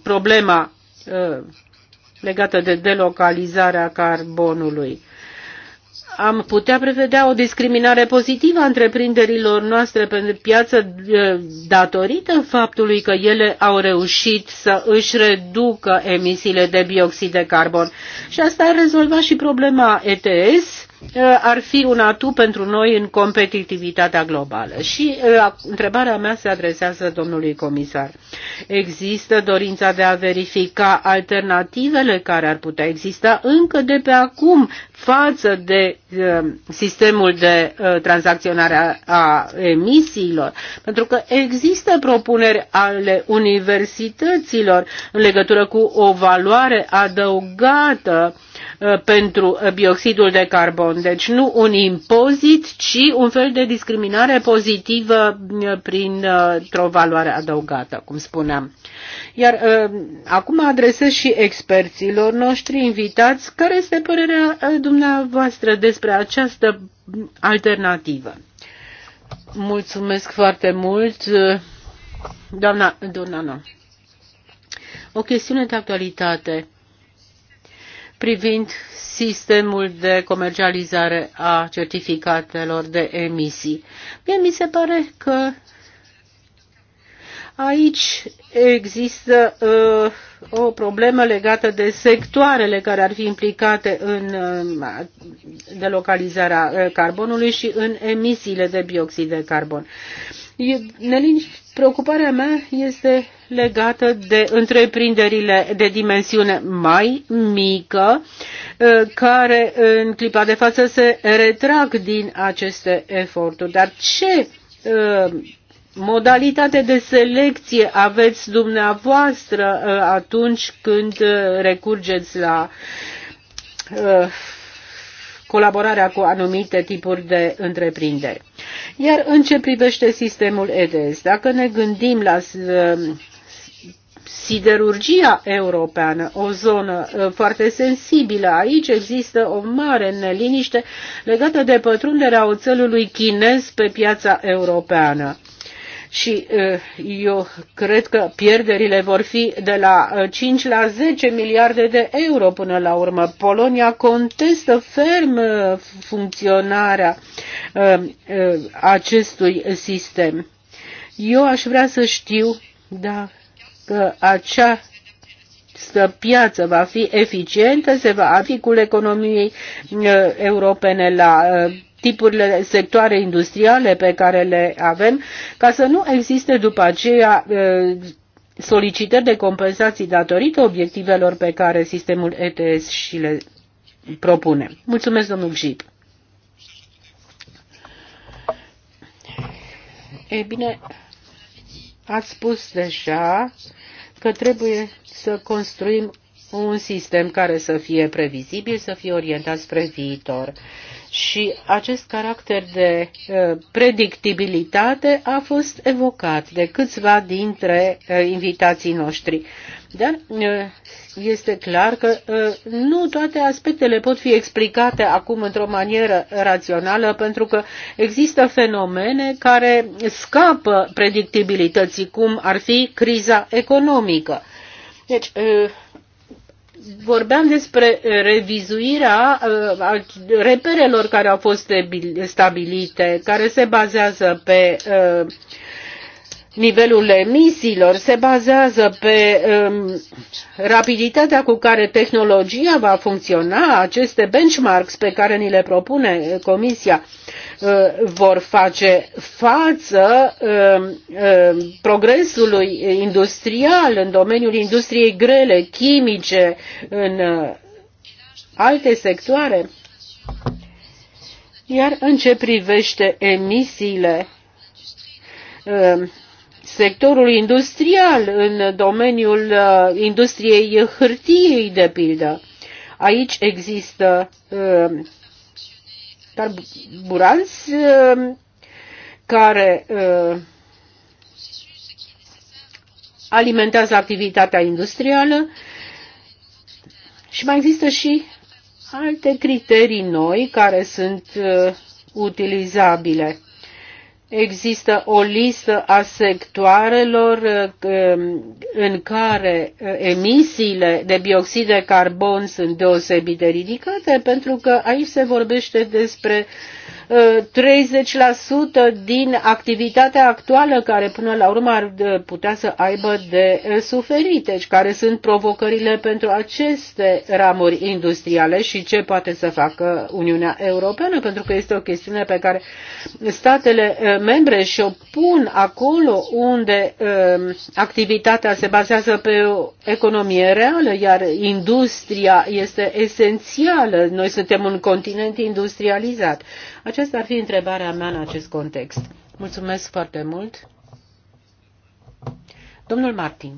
problema uh, legată de delocalizarea carbonului, am putea prevedea o discriminare pozitivă a întreprinderilor noastre pe piață datorită faptului că ele au reușit să își reducă emisiile de bioxid de carbon. Și asta ar rezolva și problema ETS Uh, ar fi un atu pentru noi în competitivitatea globală. Și uh, întrebarea mea se adresează domnului comisar. Există dorința de a verifica alternativele care ar putea exista încă de pe acum față de uh, sistemul de tranzacționare a emisiilor? Pentru că există propuneri ale universităților în legătură cu o valoare adăugată Uh, pentru bioxidul de carbon. Deci nu un impozit, ci un fel de discriminare pozitivă uh, printr-o uh, valoare adăugată, cum spuneam. Iar acum adresez și experților noștri invitați care este părerea dumneavoastră despre această alternativă. Mulțumesc foarte mult, doamna Donano. O chestiune de actualitate privind sistemul de comercializare a certificatelor de emisii. Mie mi se pare că aici există uh, o problemă legată de sectoarele care ar fi implicate în uh, delocalizarea uh, carbonului și în emisiile de bioxid de carbon. Neliniști Preocuparea mea este legată de întreprinderile de dimensiune mai mică, eh, care în clipa de față se retrag din aceste eforturi. Dar ce eh, modalitate de selecție aveți dumneavoastră eh, atunci când recurgeți la colaborarea cu anumite tipuri de întreprinderi. Iar în ce privește sistemul EDS, dacă ne gândim la siderurgia europeană, o zonă ă, foarte sensibilă. Aici există o mare neliniște legată de pătrunderea oțelului chinez pe piața europeană și eu cred că pierderile vor fi de la 5 la 10 miliarde de euro până la urmă. Polonia contestă ferm funcționarea acestui sistem. Eu aș vrea să știu dacă acea această piață va fi eficientă, se va fi cu economiei europene la tipurile sectoare industriale pe care le avem, ca să nu existe după aceea uh, solicitări de compensații datorită obiectivelor pe care sistemul ETS și le propune. Mulțumesc, domnul Gip. Ei bine, ați spus deja că trebuie să construim un sistem care să fie previzibil, să fie orientat spre viitor și acest caracter de uh, predictibilitate a fost evocat de câțiva dintre uh, invitații noștri. Dar uh, este clar că nu toate aspectele pot fi explicate acum într-o manieră rațională, pentru că există fenomene care scapă predictibilității, cum ar fi criza economică. Deci, vorbeam despre eh, revizuirea eh, reperelor care au fost stabilite, care se bazează pe eh, nivelul emisiilor se bazează pe um, rapiditatea cu care tehnologia va funcționa, aceste benchmarks pe care ni le propune Comisia uh, vor face față uh, uh, progresului industrial în domeniul industriei grele, chimice, în uh, alte sectoare. Iar în ce privește emisiile um, sectorul industrial, în domeniul uh, industriei hârtiei, de pildă. Aici există uh, carburanți uh, care alimentează activitatea industrială și mai există și alte criterii noi care sunt utilizabile. Există o listă a sectoarelor uh, um, în care uh, emisiile de bioxid de carbon sunt deosebit de ridicate, pentru că aici se vorbește despre uh, 30% din activitatea actuală care până la urmă ar eh, putea să aibă de eh, suferit. Deci care sunt provocările pentru aceste ramuri industriale și ce poate să facă Uniunea Europeană, pentru că este o chestiune pe care statele eh, membre și-o pun acolo unde activitatea se bazează pe o economie reală, iar industria este esențială. Noi suntem un continent industrializat. Aceasta ar fi întrebarea mea în acest context. Mulțumesc foarte mult. Domnul Martin.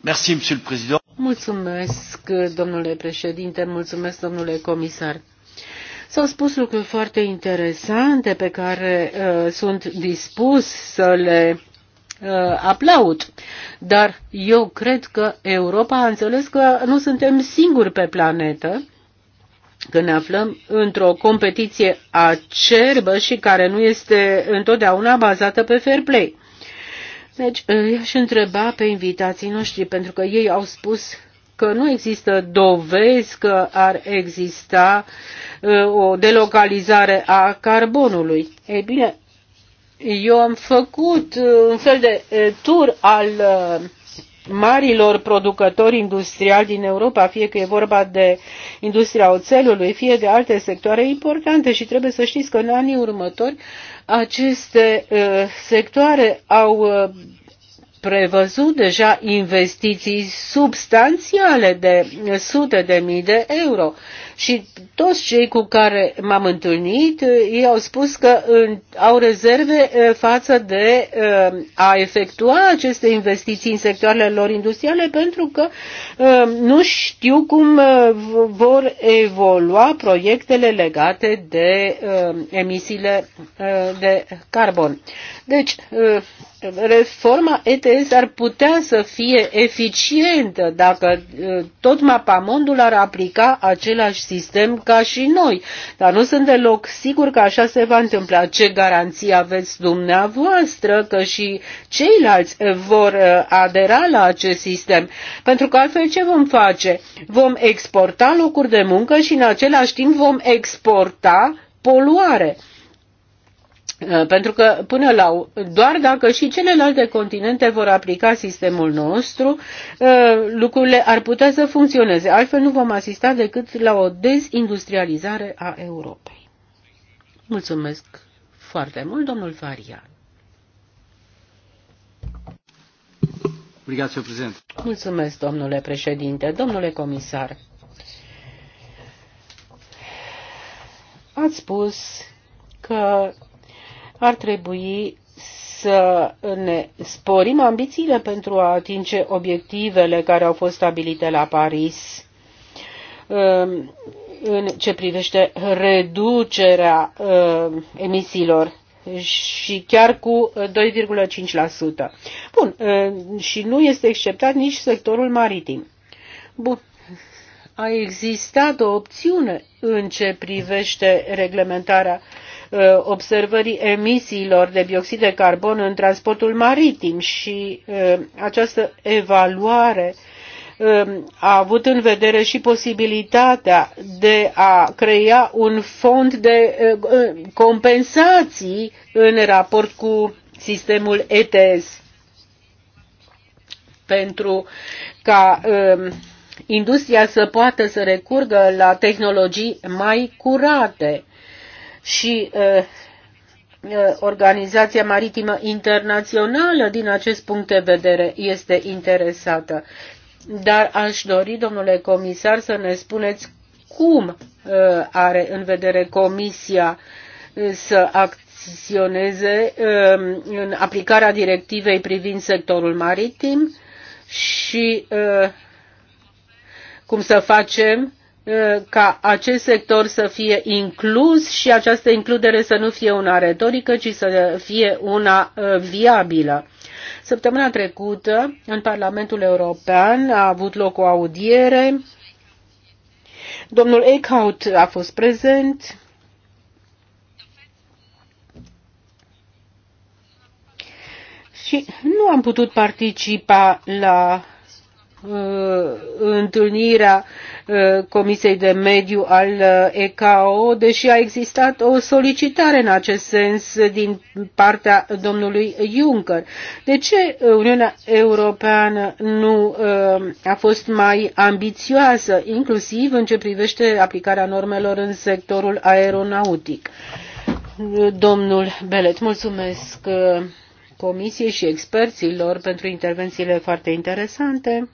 Merci, Monsieur le Président. Mulțumesc, domnule președinte, mulțumesc, domnule comisar. S-au spus lucruri foarte interesante pe care uh, sunt dispus să le uh, aplaud, dar eu cred că Europa a înțeles că nu suntem singuri pe planetă că ne aflăm într-o competiție acerbă și care nu este întotdeauna bazată pe fair play. Deci, eh, aș întreba pe invitații noștri, pentru că ei au spus că nu există dovezi că ar exista eh, o delocalizare a carbonului. Ei bine, eu am făcut eh, un fel de tur al marilor producători industriali din Europa, fie că e vorba de industria oțelului, fie de alte sectoare importante și trebuie să știți că în anii următori aceste uh, sectoare au uh, prevăzut deja investiții substanțiale de uh, sute de mii de euro. Uh, și toți cei cu care m-am întâlnit, uh, ei au spus că au rezerve uh, față de uh, a efectua aceste investiții în sectoarele lor industriale pentru că nu știu cum vor evolua proiectele legate de emisiile de carbon. Deci, reforma ETS ar putea să fie eficientă dacă uh, tot mapamondul ar aplica același sistem ca și noi. Dar nu sunt deloc sigur că așa se va întâmpla. Ce garanții aveți dumneavoastră că și ceilalți vor uh, adera la acest sistem? Pentru că altfel ce vom face? Vom exporta locuri de muncă și în același timp vom exporta poluare. Uh, pentru că până la doar dacă și celelalte continente vor aplica sistemul nostru, uh, lucrurile ar putea să funcționeze. Altfel nu vom asista decât la o dezindustrializare a Europei. Mulțumesc foarte mult, domnul Farian. Mulțumesc, domnule președinte, domnule comisar. Ați spus că ar trebui să ne sporim ambițiile pentru a atinge obiectivele care au fost stabilite la Paris în ce privește reducerea uh, emisiilor și chiar cu 2,5%. Bun, uh, și nu este exceptat nici sectorul maritim. Bun, a existat o opțiune în ce privește reglementarea uh, Uh, observării emisiilor de dioxid de carbon în transportul maritim și uh, această evaluare um, a avut în vedere și posibilitatea de a crea un fond de uh, compensații în raport cu sistemul ETS pentru ca um, industria să poată să recurgă la tehnologii mai curate și uh, uh, Organizația Maritimă Internațională din acest punct de vedere este interesată. Dar aș dori, domnule comisar, să ne spuneți cum uh, are în vedere Comisia să acționeze um, în aplicarea directivei privind sectorul maritim și cum să facem ca acest sector să fie inclus și această includere să nu fie una retorică, ci să fie una viabilă. Săptămâna trecută, în Parlamentul European, a avut loc o audiere. Domnul Eichhout a fost prezent. Și nu am putut participa la Uh, întâlnirea uh, Comisiei de Mediu al uh, ECAO, deși a existat o solicitare în acest sens din partea domnului Juncker. De ce Uniunea Europeană nu a fost mai ambițioasă, inclusiv în ce privește aplicarea normelor în sectorul aeronautic? Domnul Belet, mulțumesc Comisiei și experților pentru intervențiile foarte interesante.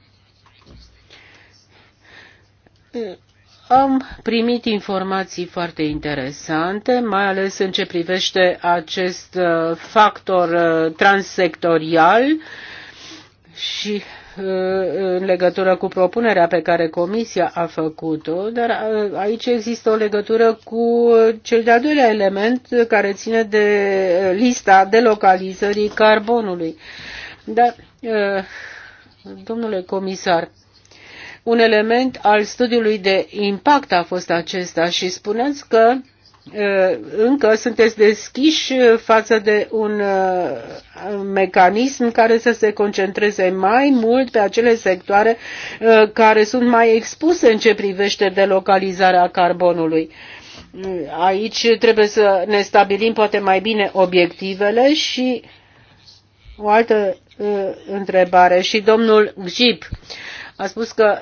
Am primit informații foarte interesante, mai ales în ce privește acest uh, factor uh, transsectorial și uh, în legătură cu propunerea pe care Comisia a făcut-o, dar aici există o legătură cu cel de-al doilea element care ține de lista delocalizării carbonului. Dar, domnule comisar, un element al studiului de impact a fost acesta și spuneți că încă sunteți deschiși față de un mecanism care să se concentreze mai mult pe acele sectoare care sunt mai expuse în ce privește delocalizarea carbonului. Aici trebuie să ne stabilim poate mai bine obiectivele și o altă întrebare și domnul Gip, a spus că,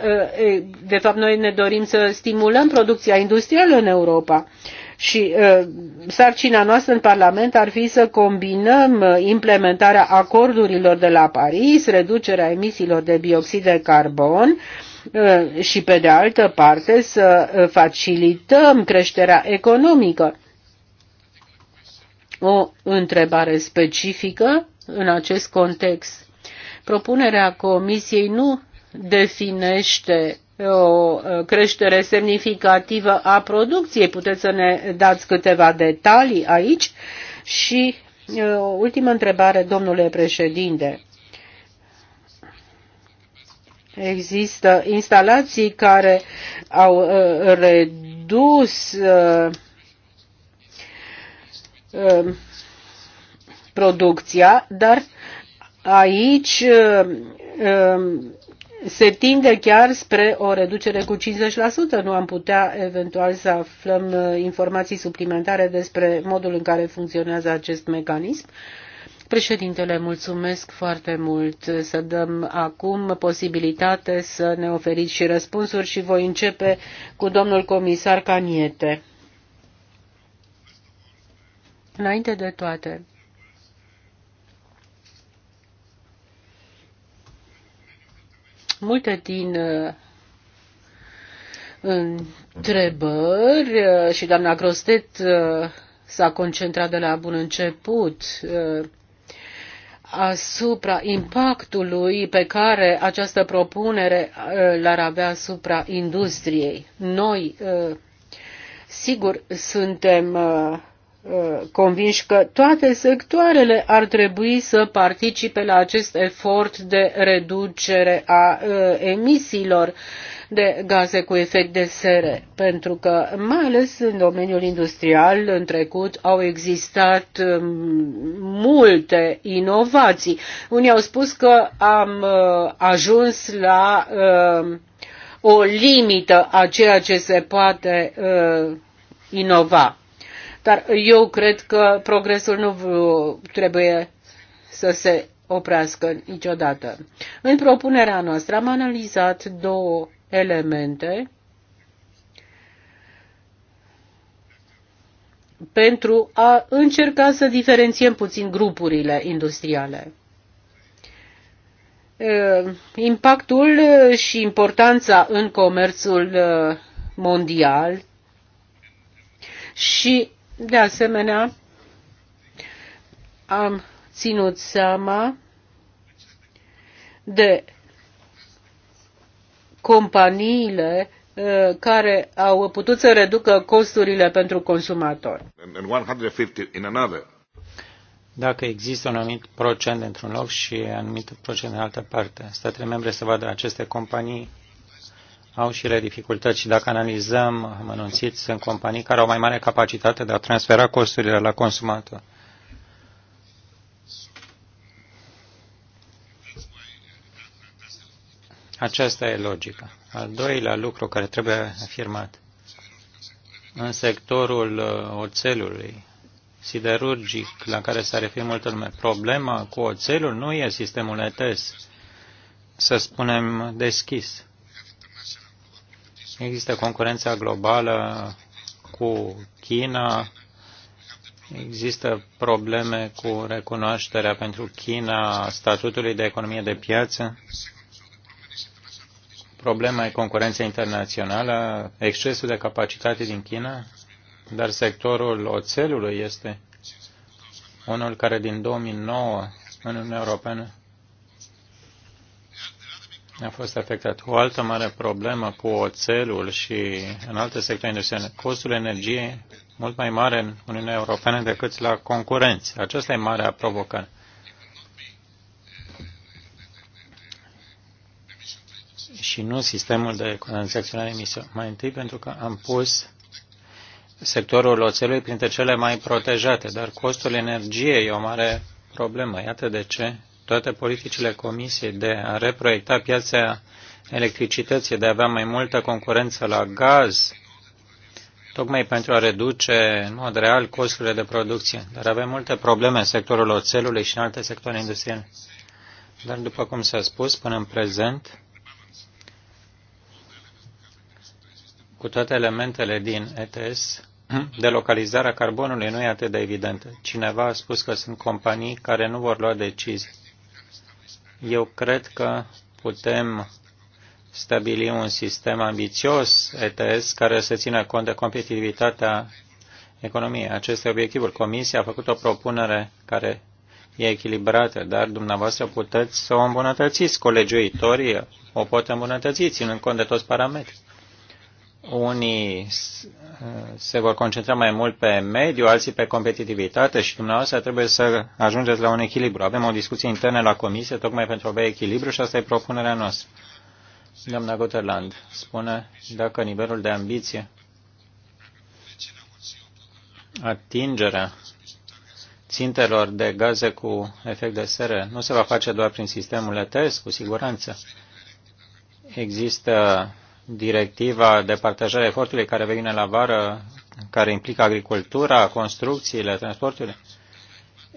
de fapt, noi ne dorim să stimulăm producția industrială în Europa și sarcina noastră în Parlament ar fi să combinăm implementarea acordurilor de la Paris, reducerea emisiilor de bioxid de carbon, și pe de altă parte să facilităm creșterea economică. O întrebare specifică în acest context. Propunerea Comisiei nu definește o uh, creștere semnificativă a producției. Puteți să ne dați câteva detalii aici? Și o uh, ultimă întrebare, domnule președinte. Există instalații care au uh, redus um, producția, dar aici um, se tinde chiar spre o reducere cu 50%. Nu am putea eventual să aflăm uh, informații suplimentare despre modul în care funcționează acest mecanism. Președintele, mulțumesc foarte mult. Să dăm acum posibilitate să ne oferiți și răspunsuri și voi începe cu domnul comisar Caniete. Înainte de toate, Multe din uh, întrebări uh, și doamna Grostet uh, s-a concentrat de la bun început asupra impactului pe care această propunere l-ar avea asupra industriei. Noi, sigur, suntem convinși că toate sectoarele ar trebui să participe la acest efort de reducere a emisiilor de gaze cu efect de seră, pentru că, mai ales în domeniul industrial, în trecut au existat multe inovații. Unii au spus că am ajuns la o limită a ceea ce se poate inova dar eu cred că progresul nu trebuie să se oprească niciodată. În propunerea noastră am analizat două elemente pentru a încerca să diferențiem puțin grupurile industriale. Impactul și importanța în comerțul mondial și de asemenea, am ținut seama de companiile uh, care au putut să reducă costurile pentru consumator.
Dacă există un anumit procent într-un loc și un anumit procent în altă parte, statele membre să vadă aceste companii au și ele dificultăți și dacă analizăm amănunțit, sunt companii care au mai mare capacitate de a transfera costurile la consumator. Aceasta e logica. Al doilea lucru care trebuie afirmat. În sectorul uh, oțelului siderurgic la care s-a referit multă lume, problema cu oțelul nu e sistemul ETS, să spunem deschis. Există concurența globală cu China, există probleme cu recunoașterea pentru China statutului de economie de piață, problema e concurența internațională, excesul de capacitate din China, dar sectorul oțelului este unul care din 2009 în Uniunea Europeană a fost afectat. O altă mare problemă cu oțelul și în alte sectoare industriale, costul energiei mult mai mare în Uniunea Europeană decât la concurenți. Aceasta e marea provocare. Și nu sistemul de tranzacționare emisiune. Mai întâi pentru că am pus sectorul oțelului printre cele mai protejate, dar costul energiei e o mare problemă. Iată de ce toate politicile Comisiei de a reproiecta piața electricității, de a avea mai multă concurență la gaz, tocmai pentru a reduce în mod real costurile de producție. Dar avem multe probleme în sectorul oțelului și în alte sectoare industriale. Dar, după cum s-a spus, până în prezent, cu toate elementele din ETS, de localizarea carbonului nu e atât de evidentă. Cineva a spus că sunt companii care nu vor lua decizii eu cred că putem stabili un sistem ambițios ETS care să țină cont de competitivitatea economiei. Aceste e obiectivul. Comisia a făcut o propunere care e echilibrată, dar dumneavoastră puteți să o îmbunătățiți. Colegiuitorii o pot îmbunătăți, ținând cont de toți parametrii. Unii se vor concentra mai mult pe mediu, alții pe competitivitate și dumneavoastră trebuie să ajungeți la un echilibru. Avem o discuție internă la comisie tocmai pentru a avea echilibru și asta e propunerea noastră. Doamna Guterland spune dacă nivelul de ambiție, atingerea țintelor de gaze cu efect de seră nu se va face doar prin sistemul ETS, cu siguranță. Există directiva de partajare a efortului care vine la vară, care implică agricultura, construcțiile, transporturile.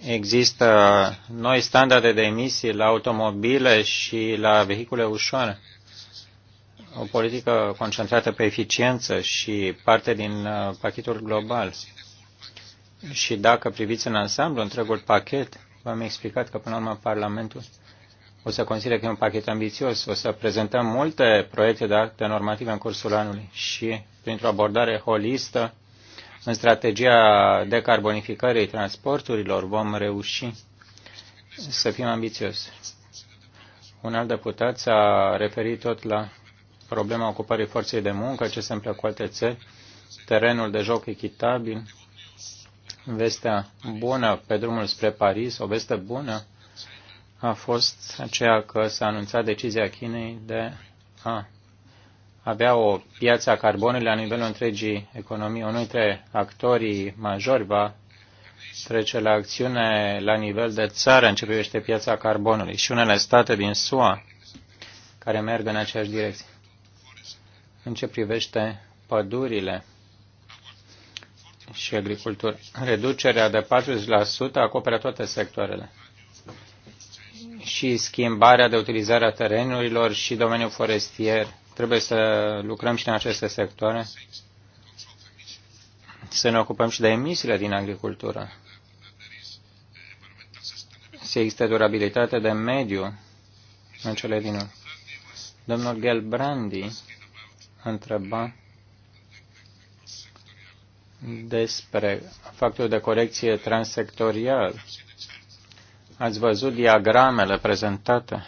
Există noi standarde de emisii la automobile și la vehicule ușoare. O politică concentrată pe eficiență și parte din uh, pachetul global. Și dacă priviți în ansamblu întregul pachet, v-am explicat că până la urmă Parlamentul o să consider că e un pachet ambițios. O să prezentăm multe proiecte de acte normative în cursul anului și printr-o abordare holistă în strategia decarbonificării transporturilor vom reuși să fim ambițioși. Un alt deputat s-a referit tot la problema ocupării forței de muncă, ce se întâmplă cu alte țări, terenul de joc echitabil, vestea bună pe drumul spre Paris, o veste bună a fost aceea că s-a anunțat decizia Chinei de a avea o piață a carbonului la nivelul întregii economii. Unul dintre actorii majori va trece la acțiune la nivel de țară în ce privește piața carbonului și unele state din SUA care merg în aceeași direcție. În ce privește pădurile și agricultura, reducerea de 40% acoperă toate sectoarele și schimbarea de utilizare a terenurilor și domeniul forestier. Trebuie să lucrăm și în aceste sectoare, să ne ocupăm și de emisiile din agricultură. Să existe durabilitate de mediu în cele din urmă. Domnul Gelbrandi întreba despre factorul de corecție transsectorial Ați văzut diagramele prezentate?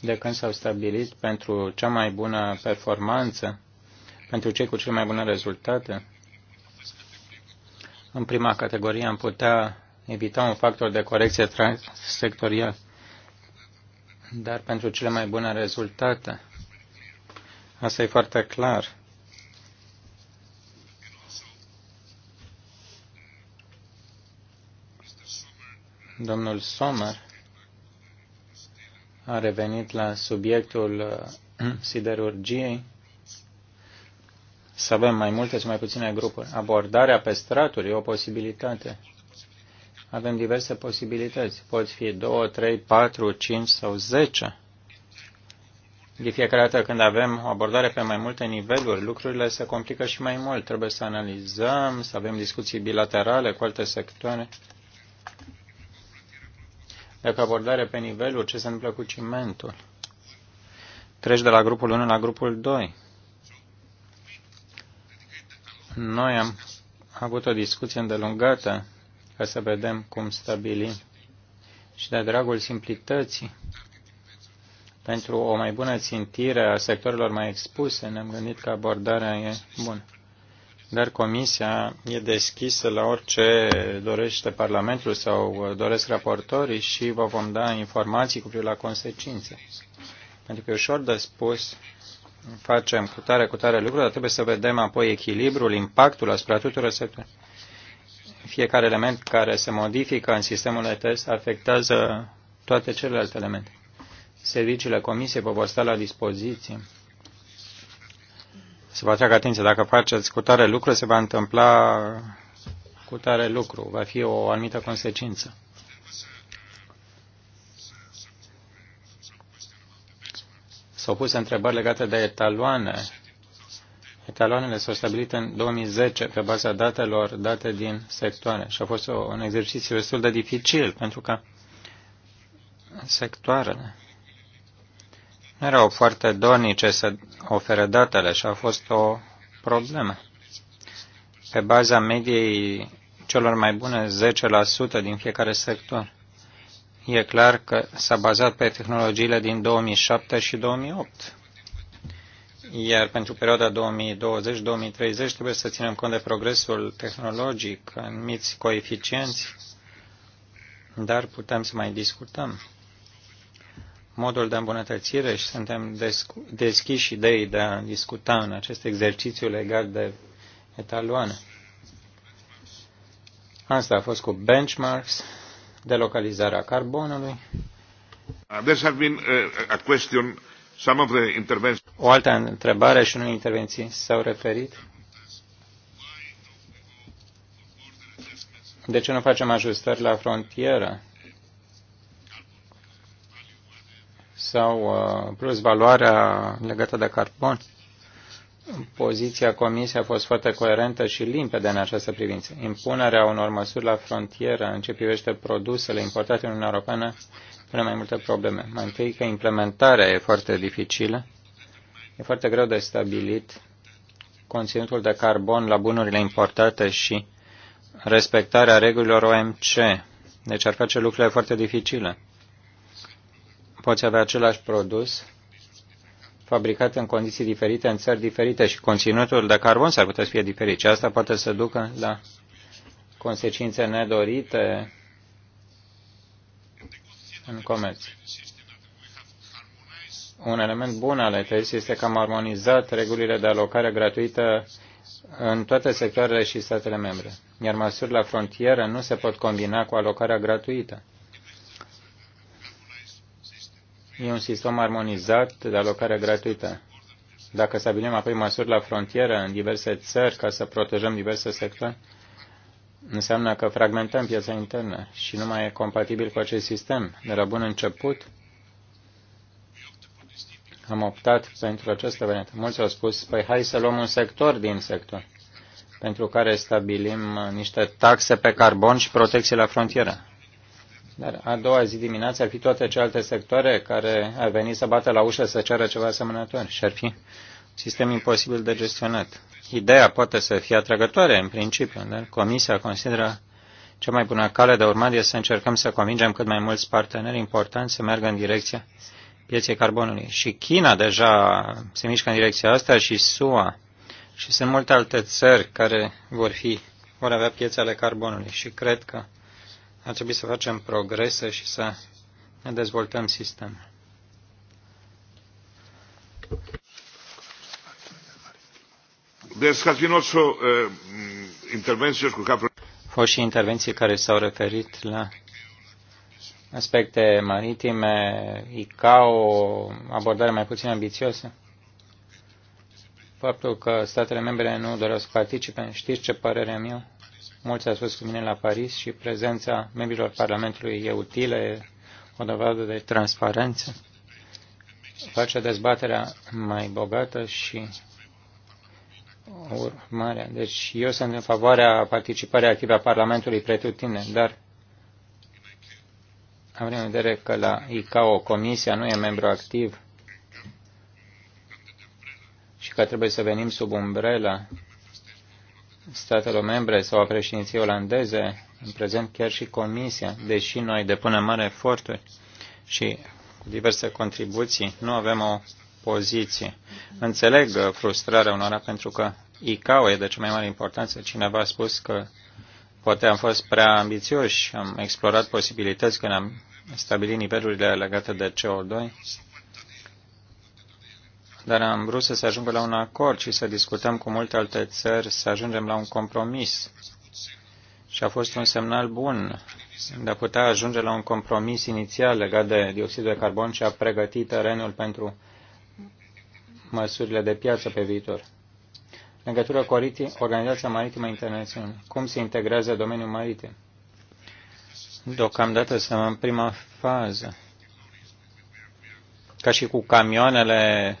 de când s-au stabilit pentru cea mai bună performanță, pentru cei cu cele mai bune rezultate. În prima categorie am putea evita un factor de corecție transsectorial, dar pentru cele mai bune rezultate, asta e foarte clar, Domnul Sommer a revenit la subiectul uh, (clears throat) siderurgiei. Să avem mai multe sau mai puține grupuri. Abordarea pe straturi e o posibilitate. Avem diverse posibilități. Pot fi 2, 3, 4, 5 sau 10. De fiecare dată când avem o abordare pe mai multe niveluri, lucrurile se complică și mai mult. Trebuie să analizăm, să avem discuții bilaterale cu alte sectoare dacă abordare pe nivelul ce se întâmplă cu cimentul. Treci de la grupul 1 la grupul 2. Noi am avut o discuție îndelungată ca să vedem cum stabilim și de dragul simplității pentru o mai bună țintire a sectorilor mai expuse, ne-am gândit că abordarea e bună dar Comisia e deschisă la orice dorește Parlamentul sau doresc raportorii și vă vom da informații cu privire la consecințe. Pentru că e ușor de spus, facem cu tare, cu tare lucruri, dar trebuie să vedem apoi echilibrul, impactul asupra tuturor sectorilor. Fiecare element care se modifică în sistemul de test afectează toate celelalte elemente. Serviciile Comisiei vă vor sta la dispoziție să vă atrag atenția dacă faceți cu tare lucru, se va întâmpla cu tare lucru, va fi o anumită consecință. S-au pus întrebări legate de etaloane. Etaloanele s-au stabilit în 2010 pe baza datelor date din sectoare și a fost un exercițiu destul de dificil pentru că sectoarele erau foarte dornice să ofere datele și a fost o problemă. Pe baza mediei celor mai bune 10% din fiecare sector. E clar că s-a bazat pe tehnologiile din 2007 și 2008. Iar pentru perioada 2020-2030 trebuie să ținem cont de progresul tehnologic, anumiți coeficienți, dar putem să mai discutăm modul de îmbunătățire și suntem deschiși idei de a discuta în acest exercițiu legat de etaloane. Asta a fost cu benchmarks, de uh, uh, a carbonului. O altă întrebare și unul intervenții s-au referit. De ce nu facem ajustări la frontieră? sau uh, plus valoarea legată de carbon, poziția Comisiei a fost foarte coerentă și limpede în această privință. Impunerea unor măsuri la frontieră în ce privește produsele importate în Uniunea Europeană pune mai multe probleme. Mai întâi că implementarea e foarte dificilă, e foarte greu de stabilit conținutul de carbon la bunurile importate și respectarea regulilor OMC. Deci ar face lucrurile foarte dificile poți avea același produs fabricat în condiții diferite, în țări diferite și conținutul de carbon s-ar putea să fie diferit. Și asta poate să ducă la consecințe nedorite în comerț. Un element bun al ETS este că am armonizat regulile de alocare gratuită în toate sectoarele și statele membre, iar măsuri la frontieră nu se pot combina cu alocarea gratuită. E un sistem armonizat de alocare gratuită. Dacă stabilim apoi măsuri la frontieră în diverse țări ca să protejăm diverse sectori, înseamnă că fragmentăm piața internă și nu mai e compatibil cu acest sistem. De la bun început, am optat pentru această variantă. Mulți au spus, păi hai să luăm un sector din sector, pentru care stabilim niște taxe pe carbon și protecție la frontieră. Dar a doua zi dimineața ar fi toate celelalte sectoare care ar veni să bată la ușă să ceară ceva asemănător și ar fi un sistem imposibil de gestionat. Ideea poate să fie atrăgătoare în principiu, dar Comisia consideră cea mai bună cale de urmat este să încercăm să convingem cât mai mulți parteneri importanți să meargă în direcția pieței carbonului. Și China deja se mișcă în direcția asta și SUA și sunt multe alte țări care vor fi vor avea piețele carbonului și cred că ar trebui să facem progrese și să ne dezvoltăm sistemul.
Deci, uh,
Fă și intervenții care s-au referit la aspecte maritime, ICAO, abordare mai puțin ambițioasă. Faptul că statele membre nu doresc să participe, știți ce părere am eu? mulți s-a spus cu mine la Paris și prezența membrilor Parlamentului e utilă, e o dovadă de transparență, face dezbaterea mai bogată și urmarea. Deci eu sunt în favoarea participării active a Parlamentului pretutine, dar am în vedere că la ICAO Comisia nu e membru activ și că trebuie să venim sub umbrela statelor membre sau a președinției olandeze, în prezent chiar și Comisia, deși noi depunem mari eforturi și cu diverse contribuții, nu avem o poziție. Înțeleg frustrarea unora pentru că ICAO e de cea mai mare importanță. Cineva a spus că poate am fost prea ambițioși, am explorat posibilități când am stabilit nivelurile legate de CO2 dar am vrut să se ajungă la un acord și să discutăm cu multe alte țări, să ajungem la un compromis. Și a fost un semnal bun de a putea ajunge la un compromis inițial legat de dioxidul de carbon și a pregătit terenul pentru măsurile de piață pe viitor. legătură cu Organizația Maritimă Internațională, cum se integrează domeniul maritim? Deocamdată suntem în prima fază. Ca și cu camioanele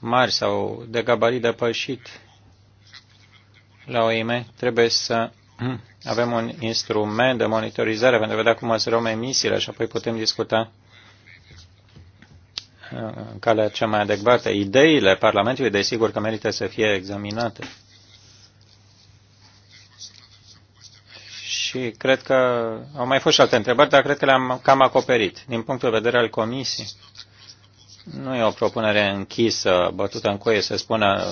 mari sau de gabarit depășit la OIM, trebuie să (clears throat) avem un instrument de monitorizare pentru a vedea cum măsurăm emisiile și apoi putem discuta uh, calea cea mai adecvată. Ideile Parlamentului, desigur că merită să fie examinate. Și cred că au mai fost și alte întrebări, dar cred că le-am cam acoperit din punctul de vedere al Comisiei. Nu e o propunere închisă, bătută în coie, să spună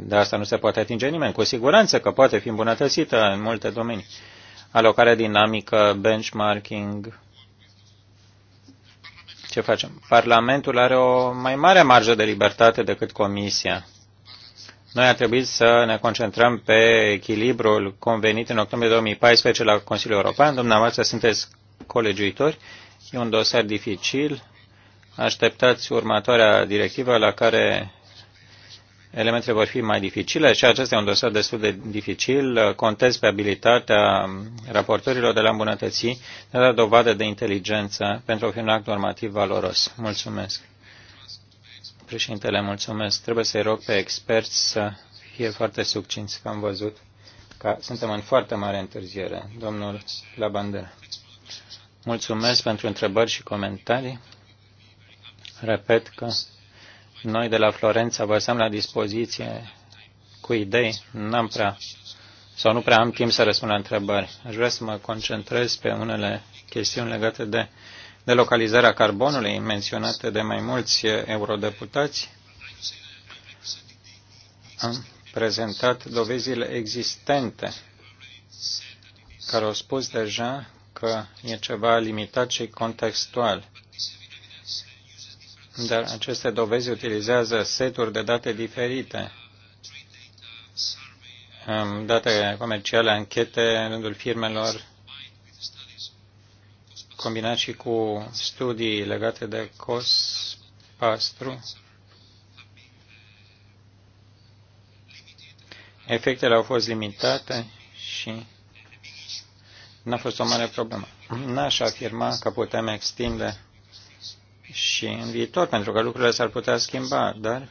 de asta nu se poate atinge nimeni. Cu siguranță că poate fi îmbunătățită în multe domenii. Alocarea dinamică, benchmarking, ce facem? Parlamentul are o mai mare marjă de libertate decât Comisia. Noi ar trebui să ne concentrăm pe echilibrul convenit în octombrie 2014 la Consiliul European. Dumneavoastră sunteți colegiuitori. E un dosar dificil așteptați următoarea directivă la care elementele vor fi mai dificile și acesta e un dosar destul de dificil. Contez pe abilitatea raportorilor de la îmbunătății de a da dovadă de inteligență pentru a fi un act normativ valoros. Mulțumesc. Președintele, mulțumesc. Trebuie să-i rog pe experți să fie foarte succinți, că am văzut că suntem în foarte mare întârziere. Domnul Labandera. Mulțumesc pentru întrebări și comentarii. Repet că noi de la Florența vă stăm la dispoziție cu idei. N-am prea sau nu prea am timp să răspund la întrebări. Aș vrea să mă concentrez pe unele chestiuni legate de de localizarea carbonului menționate de mai mulți eurodeputați. Am prezentat dovezile existente care au spus deja că e ceva limitat și contextual dar aceste dovezi utilizează seturi de date diferite. Date comerciale, anchete în rândul firmelor, combinat și cu studii legate de cost pastru. Efectele au fost limitate și n-a fost o mare problemă. N-aș afirma că putem extinde și în viitor, pentru că lucrurile s-ar putea schimba, dar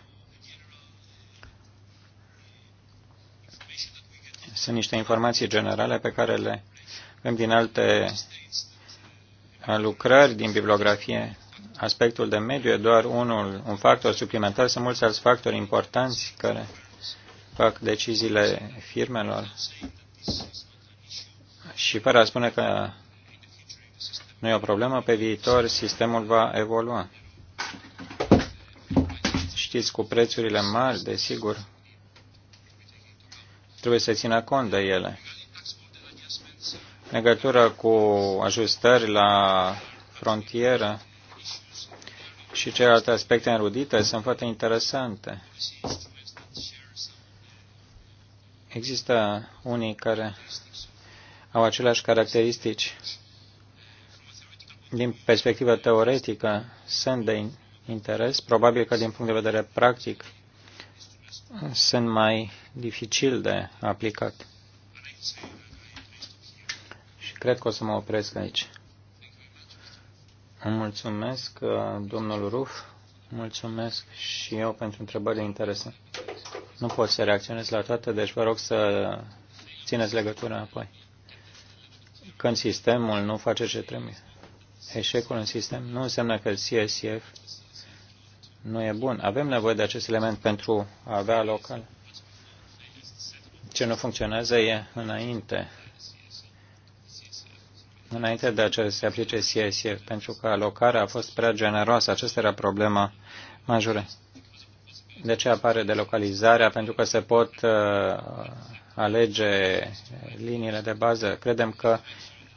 sunt niște informații generale pe care le avem din alte lucrări din bibliografie. Aspectul de mediu e doar unul, un factor suplimentar, sunt mulți alți factori importanți care fac deciziile firmelor. Și fără a spune că nu e o problemă, pe viitor sistemul va evolua. Știți, cu prețurile mari, desigur, trebuie să țină cont de ele. În legătură cu ajustări la frontieră și celelalte aspecte înrudite sunt foarte interesante. Există unii care au aceleași caracteristici din perspectivă teoretică sunt de interes, probabil că din punct de vedere practic sunt mai dificil de aplicat. Și cred că o să mă opresc aici. Îmi mulțumesc, uh, domnul Ruf, mulțumesc și eu pentru întrebările interese. Nu pot să reacționez la toate, deci vă rog să țineți legătura apoi. Când sistemul nu face ce trebuie eșecul în sistem nu înseamnă că CSF nu e bun. Avem nevoie de acest element pentru a avea local. Ce nu funcționează e înainte. Înainte de a se aplice CSF, pentru că alocarea a fost prea generoasă. Aceasta era problema majoră. De ce apare delocalizarea? Pentru că se pot uh, alege liniile de bază. Credem că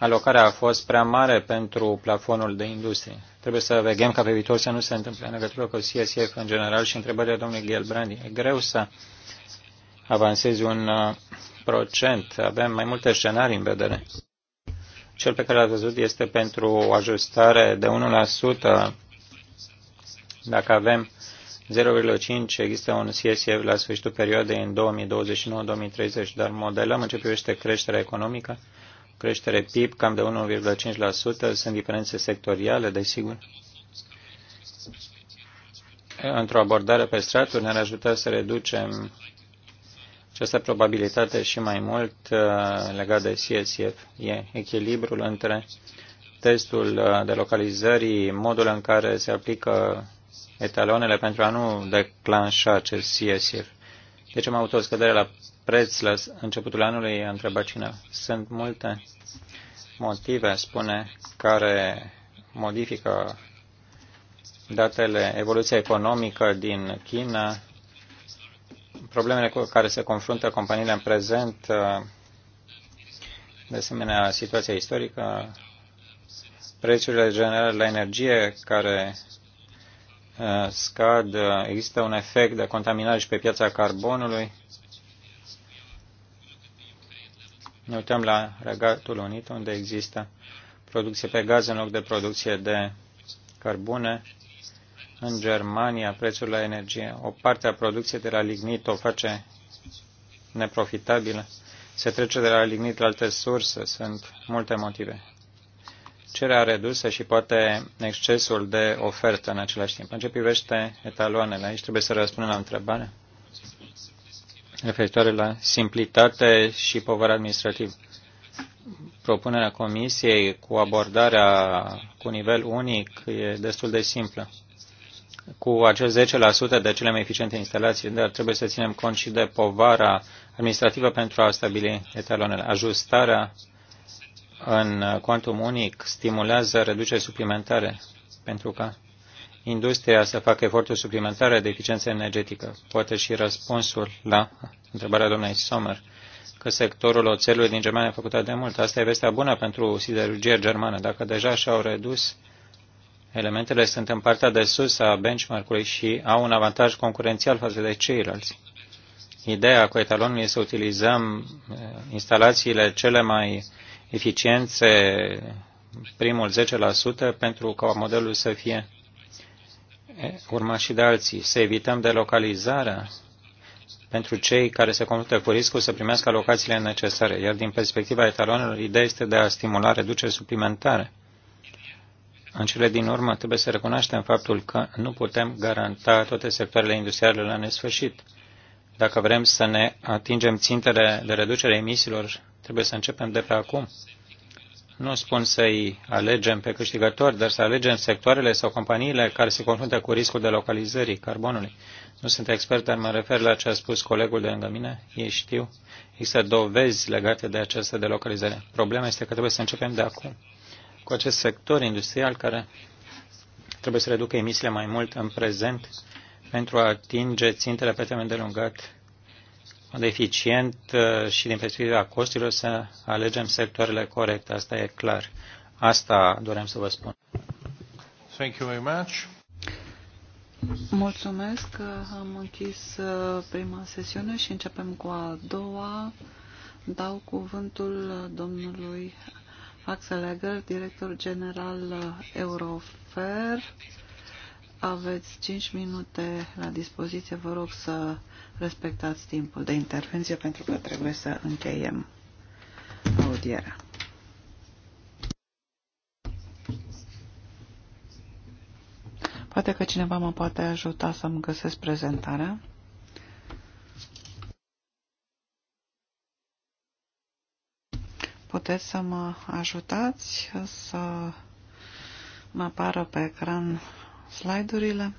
alocarea a fost prea mare pentru plafonul de industrie. Trebuie să vegem ca pe viitor să nu se întâmple în legătură cu CSF în general și întrebările domnului Ghelbrandi. E greu să avansezi un uh, procent. Avem mai multe scenarii în vedere. Cel pe care l-ați văzut este pentru o ajustare de 1%. Dacă avem 0,5 există un CSF la sfârșitul perioadei în 2029-2030, dar modelăm în ce privește creșterea economică creștere PIB cam de 1,5%. Sunt diferențe sectoriale, desigur. Într-o abordare pe straturi ne-ar ajuta să reducem această probabilitate și mai mult uh, legat de CSF. E echilibrul între testul uh, de localizării, modul în care se aplică etalonele pentru a nu declanșa acest CSF. Deci am avut o scădere la preț la începutul anului, a întrebat Sunt multe motive, spune, care modifică datele, evoluția economică din China, problemele cu care se confruntă companiile în prezent, de asemenea situația istorică, prețurile generale la energie care eh, scad, există un efect de contaminare și pe piața carbonului, Ne uităm la Regatul Unit, unde există producție pe gaz în loc de producție de cărbune. În Germania, prețul la energie, o parte a producției de la lignit o face neprofitabilă. Se trece de la lignit la alte surse. Sunt multe motive. Cererea redusă și poate excesul de ofertă în același timp. În ce privește etaloanele, aici trebuie să răspundem la întrebare referitoare la simplitate și povară administrativă. Propunerea comisiei cu abordarea cu nivel unic e destul de simplă. Cu acest 10% de cele mai eficiente instalații, dar trebuie să ținem cont și de povara administrativă pentru a stabili etalonele. Ajustarea în quantum unic stimulează reduceri suplimentare pentru că industria să facă eforturi suplimentare de eficiență energetică. Poate și răspunsul la întrebarea doamnei Sommer că sectorul oțelului din Germania a făcut de mult. Asta e vestea bună pentru siderurgia germană. Dacă deja și-au redus elementele, sunt în partea de sus a benchmark-ului și au un avantaj concurențial față de ceilalți. Ideea cu etalonul este să utilizăm eh, instalațiile cele mai eficiențe, primul 10%, pentru ca modelul să fie urma și de alții, să evităm delocalizarea pentru cei care se confruntă cu riscul să primească alocațiile necesare, iar din perspectiva etalonelor, ideea este de a stimula reducere suplimentare. În cele din urmă, trebuie să recunoaștem faptul că nu putem garanta toate sectoarele industriale la nesfârșit. Dacă vrem să ne atingem țintele de reducere emisiilor, trebuie să începem de pe acum nu spun să-i alegem pe câștigători, dar să alegem sectoarele sau companiile care se confruntă cu riscul de localizării carbonului. Nu sunt expert, dar mă refer la ce a spus colegul de lângă mine. Ei știu. Există dovezi legate de această delocalizare. Problema este că trebuie să începem de acum cu acest sector industrial care trebuie să reducă emisiile mai mult în prezent pentru a atinge țintele pe termen delungat mod eficient uh, și din perspectiva costurilor să alegem sectoarele corecte. Asta e clar. Asta doream să vă spun.
Thank you very much.
Mulțumesc că am închis uh, prima sesiune și începem cu a doua. Dau cuvântul domnului Axel Eger, director general uh, Eurofer. Aveți 5 minute la dispoziție, vă rog să respectați timpul de intervenție pentru că trebuie să încheiem audierea. Poate că cineva mă poate ajuta să-mi găsesc prezentarea. Puteți să mă ajutați să mă apară pe ecran slide-urile?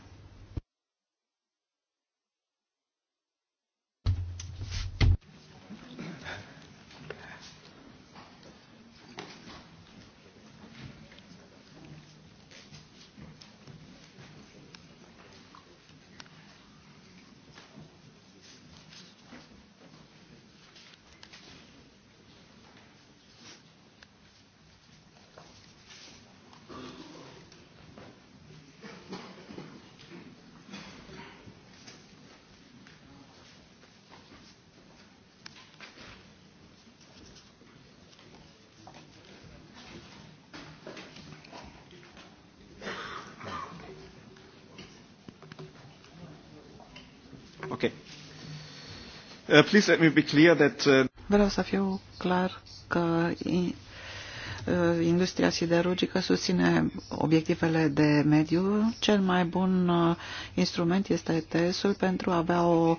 Uh, please let me be clear that... Uh,
Vreau să fiu clar că uh, industria siderurgică susține obiectivele de mediu. Cel mai bun instrument este ETS-ul pentru a avea o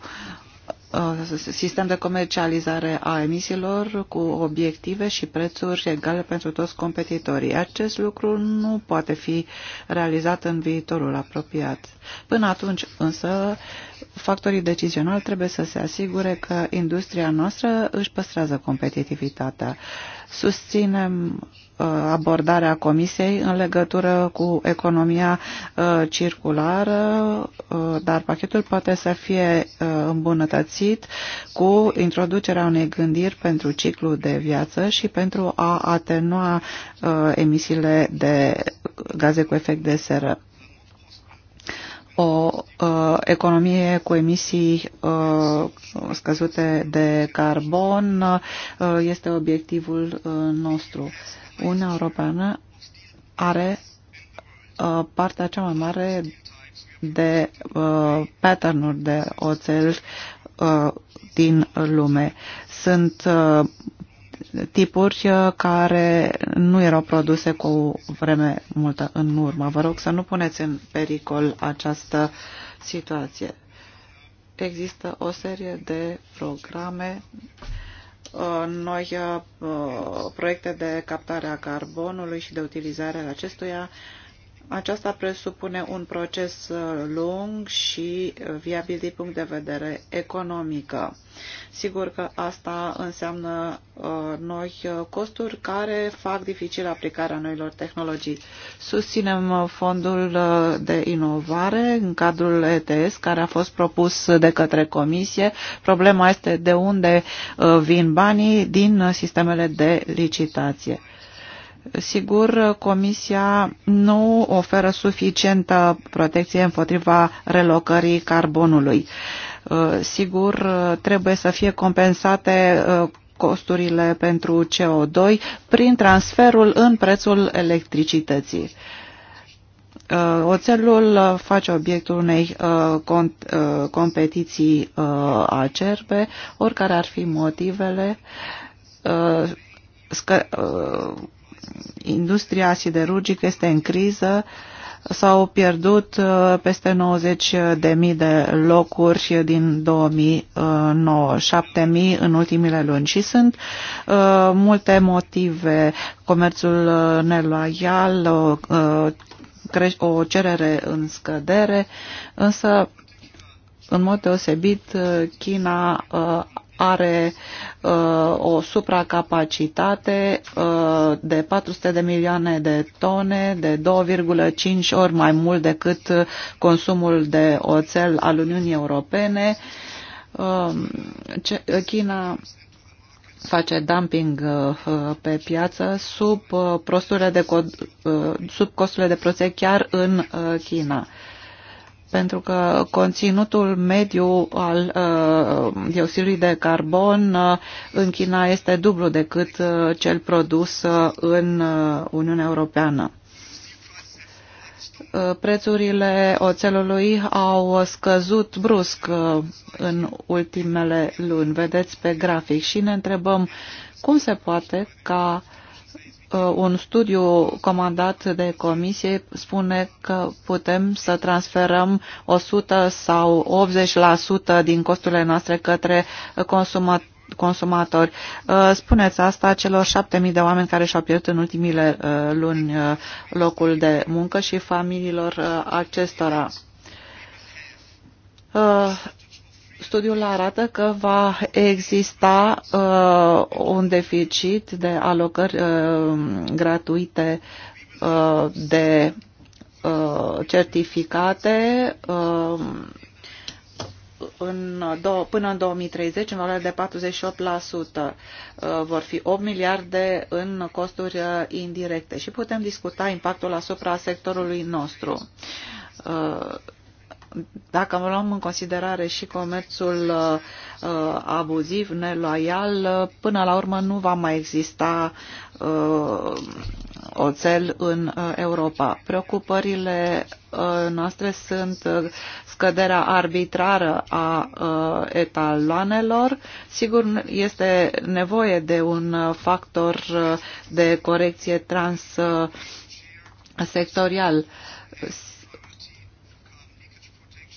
sistem de comercializare a emisiilor cu obiective și prețuri egale pentru toți competitorii. Acest lucru nu poate fi realizat în viitorul apropiat. Până atunci, însă factorii decizionali trebuie să se asigure că industria noastră își păstrează competitivitatea. Susținem uh, abordarea Comisiei în legătură cu economia uh, circulară, uh, dar pachetul poate să fie îmbunătățit cu introducerea unei gândiri pentru ciclu de viață și pentru a atenua emisiile de gaze cu efect de seră o uh, economie cu emisii uh, scăzute de carbon uh, este obiectivul uh, nostru. Uniunea Europeană are uh, partea cea mai mare de uh, patternuri de oțel uh, din lume. Sunt uh, tipuri uh, care nu erau produse cu vreme multă în urmă. Vă rog să nu puneți în pericol această situație. Există o serie de programe, uh, noi uh, proiecte de captare a carbonului și de utilizare a acestuia, aceasta presupune un proces uh, lung și uh, viabil din punct de vedere economică. Sigur că asta înseamnă uh, noi costuri care fac dificil aplicarea noilor tehnologii. Susținem fondul de inovare în cadrul ETS care a fost propus de către comisie. Problema este de unde vin banii din sistemele de licitație. Sigur, Comisia nu oferă suficientă protecție împotriva relocării carbonului. Uh, sigur, trebuie să fie compensate uh, costurile pentru CO2 prin transferul în prețul electricității. Uh, oțelul face obiectul unei competiții acerbe, oricare ar fi motivele, industria siderurgică este în criză, s-au pierdut uh, peste 90.000 de de locuri din 2009, 7.000 în ultimile luni și sunt uh, multe motive, comerțul uh, neloial, o cerere în scădere, însă în mod deosebit China are uh, o supracapacitate uh, de 400 de milioane de tone, de 2,5 ori mai mult decât consumul de oțel al Uniunii Europene. Uh, China face dumping uh, pe piață sub, uh, de, uh, sub costurile de proces chiar în uh, China pentru că conținutul mediu al uh, dioxidului de carbon uh, în China este dublu decât uh, cel produs uh, în uh, Uniunea Europeană. Uh, prețurile oțelului au scăzut brusc uh, în ultimele luni, vedeți pe grafic, și ne întrebăm cum se poate ca uh, Uh, un studiu comandat de comisie spune că putem să transferăm 100 sau 80% din costurile noastre către consumatori consumatori. Uh, spuneți asta celor șapte mii de oameni care și-au pierdut în ultimile uh, luni locul de muncă și familiilor acestora. Studiul arată că va exista uh, un deficit de alocări uh, gratuite uh, de uh, certificate uh, în două, până în 2030 în valoare de 48% uh, vor fi 8 miliarde în costuri uh, indirecte și putem discuta impactul asupra sectorului nostru uh, dacă luăm în considerare și comerțul uh, abuziv, neloial, până la urmă nu va mai exista uh, oțel în uh, Europa. Preocupările uh, noastre sunt uh, scăderea arbitrară a etaloanelor. Sigur, este nevoie de un factor de corecție transsectorial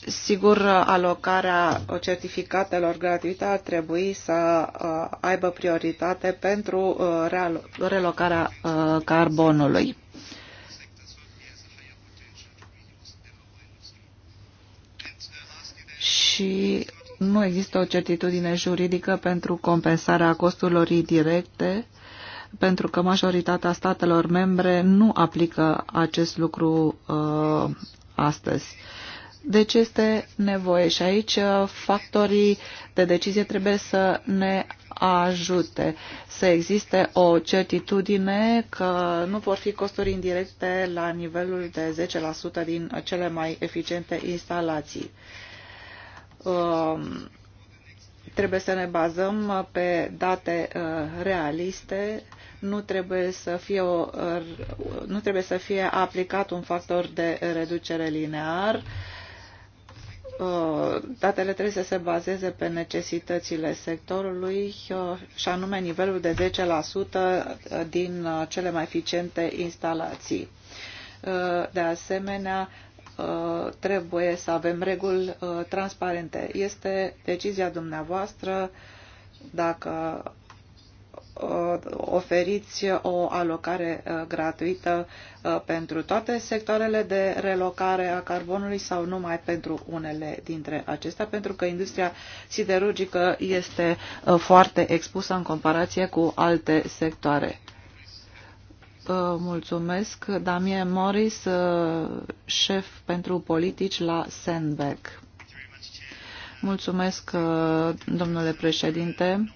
Sigur, alocarea certificatelor gratuite ar trebui să uh, aibă prioritate pentru uh, relocarea uh, carbonului. Și nu există o certitudine juridică pentru compensarea costurilor indirecte, pentru că majoritatea statelor membre nu aplică acest lucru uh, astăzi. Uh, deci este nevoie și aici uh, factorii de decizie trebuie să ne ajute să existe o certitudine că nu vor fi costuri indirecte la nivelul de 10% din cele mai eficiente instalații. Um, trebuie să ne bazăm pe date uh, realiste, nu trebuie să fie, o, uh, nu trebuie să fie aplicat un factor de reducere linear, Uh, datele trebuie să se bazeze pe necesitățile sectorului uh, și anume nivelul de 10% uh, din cele mai eficiente instalații. De asemenea, trebuie să avem reguli transparente. Este decizia dumneavoastră dacă Uh, oferiți o alocare uh, gratuită uh, pentru toate sectoarele de relocare a carbonului sau numai pentru unele dintre acestea, pentru că industria siderurgică este foarte expusă în comparație cu alte sectoare. Mulțumesc. Damien Morris, șef pentru politici la Sandberg. Mulțumesc, domnule președinte.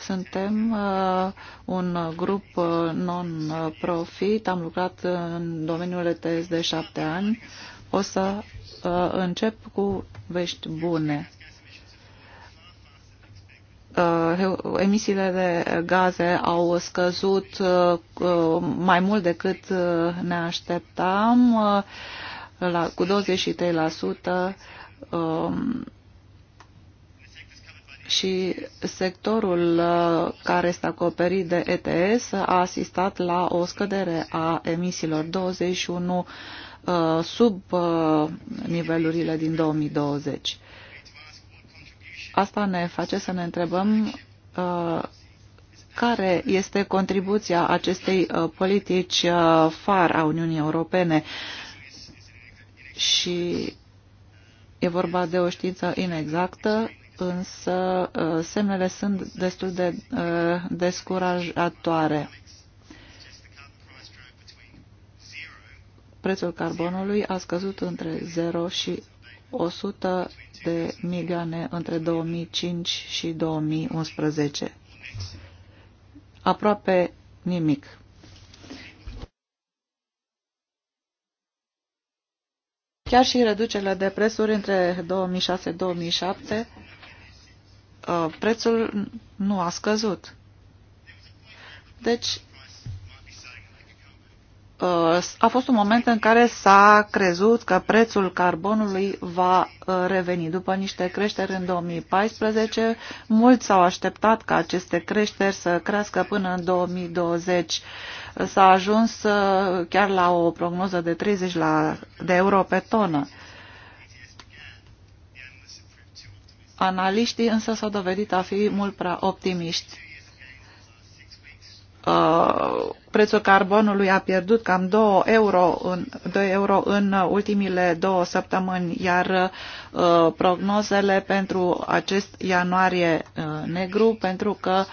Suntem uh, un grup uh, non-profit, am lucrat în domeniul ETS de șapte ani. O să uh, încep cu vești bune emisiile de gaze au scăzut mai mult decât ne așteptam, la, cu 23% și sectorul uh, care este acoperit de ETS a asistat la o scădere a emisiilor 21 uh, sub uh, nivelurile din 2020. Asta ne face să ne întrebăm care este contribuția acestei politici far a Uniunii Europene și e vorba de o știință inexactă însă uh, semnele sunt destul de uh, descurajatoare. Prețul carbonului a scăzut între 0 și 100 de milioane între 2005 și 2011. Aproape nimic. Chiar și reducerile de presuri între 2006-2007 prețul nu a scăzut. Deci, uh, a fost un moment în care s-a crezut că prețul carbonului va uh, reveni. După niște creșteri în 2014, mulți s-au așteptat ca aceste creșteri să crească până în 2020. S-a ajuns uh, chiar la o prognoză de 30 de euro pe tonă. Analiștii însă s-au dovedit a fi mult prea optimiști. Uh, prețul carbonului a pierdut cam 2 euro în, 2 euro în ultimile două săptămâni, iar uh, prognozele pentru acest ianuarie uh, negru, pentru că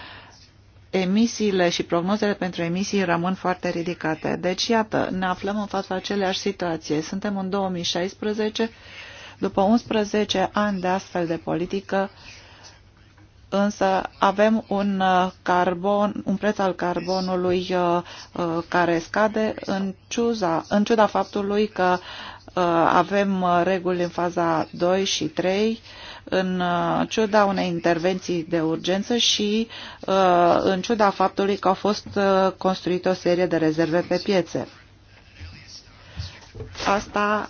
emisiile și prognozele pentru emisii rămân foarte ridicate. Deci, iată, ne aflăm în fața aceleași situație. Suntem în 2016 după 11 ani de astfel de politică, însă avem un, uh, carbon, un preț al carbonului uh, uh, care scade în, ciuda, în ciuda faptului că avem reguli în faza 2 și 3, în ciuda unei intervenții de urgență și în ciuda faptului că au fost construite o serie de rezerve pe piețe. Asta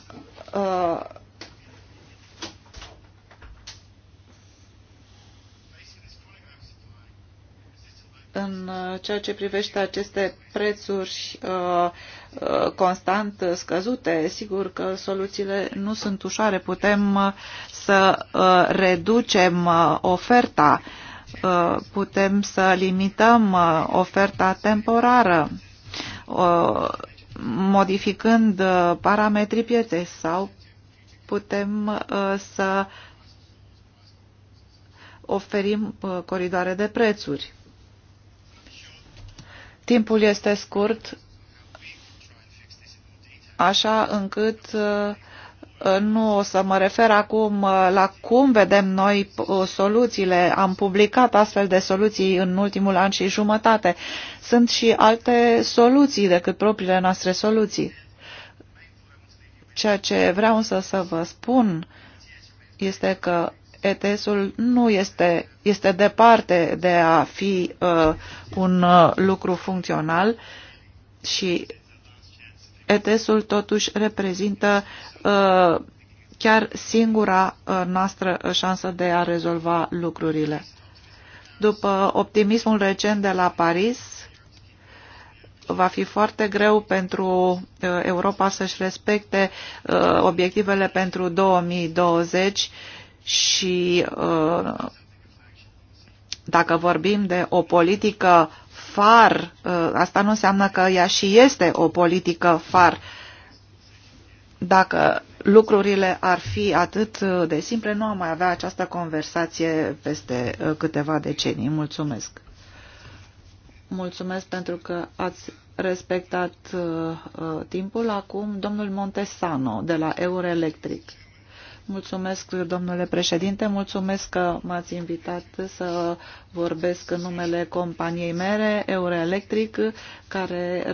în uh, ceea ce privește aceste prețuri uh, uh, constant scăzute, sigur că soluțiile nu sunt ușoare. Putem să reducem oferta, putem să limităm oferta temporară, modificând parametrii pieței sau putem să oferim coridoare de prețuri. Timpul este scurt, așa încât uh, nu o să mă refer acum uh, la cum vedem noi uh, soluțiile. Am publicat astfel de soluții în ultimul an și jumătate. Sunt și alte soluții decât propriile noastre soluții. Ceea ce vreau însă să vă spun este că ETS-ul nu este, este departe de a fi uh, un uh, lucru funcțional și ETS-ul totuși reprezintă uh, chiar singura uh, noastră șansă de a rezolva lucrurile. După optimismul recent de la Paris, va fi foarte greu pentru uh, Europa să-și respecte uh, obiectivele pentru 2020 și uh, dacă vorbim de o politică far, uh, asta nu înseamnă că ea și este o politică far. Dacă lucrurile ar fi atât de simple, nu am mai avea această conversație peste uh, câteva decenii. Mulțumesc! Mulțumesc pentru că ați respectat uh, timpul. Acum, domnul Montesano, de la Euroelectric. Mulțumesc, domnule președinte, mulțumesc că m-ați invitat să vorbesc în numele companiei mele, Euroelectric, care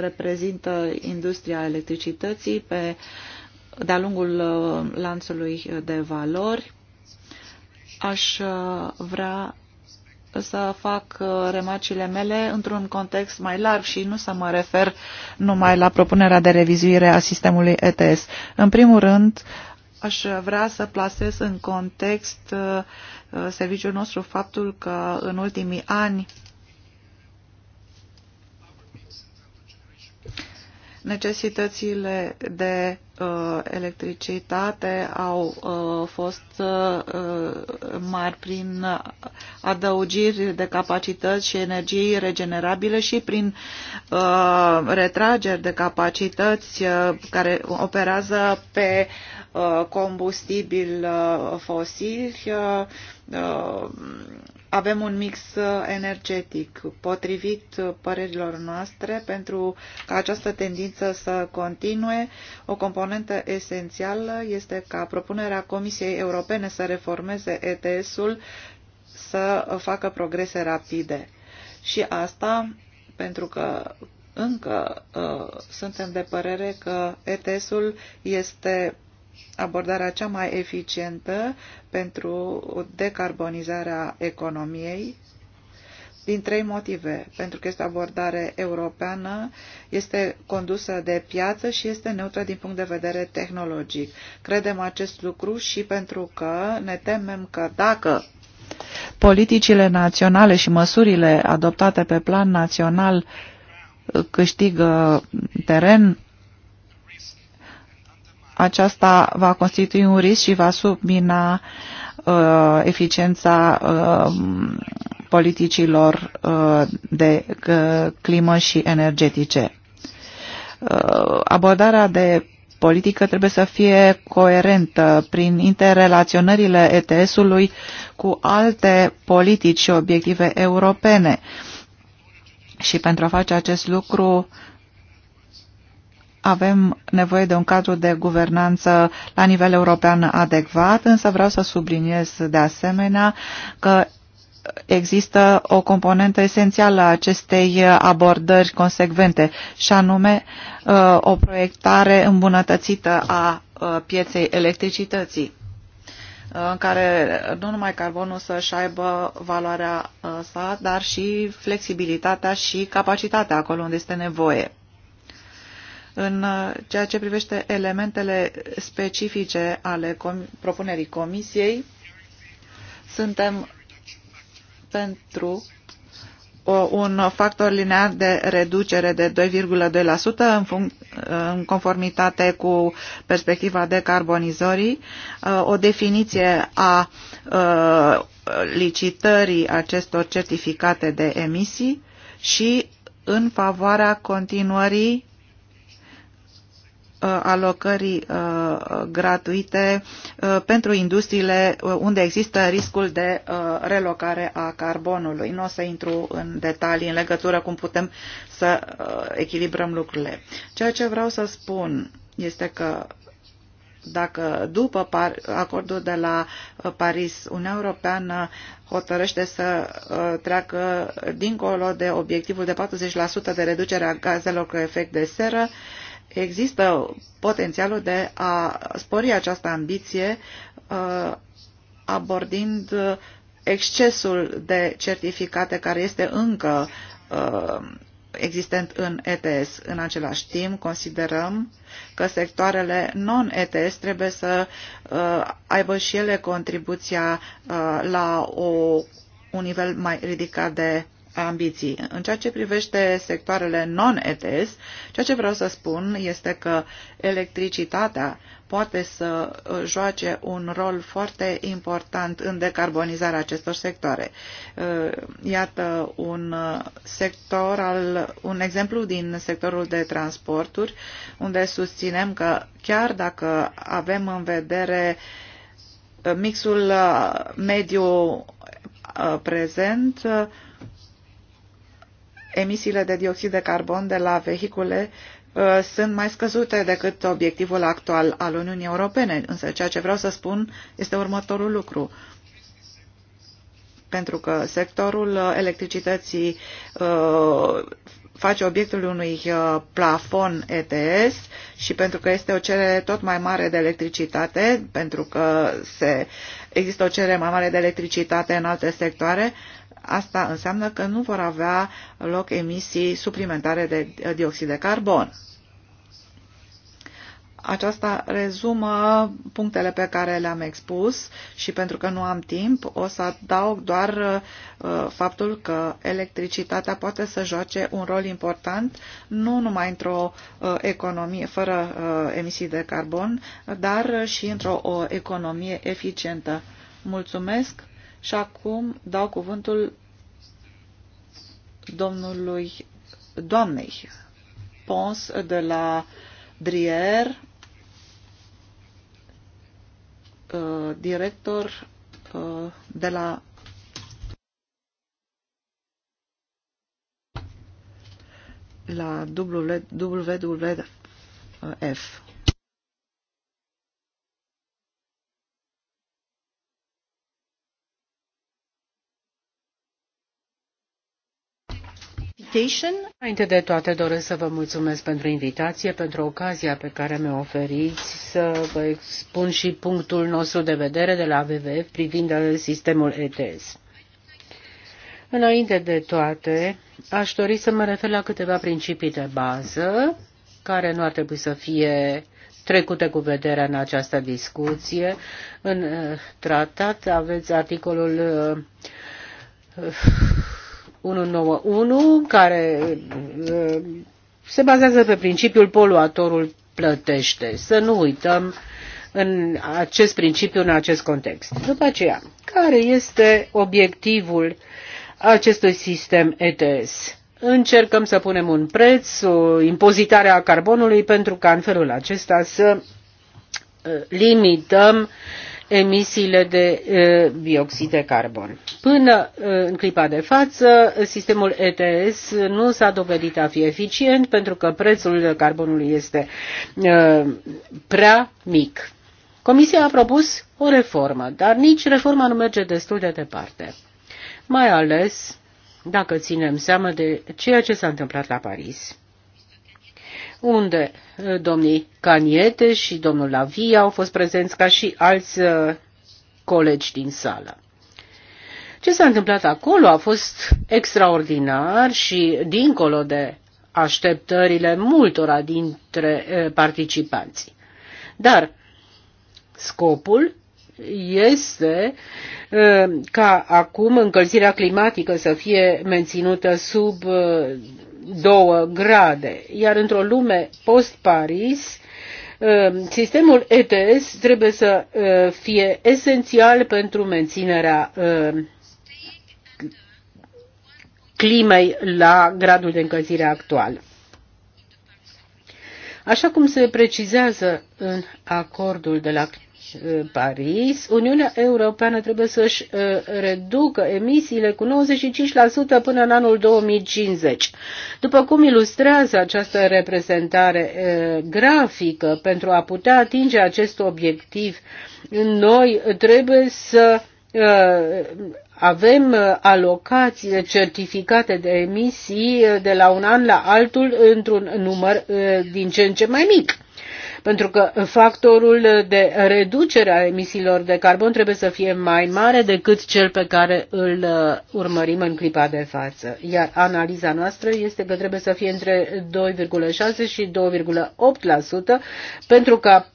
reprezintă industria electricității pe de-a lungul uh, lanțului de valori. Aș uh, vrea să fac uh, remarcile mele într-un context mai larg și nu să mă refer numai la propunerea de revizuire a sistemului ETS. În primul rând, aș vrea să plasez în context uh, serviciul nostru faptul că în ultimii ani necesitățile de uh, electricitate au uh, fost uh, mari prin adăugiri de capacități și energii regenerabile și prin uh, retrageri de capacități uh, care operează pe uh, combustibil uh, fosil. Uh, uh, avem un mix uh, energetic potrivit uh, părerilor noastre pentru ca această tendință să continue. O componentă esențială este ca propunerea Comisiei Europene să reformeze ETS-ul să facă progrese rapide. Și asta pentru că încă uh, suntem de părere că ETS-ul este abordarea cea mai eficientă pentru decarbonizarea economiei din trei motive. Pentru că este o abordare europeană, este condusă de piață și este neutră din punct de vedere tehnologic. Credem acest lucru și pentru că ne temem că dacă politicile naționale și măsurile adoptate pe plan național câștigă teren, aceasta va constitui un risc și va submina uh, eficiența uh, politicilor uh, de uh, climă și energetice. Uh, abordarea de politică trebuie să fie coerentă prin interrelaționările ETS-ului cu alte politici și obiective europene. Și pentru a face acest lucru, uh, avem nevoie de un cadru de guvernanță la nivel european adecvat, însă vreau să subliniez de asemenea că există o componentă esențială a acestei abordări consecvente și anume uh, o proiectare îmbunătățită a uh, pieței electricității uh, în care nu numai carbonul să-și aibă valoarea sa, dar și flexibilitatea și capacitatea acolo unde este nevoie. În uh, ceea ce privește elementele specifice ale com propunerii Comisiei, suntem pentru uh, un factor linear de reducere de 2,2% în, uh, în conformitate cu perspectiva decarbonizării, o definiție a licitării acestor certificate de emisii și în favoarea continuării Uh, alocării uh, gratuite uh, pentru industriile unde există riscul de relocare a carbonului. Nu o să intru în detalii în legătură cum putem să echilibrăm lucrurile. Ceea ce vreau să spun este că dacă după acordul de la Paris Uniunea Europeană hotărăște să treacă dincolo de obiectivul de 40% de reducere a gazelor cu efect de seră, Există potențialul de a spori această ambiție uh, abordind excesul de certificate care este încă uh, existent în ETS. În același timp, considerăm că sectoarele non-ETS trebuie să uh, aibă și ele contribuția la o, un nivel mai ridicat de ambiții. În ceea ce privește sectoarele non-ETS, ceea ce vreau să spun este că electricitatea poate să uh, joace un rol foarte important în decarbonizarea acestor sectoare. Uh, iată un uh, sector al, un exemplu din sectorul de transporturi, unde susținem că chiar dacă avem în vedere mixul mediu prezent, emisiile de dioxid de carbon de la vehicule uh, sunt mai scăzute decât obiectivul actual al Uniunii Europene. Însă ceea ce vreau să spun este următorul lucru. Pentru că sectorul electricității uh, face obiectul unui uh, plafon ETS și pentru că este o cerere tot mai mare de electricitate, pentru că se, există o cerere mai mare de electricitate în alte sectoare, Asta înseamnă că nu vor avea loc emisii suplimentare de dioxid de carbon. Aceasta rezumă punctele pe care le-am expus și pentru că nu am timp, o să adaug doar uh, faptul că electricitatea poate să joace un rol important, nu numai într-o uh, economie fără uh, emisii de carbon, dar și într-o economie eficientă. Mulțumesc! Și acum dau cuvântul domnului, doamnei Pons de la Drier, uh, director uh, de la la WWF.
Înainte de toate doresc să vă mulțumesc pentru invitație, pentru ocazia pe care mi-o oferiți să vă expun și punctul nostru de vedere de la WWF privind sistemul ETS. Înainte de toate, aș dori să mă refer la câteva principii de bază care nu ar trebui să fie trecute cu vederea în această discuție. În uh, tratat aveți articolul uh, 191, care uh, se bazează pe principiul poluatorul plătește. Să nu uităm în acest principiu, în acest context. După aceea, care este obiectivul acestui sistem ETS? Încercăm să punem un preț, o impozitare a carbonului, pentru ca în felul acesta să uh, limităm emisiile de dioxid de carbon. Până în clipa de față, sistemul ETS nu s-a dovedit a fi eficient pentru că prețul carbonului este prea mic. Comisia a propus o reformă, dar nici reforma nu merge destul de departe. Mai ales dacă ținem seama de ceea ce s-a întâmplat la Paris unde uh, domnii Caniete și domnul Lavia au fost prezenți ca și alți uh, colegi din sală. Ce s-a întâmplat acolo a fost extraordinar și dincolo de așteptările multora dintre uh, participanți. Dar scopul este ca acum încălzirea climatică să fie menținută sub 2 grade. Iar într-o lume post-Paris, ă, sistemul ETS trebuie să ă, fie esențial pentru menținerea ă, climei la gradul de încălzire actual. Așa cum se precizează în acordul de la Paris, Uniunea Europeană trebuie să-și uh, reducă emisiile cu 95% până în anul 2050. După cum ilustrează această reprezentare uh, grafică, pentru a putea atinge acest obiectiv, noi trebuie să uh, avem alocații certificate de emisii de la un an la altul într-un număr din ce în ce mai mic pentru că factorul de reducere a emisiilor de carbon trebuie să fie mai mare decât cel pe care îl uh, urmărim în clipa de față. Iar analiza noastră este că trebuie să fie între 2,6 și 2,8% pentru ca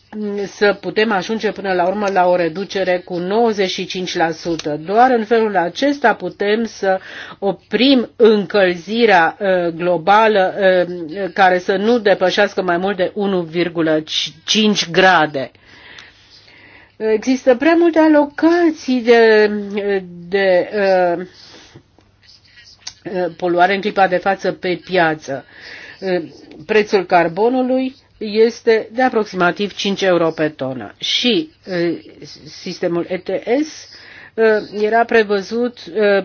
să putem ajunge până la urmă la o reducere cu 95%. Doar în felul acesta putem să oprim încălzirea uh, globală uh, care să nu depășească mai mult de 1,5 grade. Există prea multe alocații de, de uh, poluare în clipa de față pe piață. Prețul carbonului este de aproximativ 5 euro pe tonă și sistemul ETS era prevăzut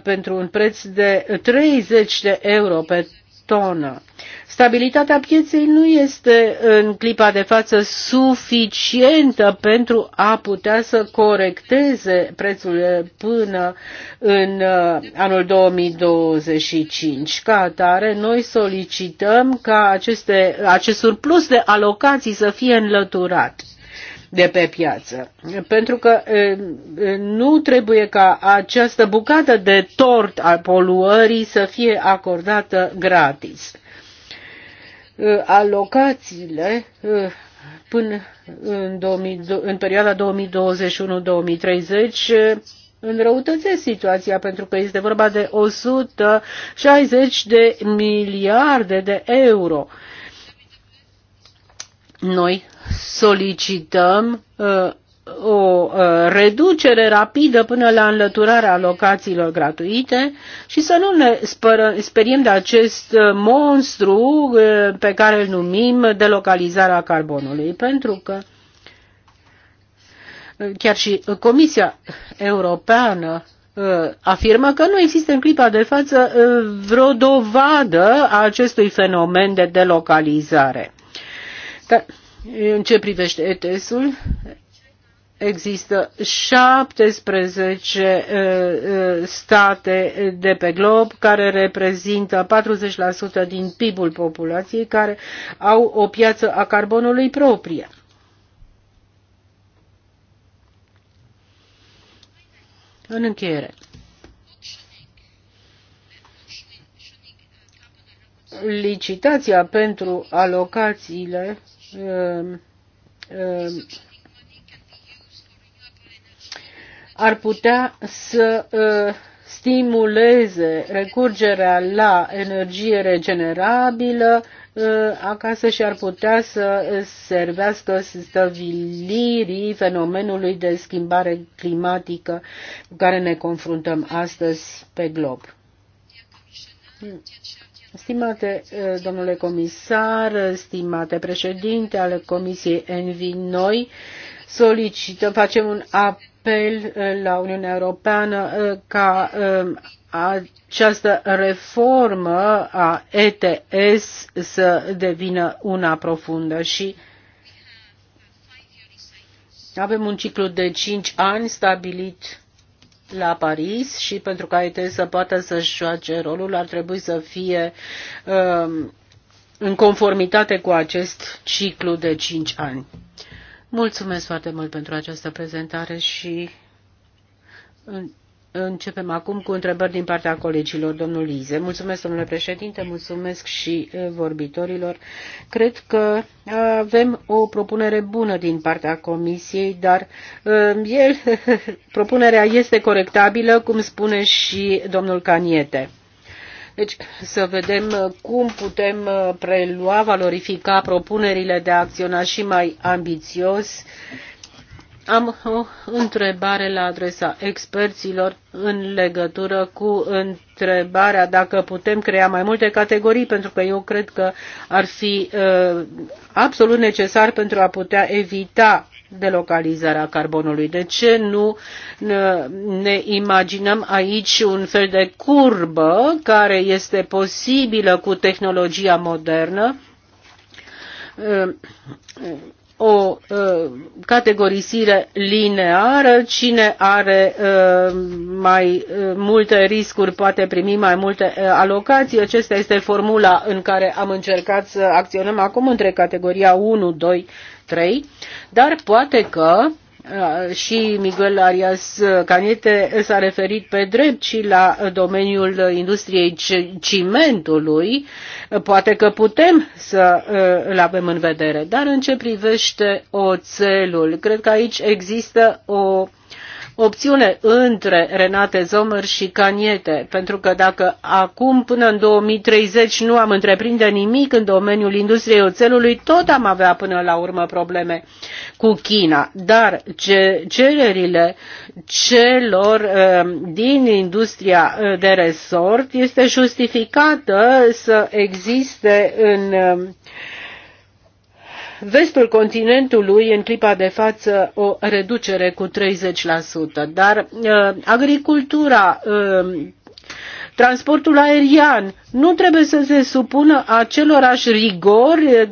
pentru un preț de 30 de euro pe tonă. Stabilitatea pieței nu este în clipa de față suficientă pentru a putea să corecteze prețul până în uh, anul 2025. Ca atare, noi solicităm ca aceste, acest surplus de alocații să fie înlăturat de pe piață. Pentru că nu trebuie ca această bucată de tort al poluării să fie acordată gratis. Alocațiile până în, 2000, în perioada 2021-2030 înrăutățesc situația pentru că este vorba de 160 de miliarde de euro. Noi solicităm uh, o uh, reducere rapidă până la înlăturarea alocațiilor gratuite și să nu ne speriem de acest uh, monstru pe care îl numim delocalizarea carbonului, pentru că chiar și Comisia Europeană afirmă că nu există în clipa de față vreo dovadă a acestui fenomen de delocalizare. Dar în ce privește ETS-ul, există 17 uh, uh, state de pe glob care reprezintă 40% din PIB-ul populației care au o piață a carbonului proprie. În încheiere. Licitația pentru alocațiile Uh, uh, ar putea să uh, stimuleze recurgerea la energie regenerabilă acasă și ar putea să servească stăvilirii fenomenului de schimbare climatică cu care ne confruntăm astăzi pe glob. Stimate eh, domnule comisar, stimate președinte ale Comisiei Envi, noi solicităm, facem un apel eh, la Uniunea Europeană eh, ca această reformă a ETS să devină una profundă și avem un ciclu de 5 ani stabilit la Paris și pentru ca IT să poată să-și joace rolul ar trebui să fie um, în conformitate cu acest ciclu de 5 ani. Mulțumesc foarte mult pentru această prezentare și Începem acum cu întrebări din partea colegilor. Domnul Lize, mulțumesc, domnule președinte, mulțumesc și vorbitorilor. Cred că avem o propunere bună din partea comisiei, dar el, (laughs) propunerea este corectabilă, cum spune și domnul Caniete. Deci să vedem cum putem prelua, valorifica propunerile de a acționa și mai ambițios am o întrebare la adresa experților în legătură cu întrebarea dacă putem crea mai multe categorii, pentru că eu cred că ar fi uh, absolut necesar pentru a putea evita delocalizarea carbonului. De ce nu uh, ne imaginăm aici un fel de curbă care este posibilă cu tehnologia modernă? Uh, o uh, categorisire lineară, cine are uh, mai uh, multe riscuri poate primi mai multe uh, alocații. Acesta este formula în care am încercat să acționăm acum între categoria 1, 2, 3, dar poate că uh, Uh, și Miguel Arias Canete s-a referit pe drept și la domeniul industriei cimentului. Poate că putem să uh, îl avem în vedere. Dar în ce privește oțelul, cred că aici există o opțiune între Renate Zomer și Caniete, pentru că dacă acum până în 2030 nu am întreprinde nimic în domeniul industriei oțelului, tot am avea până la urmă probleme cu China. Dar ce, cererile celor eh, din industria eh, de resort este justificată să existe în eh, vestul continentului în clipa de față o reducere cu 30%, dar uh, agricultura uh, transportul aerian nu trebuie să se supună acelorași rigori uh,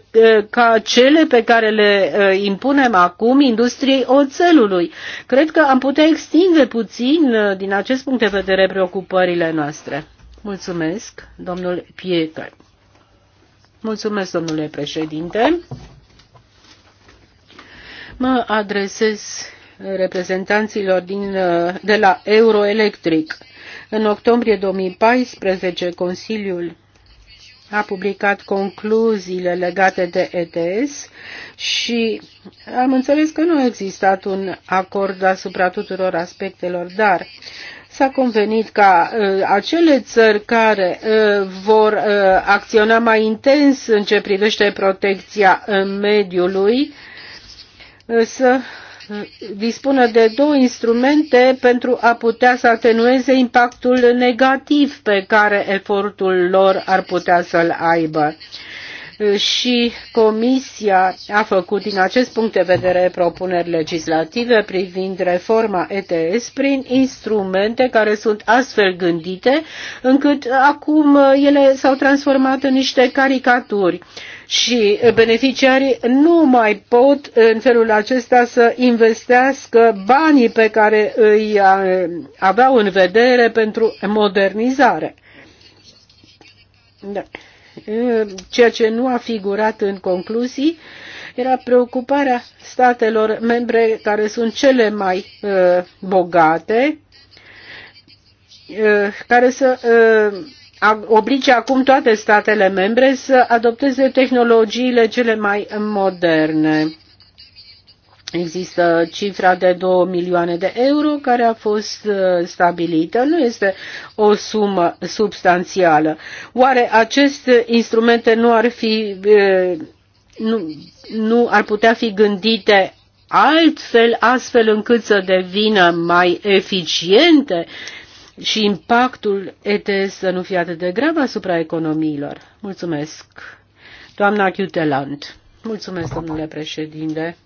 ca cele pe care le impunem acum industriei oțelului. Cred că am putea extinde puțin din acest punct de vedere preocupările noastre. Mulțumesc, domnul Piecă. Mulțumesc, domnule președinte. Mă adresez reprezentanților din, de la Euroelectric. În octombrie 2014, Consiliul a publicat concluziile legate de ETS și am înțeles că nu a existat un acord asupra tuturor aspectelor, dar s-a convenit ca uh, acele țări care uh, vor uh, acționa mai intens în ce privește protecția uh, mediului uh, să uh, dispună de două instrumente pentru a putea să atenueze impactul negativ pe care efortul lor ar putea să-l aibă. Uh, și Comisia a făcut din acest punct de vedere propuneri legislative privind reforma ETS prin instrumente care sunt astfel gândite încât acum uh, ele s-au transformat în niște caricaturi și eh, beneficiarii nu mai pot eh, în felul acesta să investească banii pe care eh, îi aveau în vedere pentru modernizare. Da. Ceea ce nu a figurat în concluzii era preocuparea statelor membre care sunt cele mai uh, bogate, uh, care să uh, oblige acum toate statele membre să adopteze tehnologiile cele mai moderne. Există cifra de 2 milioane de euro care a fost uh, stabilită, nu este o sumă substanțială. Oare aceste instrumente nu ar fi uh, nu, nu ar putea fi gândite altfel, astfel încât să devină mai eficiente și impactul ETS să nu fie atât de grav asupra economiilor. Mulțumesc. Doamna Chiuteland. Mulțumesc, domnule președinte.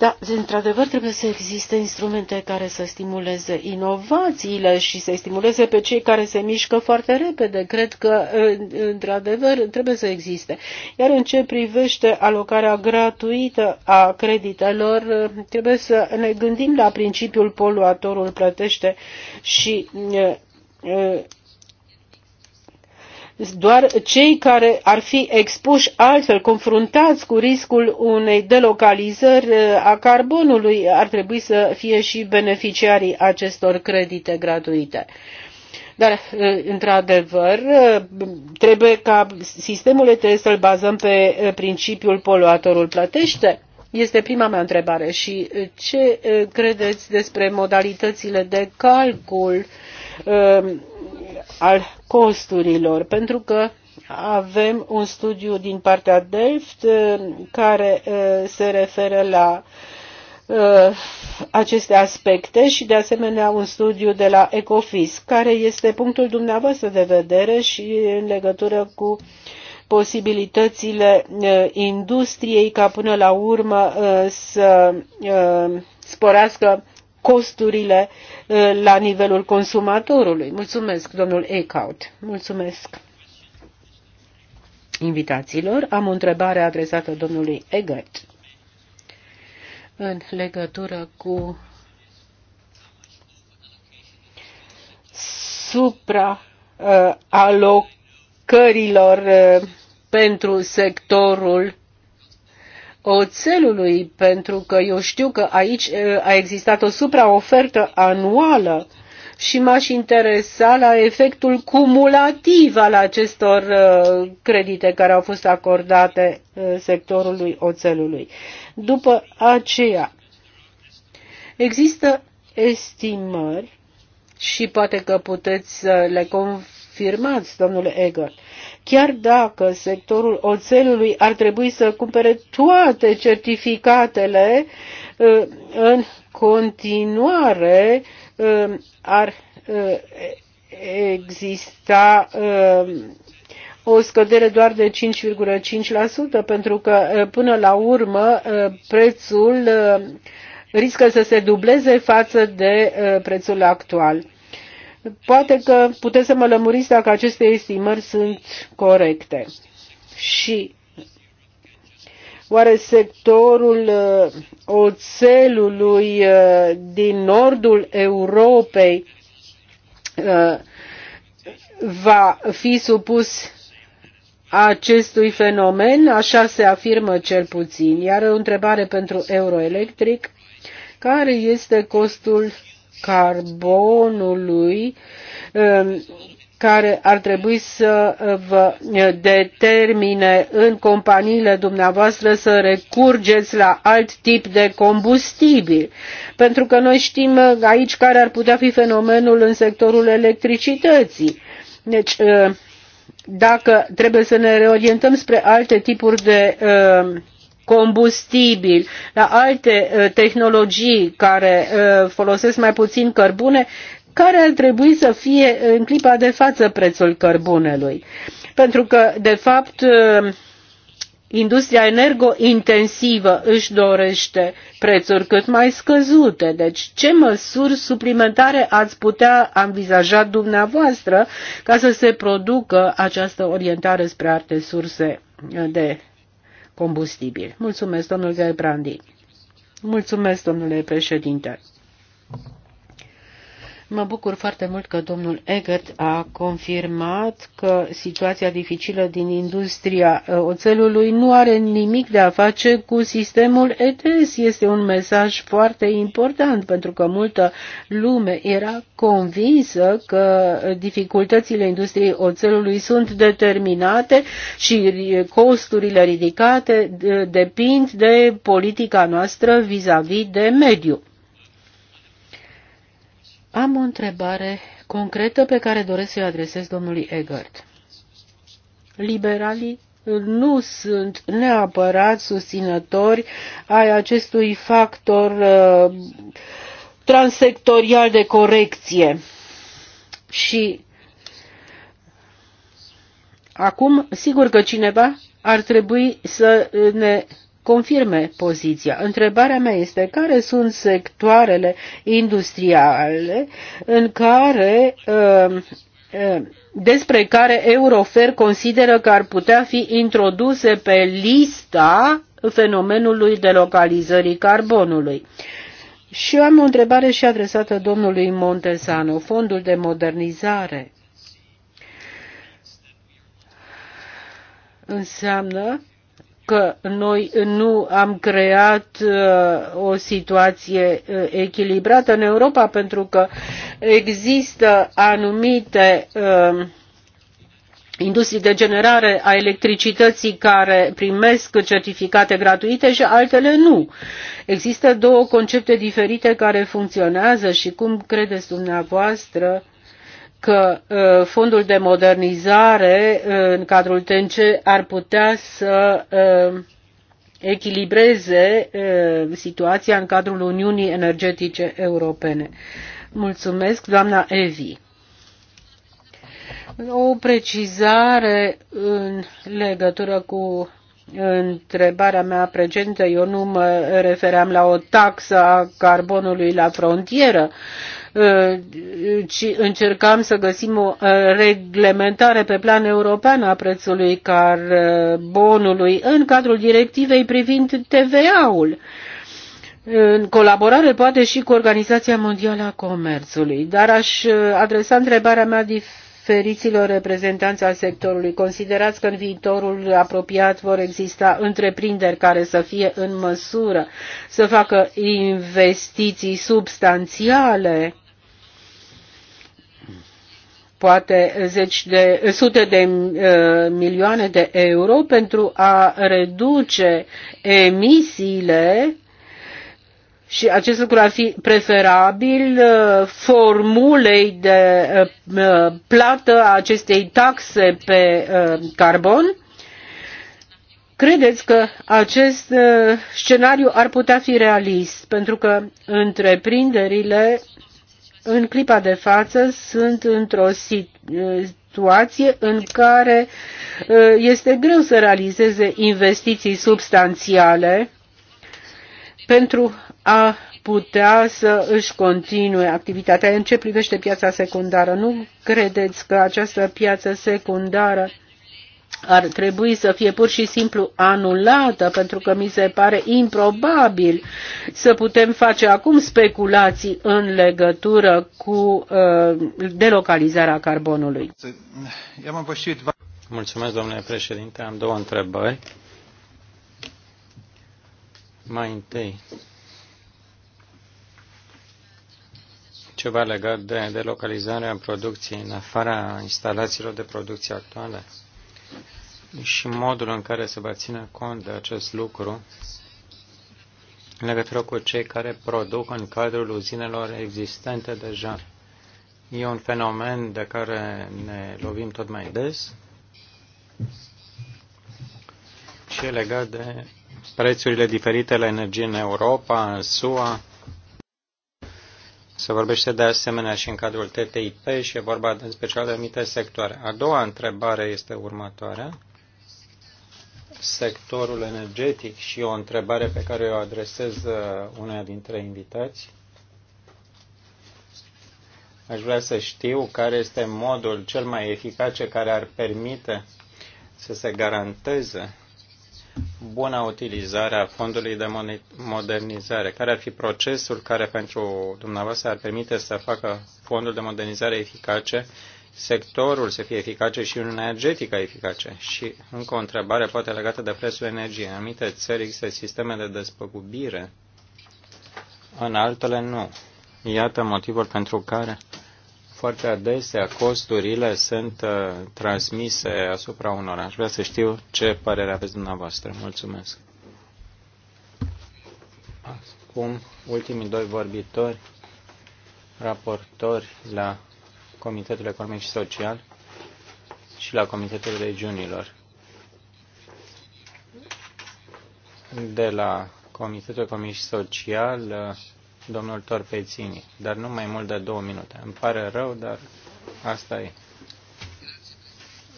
Da, într-adevăr trebuie să existe instrumente care să stimuleze inovațiile și să stimuleze pe cei care se mișcă foarte repede. Cred că, într-adevăr, trebuie să existe. Iar în ce privește alocarea gratuită a creditelor, trebuie să ne gândim la principiul poluatorul plătește și doar cei care ar fi expuși altfel, confruntați cu riscul unei delocalizări uh, a carbonului, ar trebui să fie și beneficiarii acestor credite gratuite. Dar, uh, într-adevăr, uh, trebuie ca sistemul ETS să-l bazăm pe principiul poluatorul plătește. Este prima mea întrebare și ce credeți despre modalitățile de calcul al costurilor, pentru că avem un studiu din partea Delft eh, care eh, se referă la eh, aceste aspecte și de asemenea un studiu de la Ecofis. Care este punctul dumneavoastră de vedere și în legătură cu posibilitățile industriei ca până la urmă să sporească costurile uh, la nivelul consumatorului. Mulțumesc, domnul Eickhout. Mulțumesc invitațiilor. Am o întrebare adresată domnului Egert în legătură cu supra-alocărilor uh, uh, pentru sectorul oțelului, pentru că eu știu că aici a existat o supraofertă anuală și m-aș interesa la efectul cumulativ al acestor credite care au fost acordate sectorului oțelului. După aceea, există estimări și poate că puteți să le confirmați, domnule Egor, chiar dacă sectorul oțelului ar trebui să cumpere toate certificatele, uh, în continuare uh, ar uh, exista o scădere doar de 5,5% pentru că până la urmă prețul riscă să se dubleze față de prețul actual. Poate că puteți să mă lămuriți dacă aceste estimări sunt corecte. Și Oare sectorul uh, oțelului uh, din nordul Europei uh, va fi supus acestui fenomen, așa se afirmă cel puțin. Iar o întrebare pentru Euroelectric, care este costul carbonului um, care ar trebui să vă uh, determine în companiile dumneavoastră să recurgeți la alt tip de combustibil. Pentru că noi știm uh, aici care ar putea fi fenomenul în sectorul electricității. Deci, uh, dacă trebuie să ne reorientăm spre alte tipuri de uh, combustibil, la alte uh, tehnologii care uh, folosesc mai puțin cărbune, care ar trebui să fie în clipa de față prețul cărbunelui. Pentru că, de fapt, uh, industria energointensivă își dorește prețuri cât mai scăzute. Deci ce măsuri suplimentare ați putea anvizaja dumneavoastră ca să se producă această orientare spre alte surse de combustibil. Mulțumesc, domnul Gerbrandi. Mulțumesc, domnule președinte. Mă bucur foarte mult că domnul Egert a confirmat că situația dificilă din industria uh, oțelului nu are nimic de a face cu sistemul ETS. Este un mesaj foarte important pentru că multă lume era convinsă că dificultățile industriei oțelului sunt determinate și costurile ridicate uh, depind de politica noastră vis-a-vis -vis de mediu. Am o întrebare concretă pe care doresc să-i adresez domnului Egert. Liberalii nu sunt neapărat susținători ai acestui factor uh, transsectorial de corecție. Și acum, sigur că cineva ar trebui să ne confirme poziția. Întrebarea mea este care sunt sectoarele industriale în care uh, uh, despre care Eurofer consideră că ar putea fi introduse pe lista fenomenului de localizării carbonului. Și am o întrebare și adresată domnului Montesano, fondul de modernizare. Înseamnă că noi nu am creat uh, o situație uh, echilibrată în Europa, pentru că există anumite uh, industrii de generare a electricității care primesc certificate gratuite și altele nu. Există două concepte diferite care funcționează și cum credeți dumneavoastră că uh, fondul de modernizare uh, în cadrul TNC ar putea să uh, echilibreze situația în cadrul Uniunii Energetice Europene. Mulțumesc, doamna Evi. O precizare în legătură cu întrebarea mea precedentă, eu nu mă refeream la o taxă a carbonului la frontieră, Uh, ci încercam să găsim o uh, reglementare pe plan european a prețului carbonului uh, în cadrul directivei privind TVA-ul în colaborare poate și cu Organizația Mondială a Comerțului, dar aș adresa întrebarea mea diferiților reprezentanți al sectorului. Considerați că în viitorul apropiat vor exista întreprinderi care să fie în măsură să facă investiții substanțiale poate zeci de, sute de uh, milioane de euro pentru a reduce emisiile și acest lucru ar fi preferabil uh, formulei de uh, uh plată a acestei taxe pe uh, carbon. Credeți că acest uh, scenariu ar putea fi realist? Pentru că întreprinderile în clipa de față sunt într-o situație în care uh, este greu să realizeze investiții substanțiale pentru a putea să își continue activitatea. În ce privește piața secundară, nu credeți că această piață secundară ar trebui să fie pur și simplu anulată, pentru că mi se pare improbabil să putem face acum speculații în legătură cu uh, delocalizarea carbonului.
Mulțumesc, domnule președinte. Am două întrebări. Mai întâi, ceva legat de delocalizarea producției în afara instalațiilor de producție actuale și modul în care se va ține cont de acest lucru în legătură cu cei care produc în cadrul uzinelor existente deja. E un fenomen de care ne lovim tot mai des și e legat de prețurile diferite la energie în Europa, în SUA. Se vorbește de asemenea și în cadrul TTIP și e vorba în special de anumite sectoare. A doua întrebare este următoarea sectorul energetic și o întrebare pe care o adresez uh, uneia dintre invitați. Aș vrea să știu care este modul cel mai eficace care ar permite să se garanteze buna utilizare a fondului de modernizare. Care ar fi procesul care pentru dumneavoastră ar permite să facă fondul de modernizare eficace sectorul să fie eficace și uniunea energetică eficace. Și încă o întrebare poate legată de prețul energiei. În anumite țări există sisteme de despăgubire, în altele nu. Iată motivul pentru care foarte adesea costurile sunt uh, transmise asupra unor. Aș vrea să știu ce părere aveți dumneavoastră. Mulțumesc. Acum, ultimii doi vorbitori, raportori la Comitetul Economic și Social și la Comitetul Regiunilor. De la Comitetul Economic și Social, domnul Torpețini, dar nu mai mult de două minute. Îmi pare rău, dar asta e.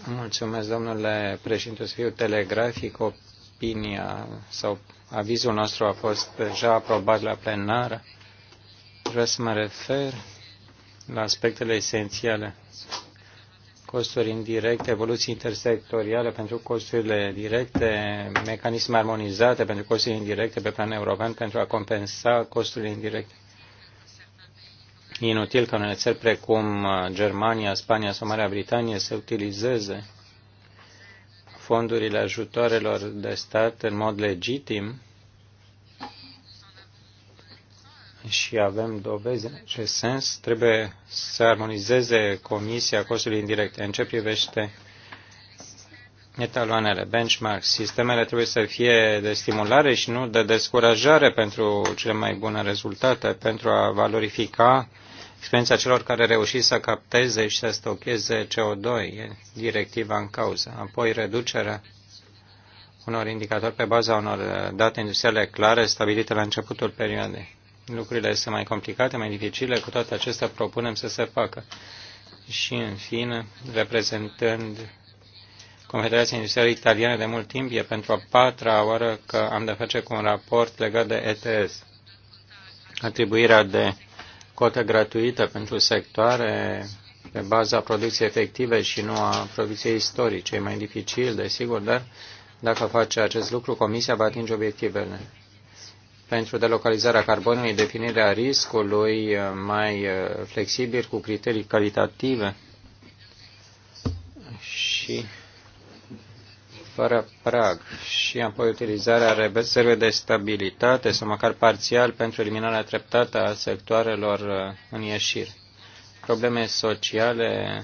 Mulțumesc, domnule președinte, să fiu telegrafic. Opinia sau avizul nostru a fost deja aprobat la plenară. Vreau să mă refer la aspectele esențiale. Costuri indirecte, evoluții intersectoriale pentru costurile directe, mecanisme armonizate pentru costurile indirecte pe plan european pentru a compensa costurile indirecte. inutil ca unele țări precum uh, Germania, Spania sau Marea Britanie să utilizeze fondurile ajutoarelor de stat în mod legitim și avem dovezi în acest sens, trebuie să armonizeze Comisia costului Indirect. În ce privește etaloanele, benchmark, sistemele trebuie să fie de stimulare și nu de descurajare pentru cele mai bune rezultate, pentru a valorifica experiența celor care reușit să capteze și să stocheze CO2, directiva în cauză. Apoi reducerea unor indicatori pe baza unor date industriale clare stabilite la începutul perioadei lucrurile sunt mai complicate, mai dificile, cu toate acestea propunem să se facă. Și, în fine, reprezentând Confederația Industrială Italiană de mult timp, e pentru a patra oară că am de face cu un raport legat de ETS. Atribuirea de cote gratuită pentru sectoare pe baza producției efective și nu a producției istorice. E mai dificil, desigur, dar dacă face acest lucru, Comisia va atinge obiectivele pentru delocalizarea carbonului, definirea riscului uh, mai uh, flexibil cu criterii calitative și fără prag și apoi utilizarea rezervei de stabilitate sau măcar parțial pentru eliminarea treptată a sectoarelor uh, în ieșire. Probleme sociale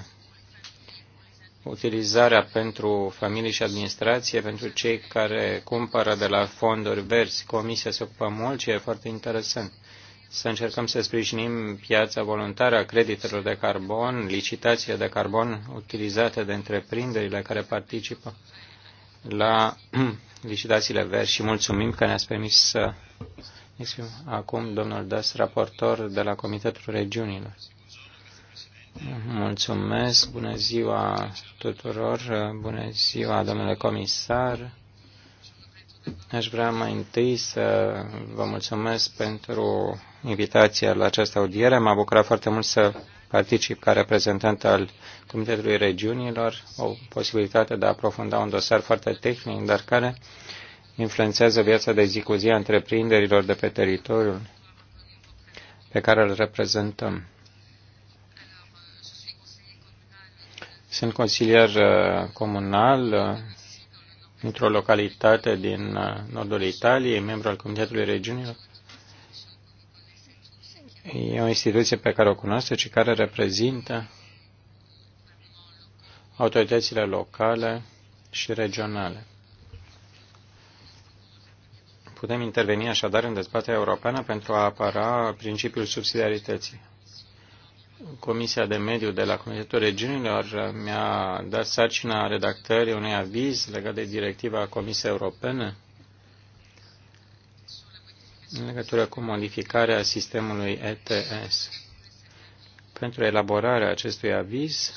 utilizarea pentru familii și administrație, pentru cei care cumpără de la fonduri verzi. Comisia se ocupă mult și e foarte interesant. Să încercăm să sprijinim piața voluntară a creditelor de carbon, licitațiile de carbon utilizate de întreprinderile care participă la (clears throat) licitațiile verzi și mulțumim că ne-ați permis să exprim acum domnul Das, raportor de la Comitetul Regiunilor. Mulțumesc, bună ziua tuturor, bună ziua domnule comisar. Aș vrea mai întâi să vă mulțumesc pentru invitația la această audiere. M-a bucurat foarte mult să particip ca reprezentant al Comitetului Regiunilor, o posibilitate de a aprofunda un dosar foarte tehnic, dar care influențează viața de zi cu zi a întreprinderilor de pe teritoriul pe care îl reprezentăm. Sunt consilier uh, comunal uh, într-o localitate din uh, nordul Italiei, membru al Comitetului Regiunilor. E o instituție pe care o cunoaște și care reprezintă autoritățile locale și regionale. Putem interveni așadar în dezbaterea europeană pentru a apăra principiul subsidiarității. Comisia de Mediu de la Comitetul Regiunilor mi-a dat sarcina redactării unui aviz legat de directiva Comisiei Europene în legătură cu modificarea sistemului ETS. Pentru elaborarea acestui aviz,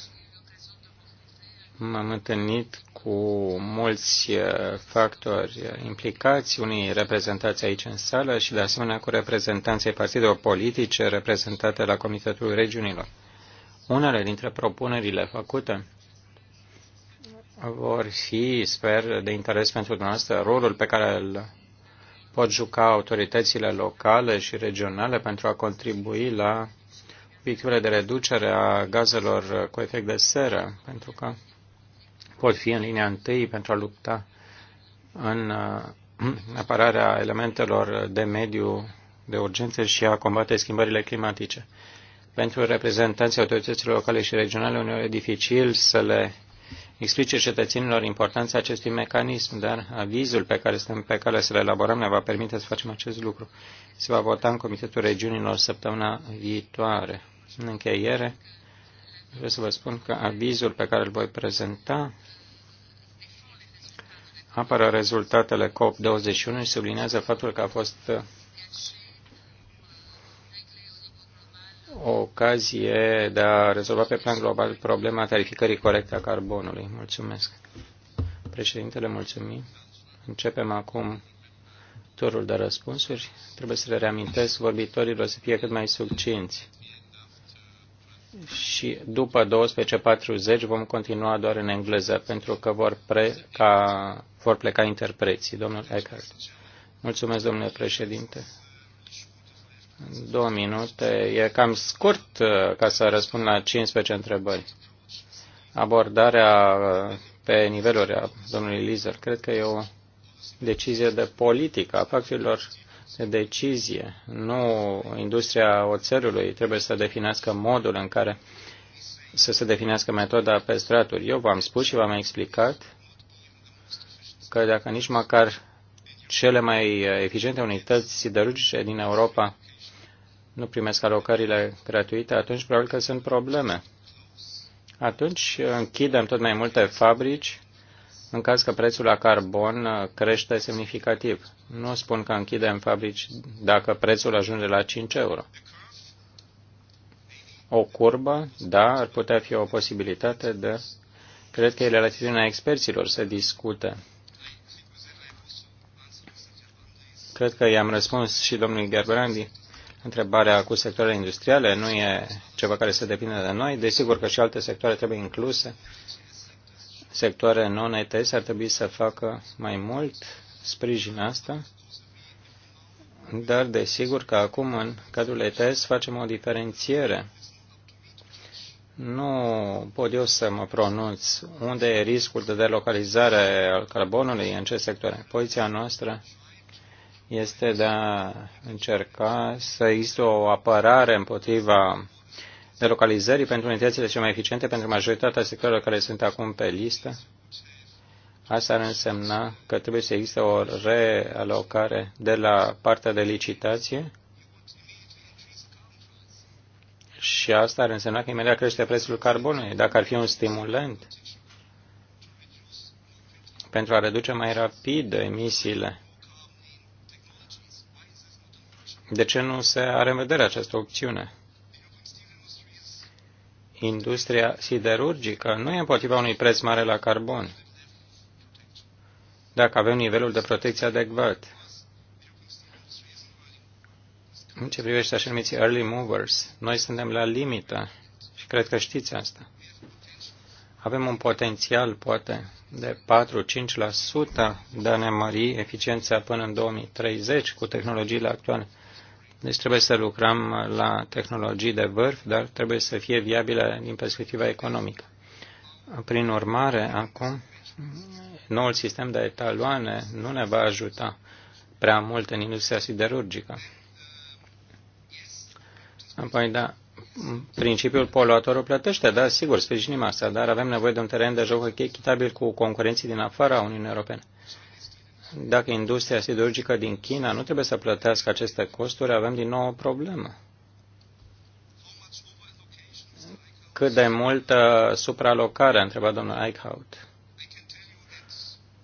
m-am întâlnit cu mulți uh, factori implicați, unii reprezentați aici în sală și de asemenea cu reprezentanții partidelor politice reprezentate la Comitetul Regiunilor. Unele dintre propunerile făcute vor fi, sper, de interes pentru dumneavoastră rolul pe care îl pot juca autoritățile locale și regionale pentru a contribui la obiectivele de reducere a gazelor cu efect de seră, pentru că pot fi în linia întâi pentru a lupta în uh, (clears throat) apararea elementelor de mediu de urgență și a combate schimbările climatice. Pentru reprezentanții autorităților locale și regionale, uneori e dificil să le explice cetățenilor importanța acestui mecanism, dar avizul pe care suntem pe care să-l elaborăm ne va permite să facem acest lucru. Se va vota în Comitetul Regiunilor săptămâna viitoare. În încheiere, vreau să vă spun că avizul pe care îl voi prezenta apără rezultatele COP21 și sublinează faptul că a fost uh, o ocazie de a rezolva pe plan global problema tarificării corecte a carbonului. Mulțumesc. Președintele, mulțumim. Începem acum turul de răspunsuri. Trebuie să le reamintesc vorbitorilor să fie cât mai succinți și după 12.40 vom continua doar în engleză, pentru că vor, pre, ca, vor pleca interpreții. Domnul Eckhart. Mulțumesc, domnule președinte. Două minute. E cam scurt uh, ca să răspund la 15 întrebări. Abordarea uh, pe nivelul domnului Lizer. Cred că e o decizie de politică a facturilor decizie. Nu industria oțelului trebuie să definească modul în care să se definească metoda pe straturi. Eu v-am spus și v-am explicat că dacă nici măcar cele mai eficiente unități siderurgice din Europa nu primesc alocările gratuite, atunci probabil că sunt probleme. Atunci închidem tot mai multe fabrici în caz că prețul la carbon uh, crește semnificativ. Nu spun că închidem fabrici dacă prețul ajunge la 5 euro. O curbă, da, ar putea fi o posibilitate de... Cred că e la latitudinea experților să discute. Cred că i-am răspuns și domnului Gerberandi. Întrebarea cu sectoarele industriale nu e ceva care se depinde de noi. Desigur că și alte sectoare trebuie incluse sectoare non-ETS ar trebui să facă mai mult sprijin asta, dar desigur că acum în cadrul ETS facem o diferențiere. Nu pot eu să mă pronunț unde e riscul de delocalizare al carbonului, în ce sectoare. Poziția noastră este de a încerca să există o apărare împotriva relocalizării pentru unitățile cele mai eficiente pentru majoritatea sectorilor care sunt acum pe listă. Asta ar însemna că trebuie să existe o realocare de la partea de licitație și asta ar însemna că imediat crește prețul carbonului, dacă ar fi un stimulant pentru a reduce mai rapid emisiile. De ce nu se are în vedere această opțiune? industria siderurgică nu e împotriva unui preț mare la carbon, dacă avem nivelul de protecție adecvat. În ce privește așa numiții early movers, noi suntem la limită și cred că știți asta. Avem un potențial, poate, de 4-5% de a ne mări eficiența până în 2030 cu tehnologiile actuale. Deci trebuie să lucrăm la tehnologii de vârf, dar trebuie să fie viabile din perspectiva economică. Prin urmare, acum, noul sistem de etaloane nu ne va ajuta prea mult în industria siderurgică. Apoi, da, principiul poluatorul plătește, da, sigur, sprijinim asta, dar avem nevoie de un teren de joc echitabil cu concurenții din afara Uniunii Europene. Dacă industria siderurgică din China nu trebuie să plătească aceste costuri, avem din nou o problemă. Cât de multă supralocare, a întrebat domnul Eichhout.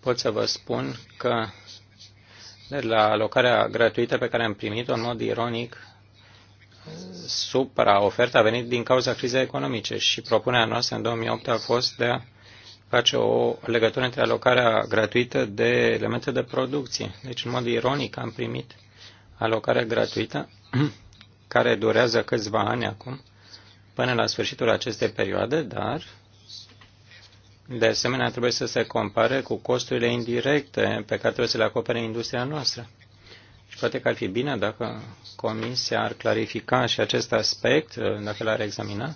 Pot să vă spun că de la alocarea gratuită pe care am primit-o, în mod ironic, supra oferta a venit din cauza crizei economice și propunerea noastră în 2008 a fost de a face o legătură între alocarea gratuită de elemente de producție. Deci, în mod ironic, am primit alocarea gratuită, (clears throat) care durează câțiva ani acum, până la sfârșitul acestei perioade, dar, de asemenea, trebuie să se compare cu costurile indirecte pe care trebuie să le acopere industria noastră. Și poate că ar fi bine dacă Comisia ar clarifica și acest aspect, dacă l-ar examina,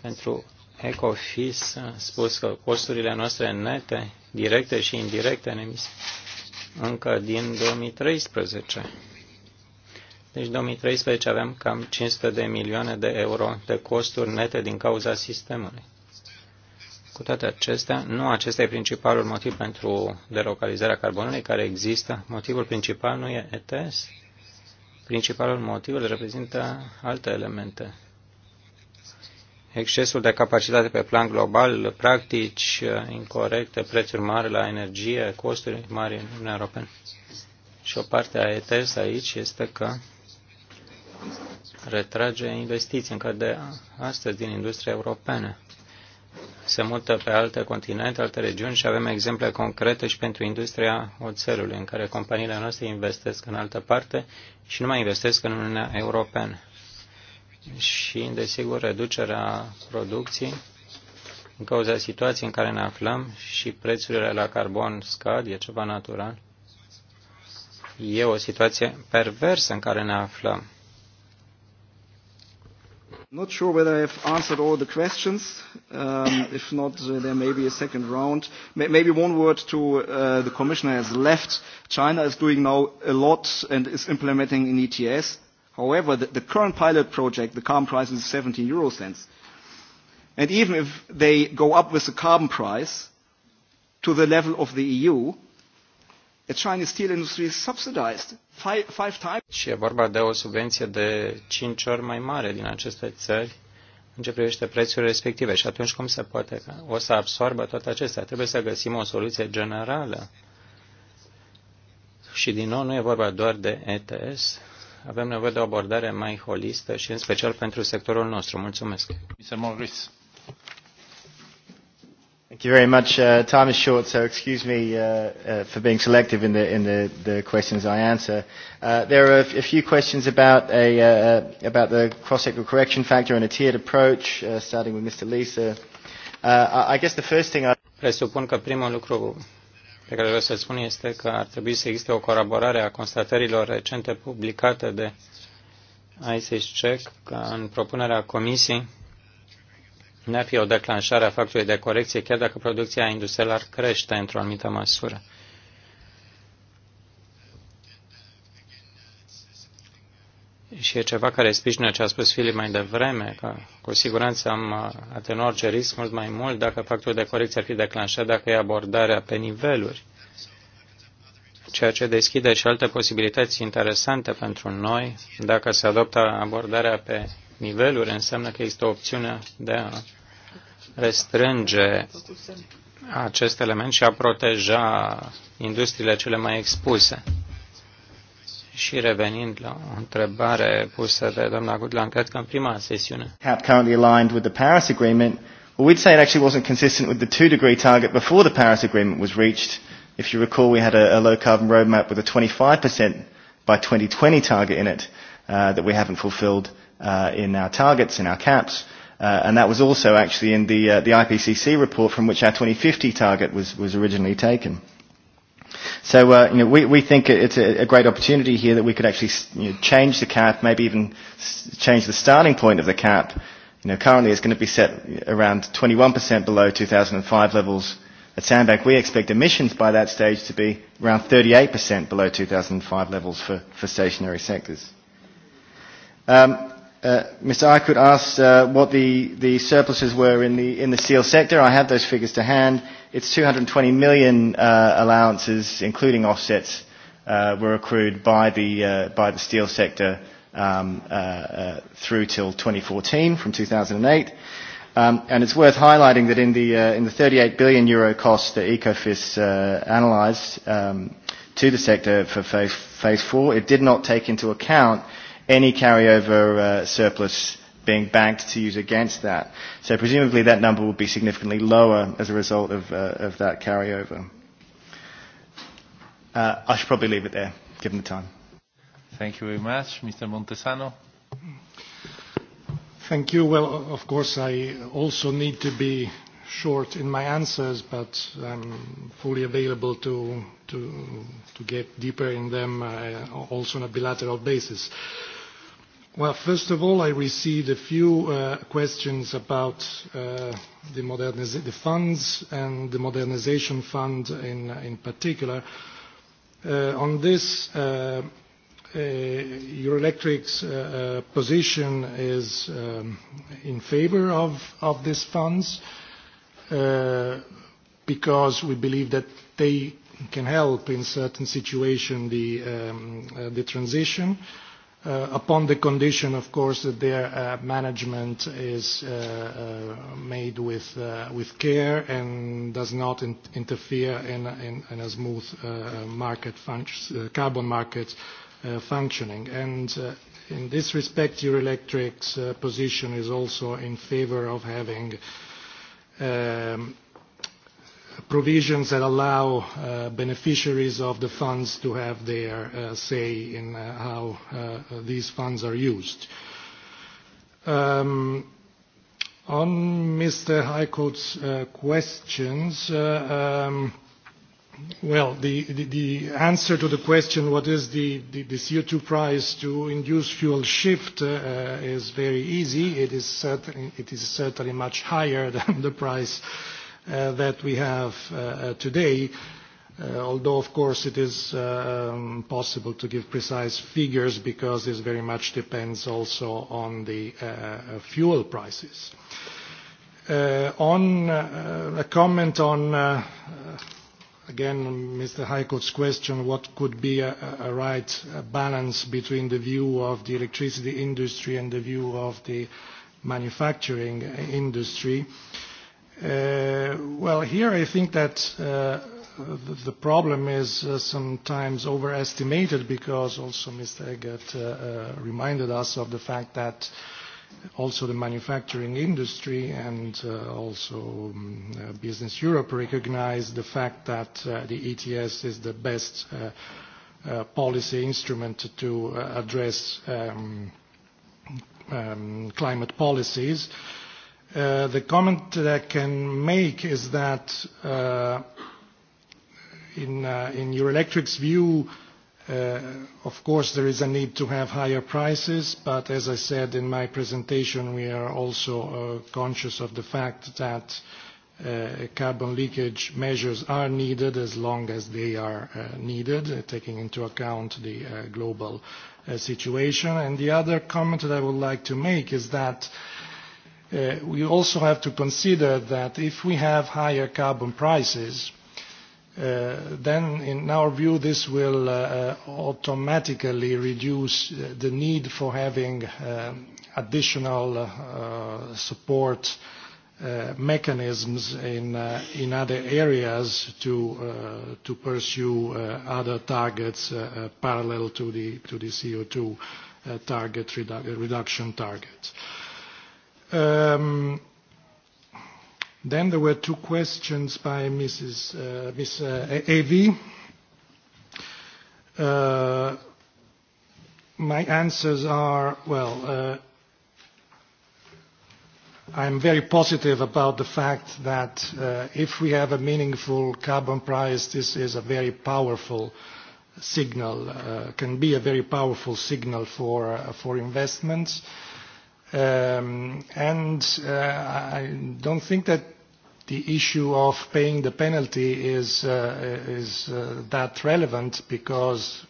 pentru Ecofis a spus că costurile noastre nete, directe și indirecte în emisie, încă din 2013. Deci 2013 avem cam 500 de milioane de euro de costuri nete din cauza sistemului. Cu toate acestea, nu acesta e principalul motiv pentru delocalizarea carbonului care există. Motivul principal nu e ETS. Principalul motiv îl reprezintă alte elemente excesul de capacitate pe plan global, practici uh, incorrecte, prețuri mari la energie, costuri mari în Uniunea Europeană. Și o parte a ETS aici este că retrage investiții încă de astăzi din industria europeană. Se mută pe alte continente, alte regiuni și avem exemple concrete și pentru industria oțelului, în care companiile noastre investesc în altă parte și nu mai investesc în Uniunea Europeană și, desigur, reducerea producției în cauza situației în care ne aflăm și prețurile la carbon scad, e ceva natural. E o situație perversă în care ne aflăm.
Not sure whether I have answered all the questions. Um, if not, uh, there may be a second round. M maybe one word to uh, the commissioner has left. China is doing now a lot and is implementing an ETS. However, the, the current pilot project, the carbon price is 17 euro cents. And even if they go up with the carbon price to the level of the EU, the Chinese steel industry is subsidized
five, five times.
Și e vorba de o subvenție de 5 ori mai mare din aceste țări în ce privește prețurile respective. Și atunci cum se poate? O să absorbă toate acestea. Trebuie să găsim o soluție generală. Și din nou nu e vorba doar de ETS, avem nevoie de o abordare mai holistă și în special pentru sectorul nostru. Mulțumesc. Mr. Morris.
Thank you very much. Uh, time is short, so excuse me uh, uh, for being selective in the in the, the questions I answer. Uh, there are a, a few questions about a uh, uh about the cross-sector correction factor and a tiered approach, uh, starting with Mr. Lisa. Uh, I, I guess the first thing I. Presupun că primul lucru
pe care vreau să spun este că ar trebui să existe o colaborare a constatărilor recente publicate de icis că în propunerea comisiei ne ar fi o declanșare a factului de corecție, chiar dacă producția industrială ar crește într-o anumită măsură. și e ceva care sprijină ce a spus Filip mai devreme, că cu siguranță am uh, atenuat orice risc mult mai mult dacă factorul de corecție ar fi declanșat, dacă e abordarea pe niveluri, ceea ce deschide și alte posibilități interesante pentru noi. Dacă se adoptă abordarea pe niveluri, înseamnă că există opțiunea de a restrânge acest element și a proteja industriile cele mai expuse. Și revenind la o întrebare pusă de doamna Goodland, cred că în prima sesiune.
Currently aligned with the Paris Agreement, well, we'd say it actually wasn't consistent with the 2 degree target before the Paris Agreement was reached. If you recall, we had a, a low carbon roadmap with a 25% by 2020 target in it uh, that we haven't fulfilled uh, in our targets, in our caps. Uh, and that was also actually in the, uh, the IPCC report from which our 2050 target was, was originally taken. So uh, you know, we, we think it's a, a great opportunity here that we could actually you know, change the cap, maybe even change the starting point of the cap. You know, currently it's going to be set around 21% below 2005 levels. At Sandbank, we expect emissions by that stage to be around 38% below 2005 levels for, for stationary sectors. Um, Uh, Mr. Eichert asked uh, what the, the surpluses were in the, in the steel sector. I have those figures to hand its 220 million uh, allowances, including offsets, uh, were accrued by the, uh, by the steel sector um, uh, uh, through till 2014 from 2008. Um, and it's worth highlighting that in the, uh, in the 38 billion euro cost that ECOFIS uh, analysed um, to the sector for phase, phase four, it did not take into account any carryover uh, surplus being banked to use against that. So presumably that number will be significantly lower as a result of, uh, of that carryover. Uh, I should probably leave it there, given the time.
Thank you very much. Mr. Montesano. Thank you. Well, of course, I also need to be short in my answers, but I'm fully available to, to, to get deeper in them uh, also on a bilateral basis. Uh, Well, first of all, I received a few uh, questions about uh, the, moderniz- the funds and the modernization fund in, in particular. Uh, on this, uh, uh, Eurelectric's uh, uh, position is um, in favor of, of these funds uh, because we believe that they can help in certain situations the, um, uh, the transition. Uh, Uh, upon the condition, of course, that their uh, management is uh, uh, made with, uh, with care and does not in interfere in, in, in a smooth uh, market uh, carbon market uh, functioning. And uh, in this respect, Eurelectric's uh, position is also in favor of having um, provisions that allow uh, beneficiaries of the funds to have their uh, say in uh, how uh, these funds are used. Um, on Mr. Highcourt's uh, questions, uh, um, Well, the, the, the answer to the question, what is the, the, the CO2 price to induce fuel shift, uh, is very easy. It is, certain, it is certainly much higher (laughs) than the price uh, Uh, that we have uh, uh, today. although, of course, it is um, possible to give precise figures because this very much depends also on the fuel prices. on a comment on, again, Mr. Heiko's question, what could be a, right balance between the view of the electricity industry and the view of the manufacturing industry. Uh, well, here I think that uh, the, the problem is uh, sometimes overestimated because also Mr. Eggert uh, uh, reminded us of the fact that also the manufacturing industry and uh, also um, uh, Business Europe recognize the fact that uh, the ETS is the best uh, uh, policy instrument to uh, address um, um, climate policies. Uh, Uh, the comment that I can make is that uh, in, uh, in electric's view, uh, of course, there is a need to have higher prices, but as I said in my presentation, we are also uh, conscious of the fact that uh, carbon leakage measures are needed as long as they are uh, needed, uh, taking into account the uh, global uh, situation. And the other comment that I would like to make is that uh, Uh, we also have to consider that if we have higher carbon prices, uh, then in our view this will uh, uh automatically reduce uh, the need for having additional uh, support uh, mechanisms in, uh, in other areas to, uh, to pursue uh, other targets uh, parallel to the, to the CO2 uh, target redu reduction target. Uh, Um, then there were two questions by Mrs. Uh, Ms. Uh, Avi. Uh, my answers are, well, uh, I'm very positive about the fact that uh, if we have a meaningful carbon price, this is a very powerful signal, uh, can be a very powerful signal for, uh, for investments. Uh, Um, and uh, I don't think that the issue of paying the penalty is, uh, is uh, that relevant because,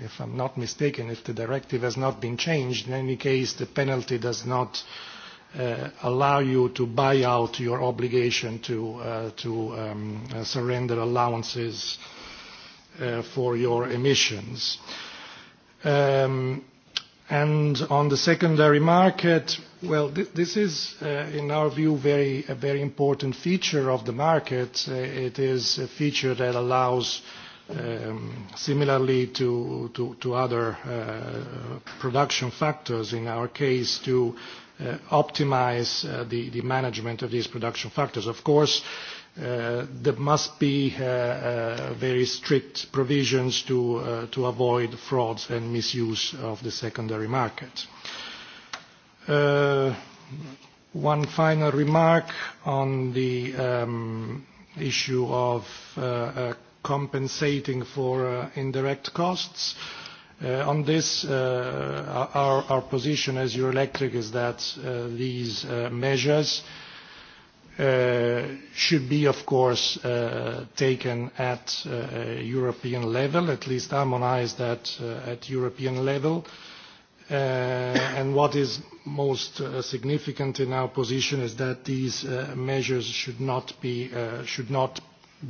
if I'm not mistaken, if the directive has not been changed, in any case, the penalty does not uh, allow you to buy out your obligation to, uh, to um, uh, surrender allowances uh, for your emissions. Um, And on the secondary market, well, this is, uh, in our view, very, a very important feature of the market. Uh, it is a feature that allows, um, similarly to, to, other uh, production factors, in our case, to optimize the, the management of these production factors. Of course, Uh, there must be uh, uh, very strict provisions to, uh, to avoid frauds and misuse of the secondary market. Uh, one final remark on the um, issue of compensating for indirect costs. On this, our, our position as Eurelectric is that these measures Uh, should be, of course, uh, taken at uh, European level, at least harmonized at, uh, at European level. Uh, and what is most uh, significant in our position is that these uh, measures should not be, uh, should not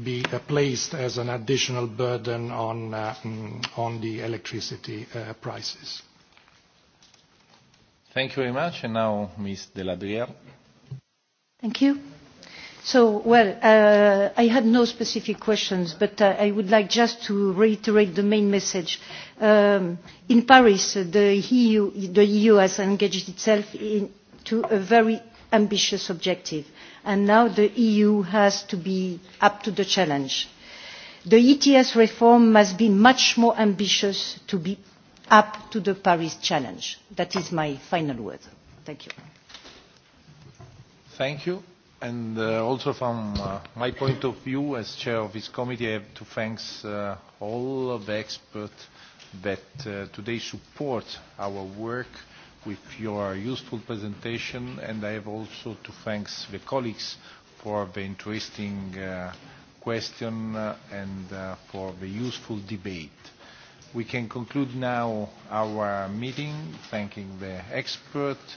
be uh, placed as an additional burden on, uh, mm, on the electricity uh, prices. Thank you very much. And now, Ms. Deladriere.
Thank you. So, well, uh, I had no specific questions, but uh, I would like just to reiterate the main message. Um, in Paris, the EU, the EU has engaged itself to a very ambitious objective, and now the EU has to be up to the challenge. The ETS reform must be much more ambitious to be
up to the Paris challenge. That is my final word. Thank you. Thank you. And uh, also from uh, my point of view as chair of this committee, I have to thank uh, all of the experts that uh, today support our work with your useful presentation. And I have also to thank the colleagues for the interesting uh, question uh, and uh, for the useful debate. We can conclude now our meeting, thanking the experts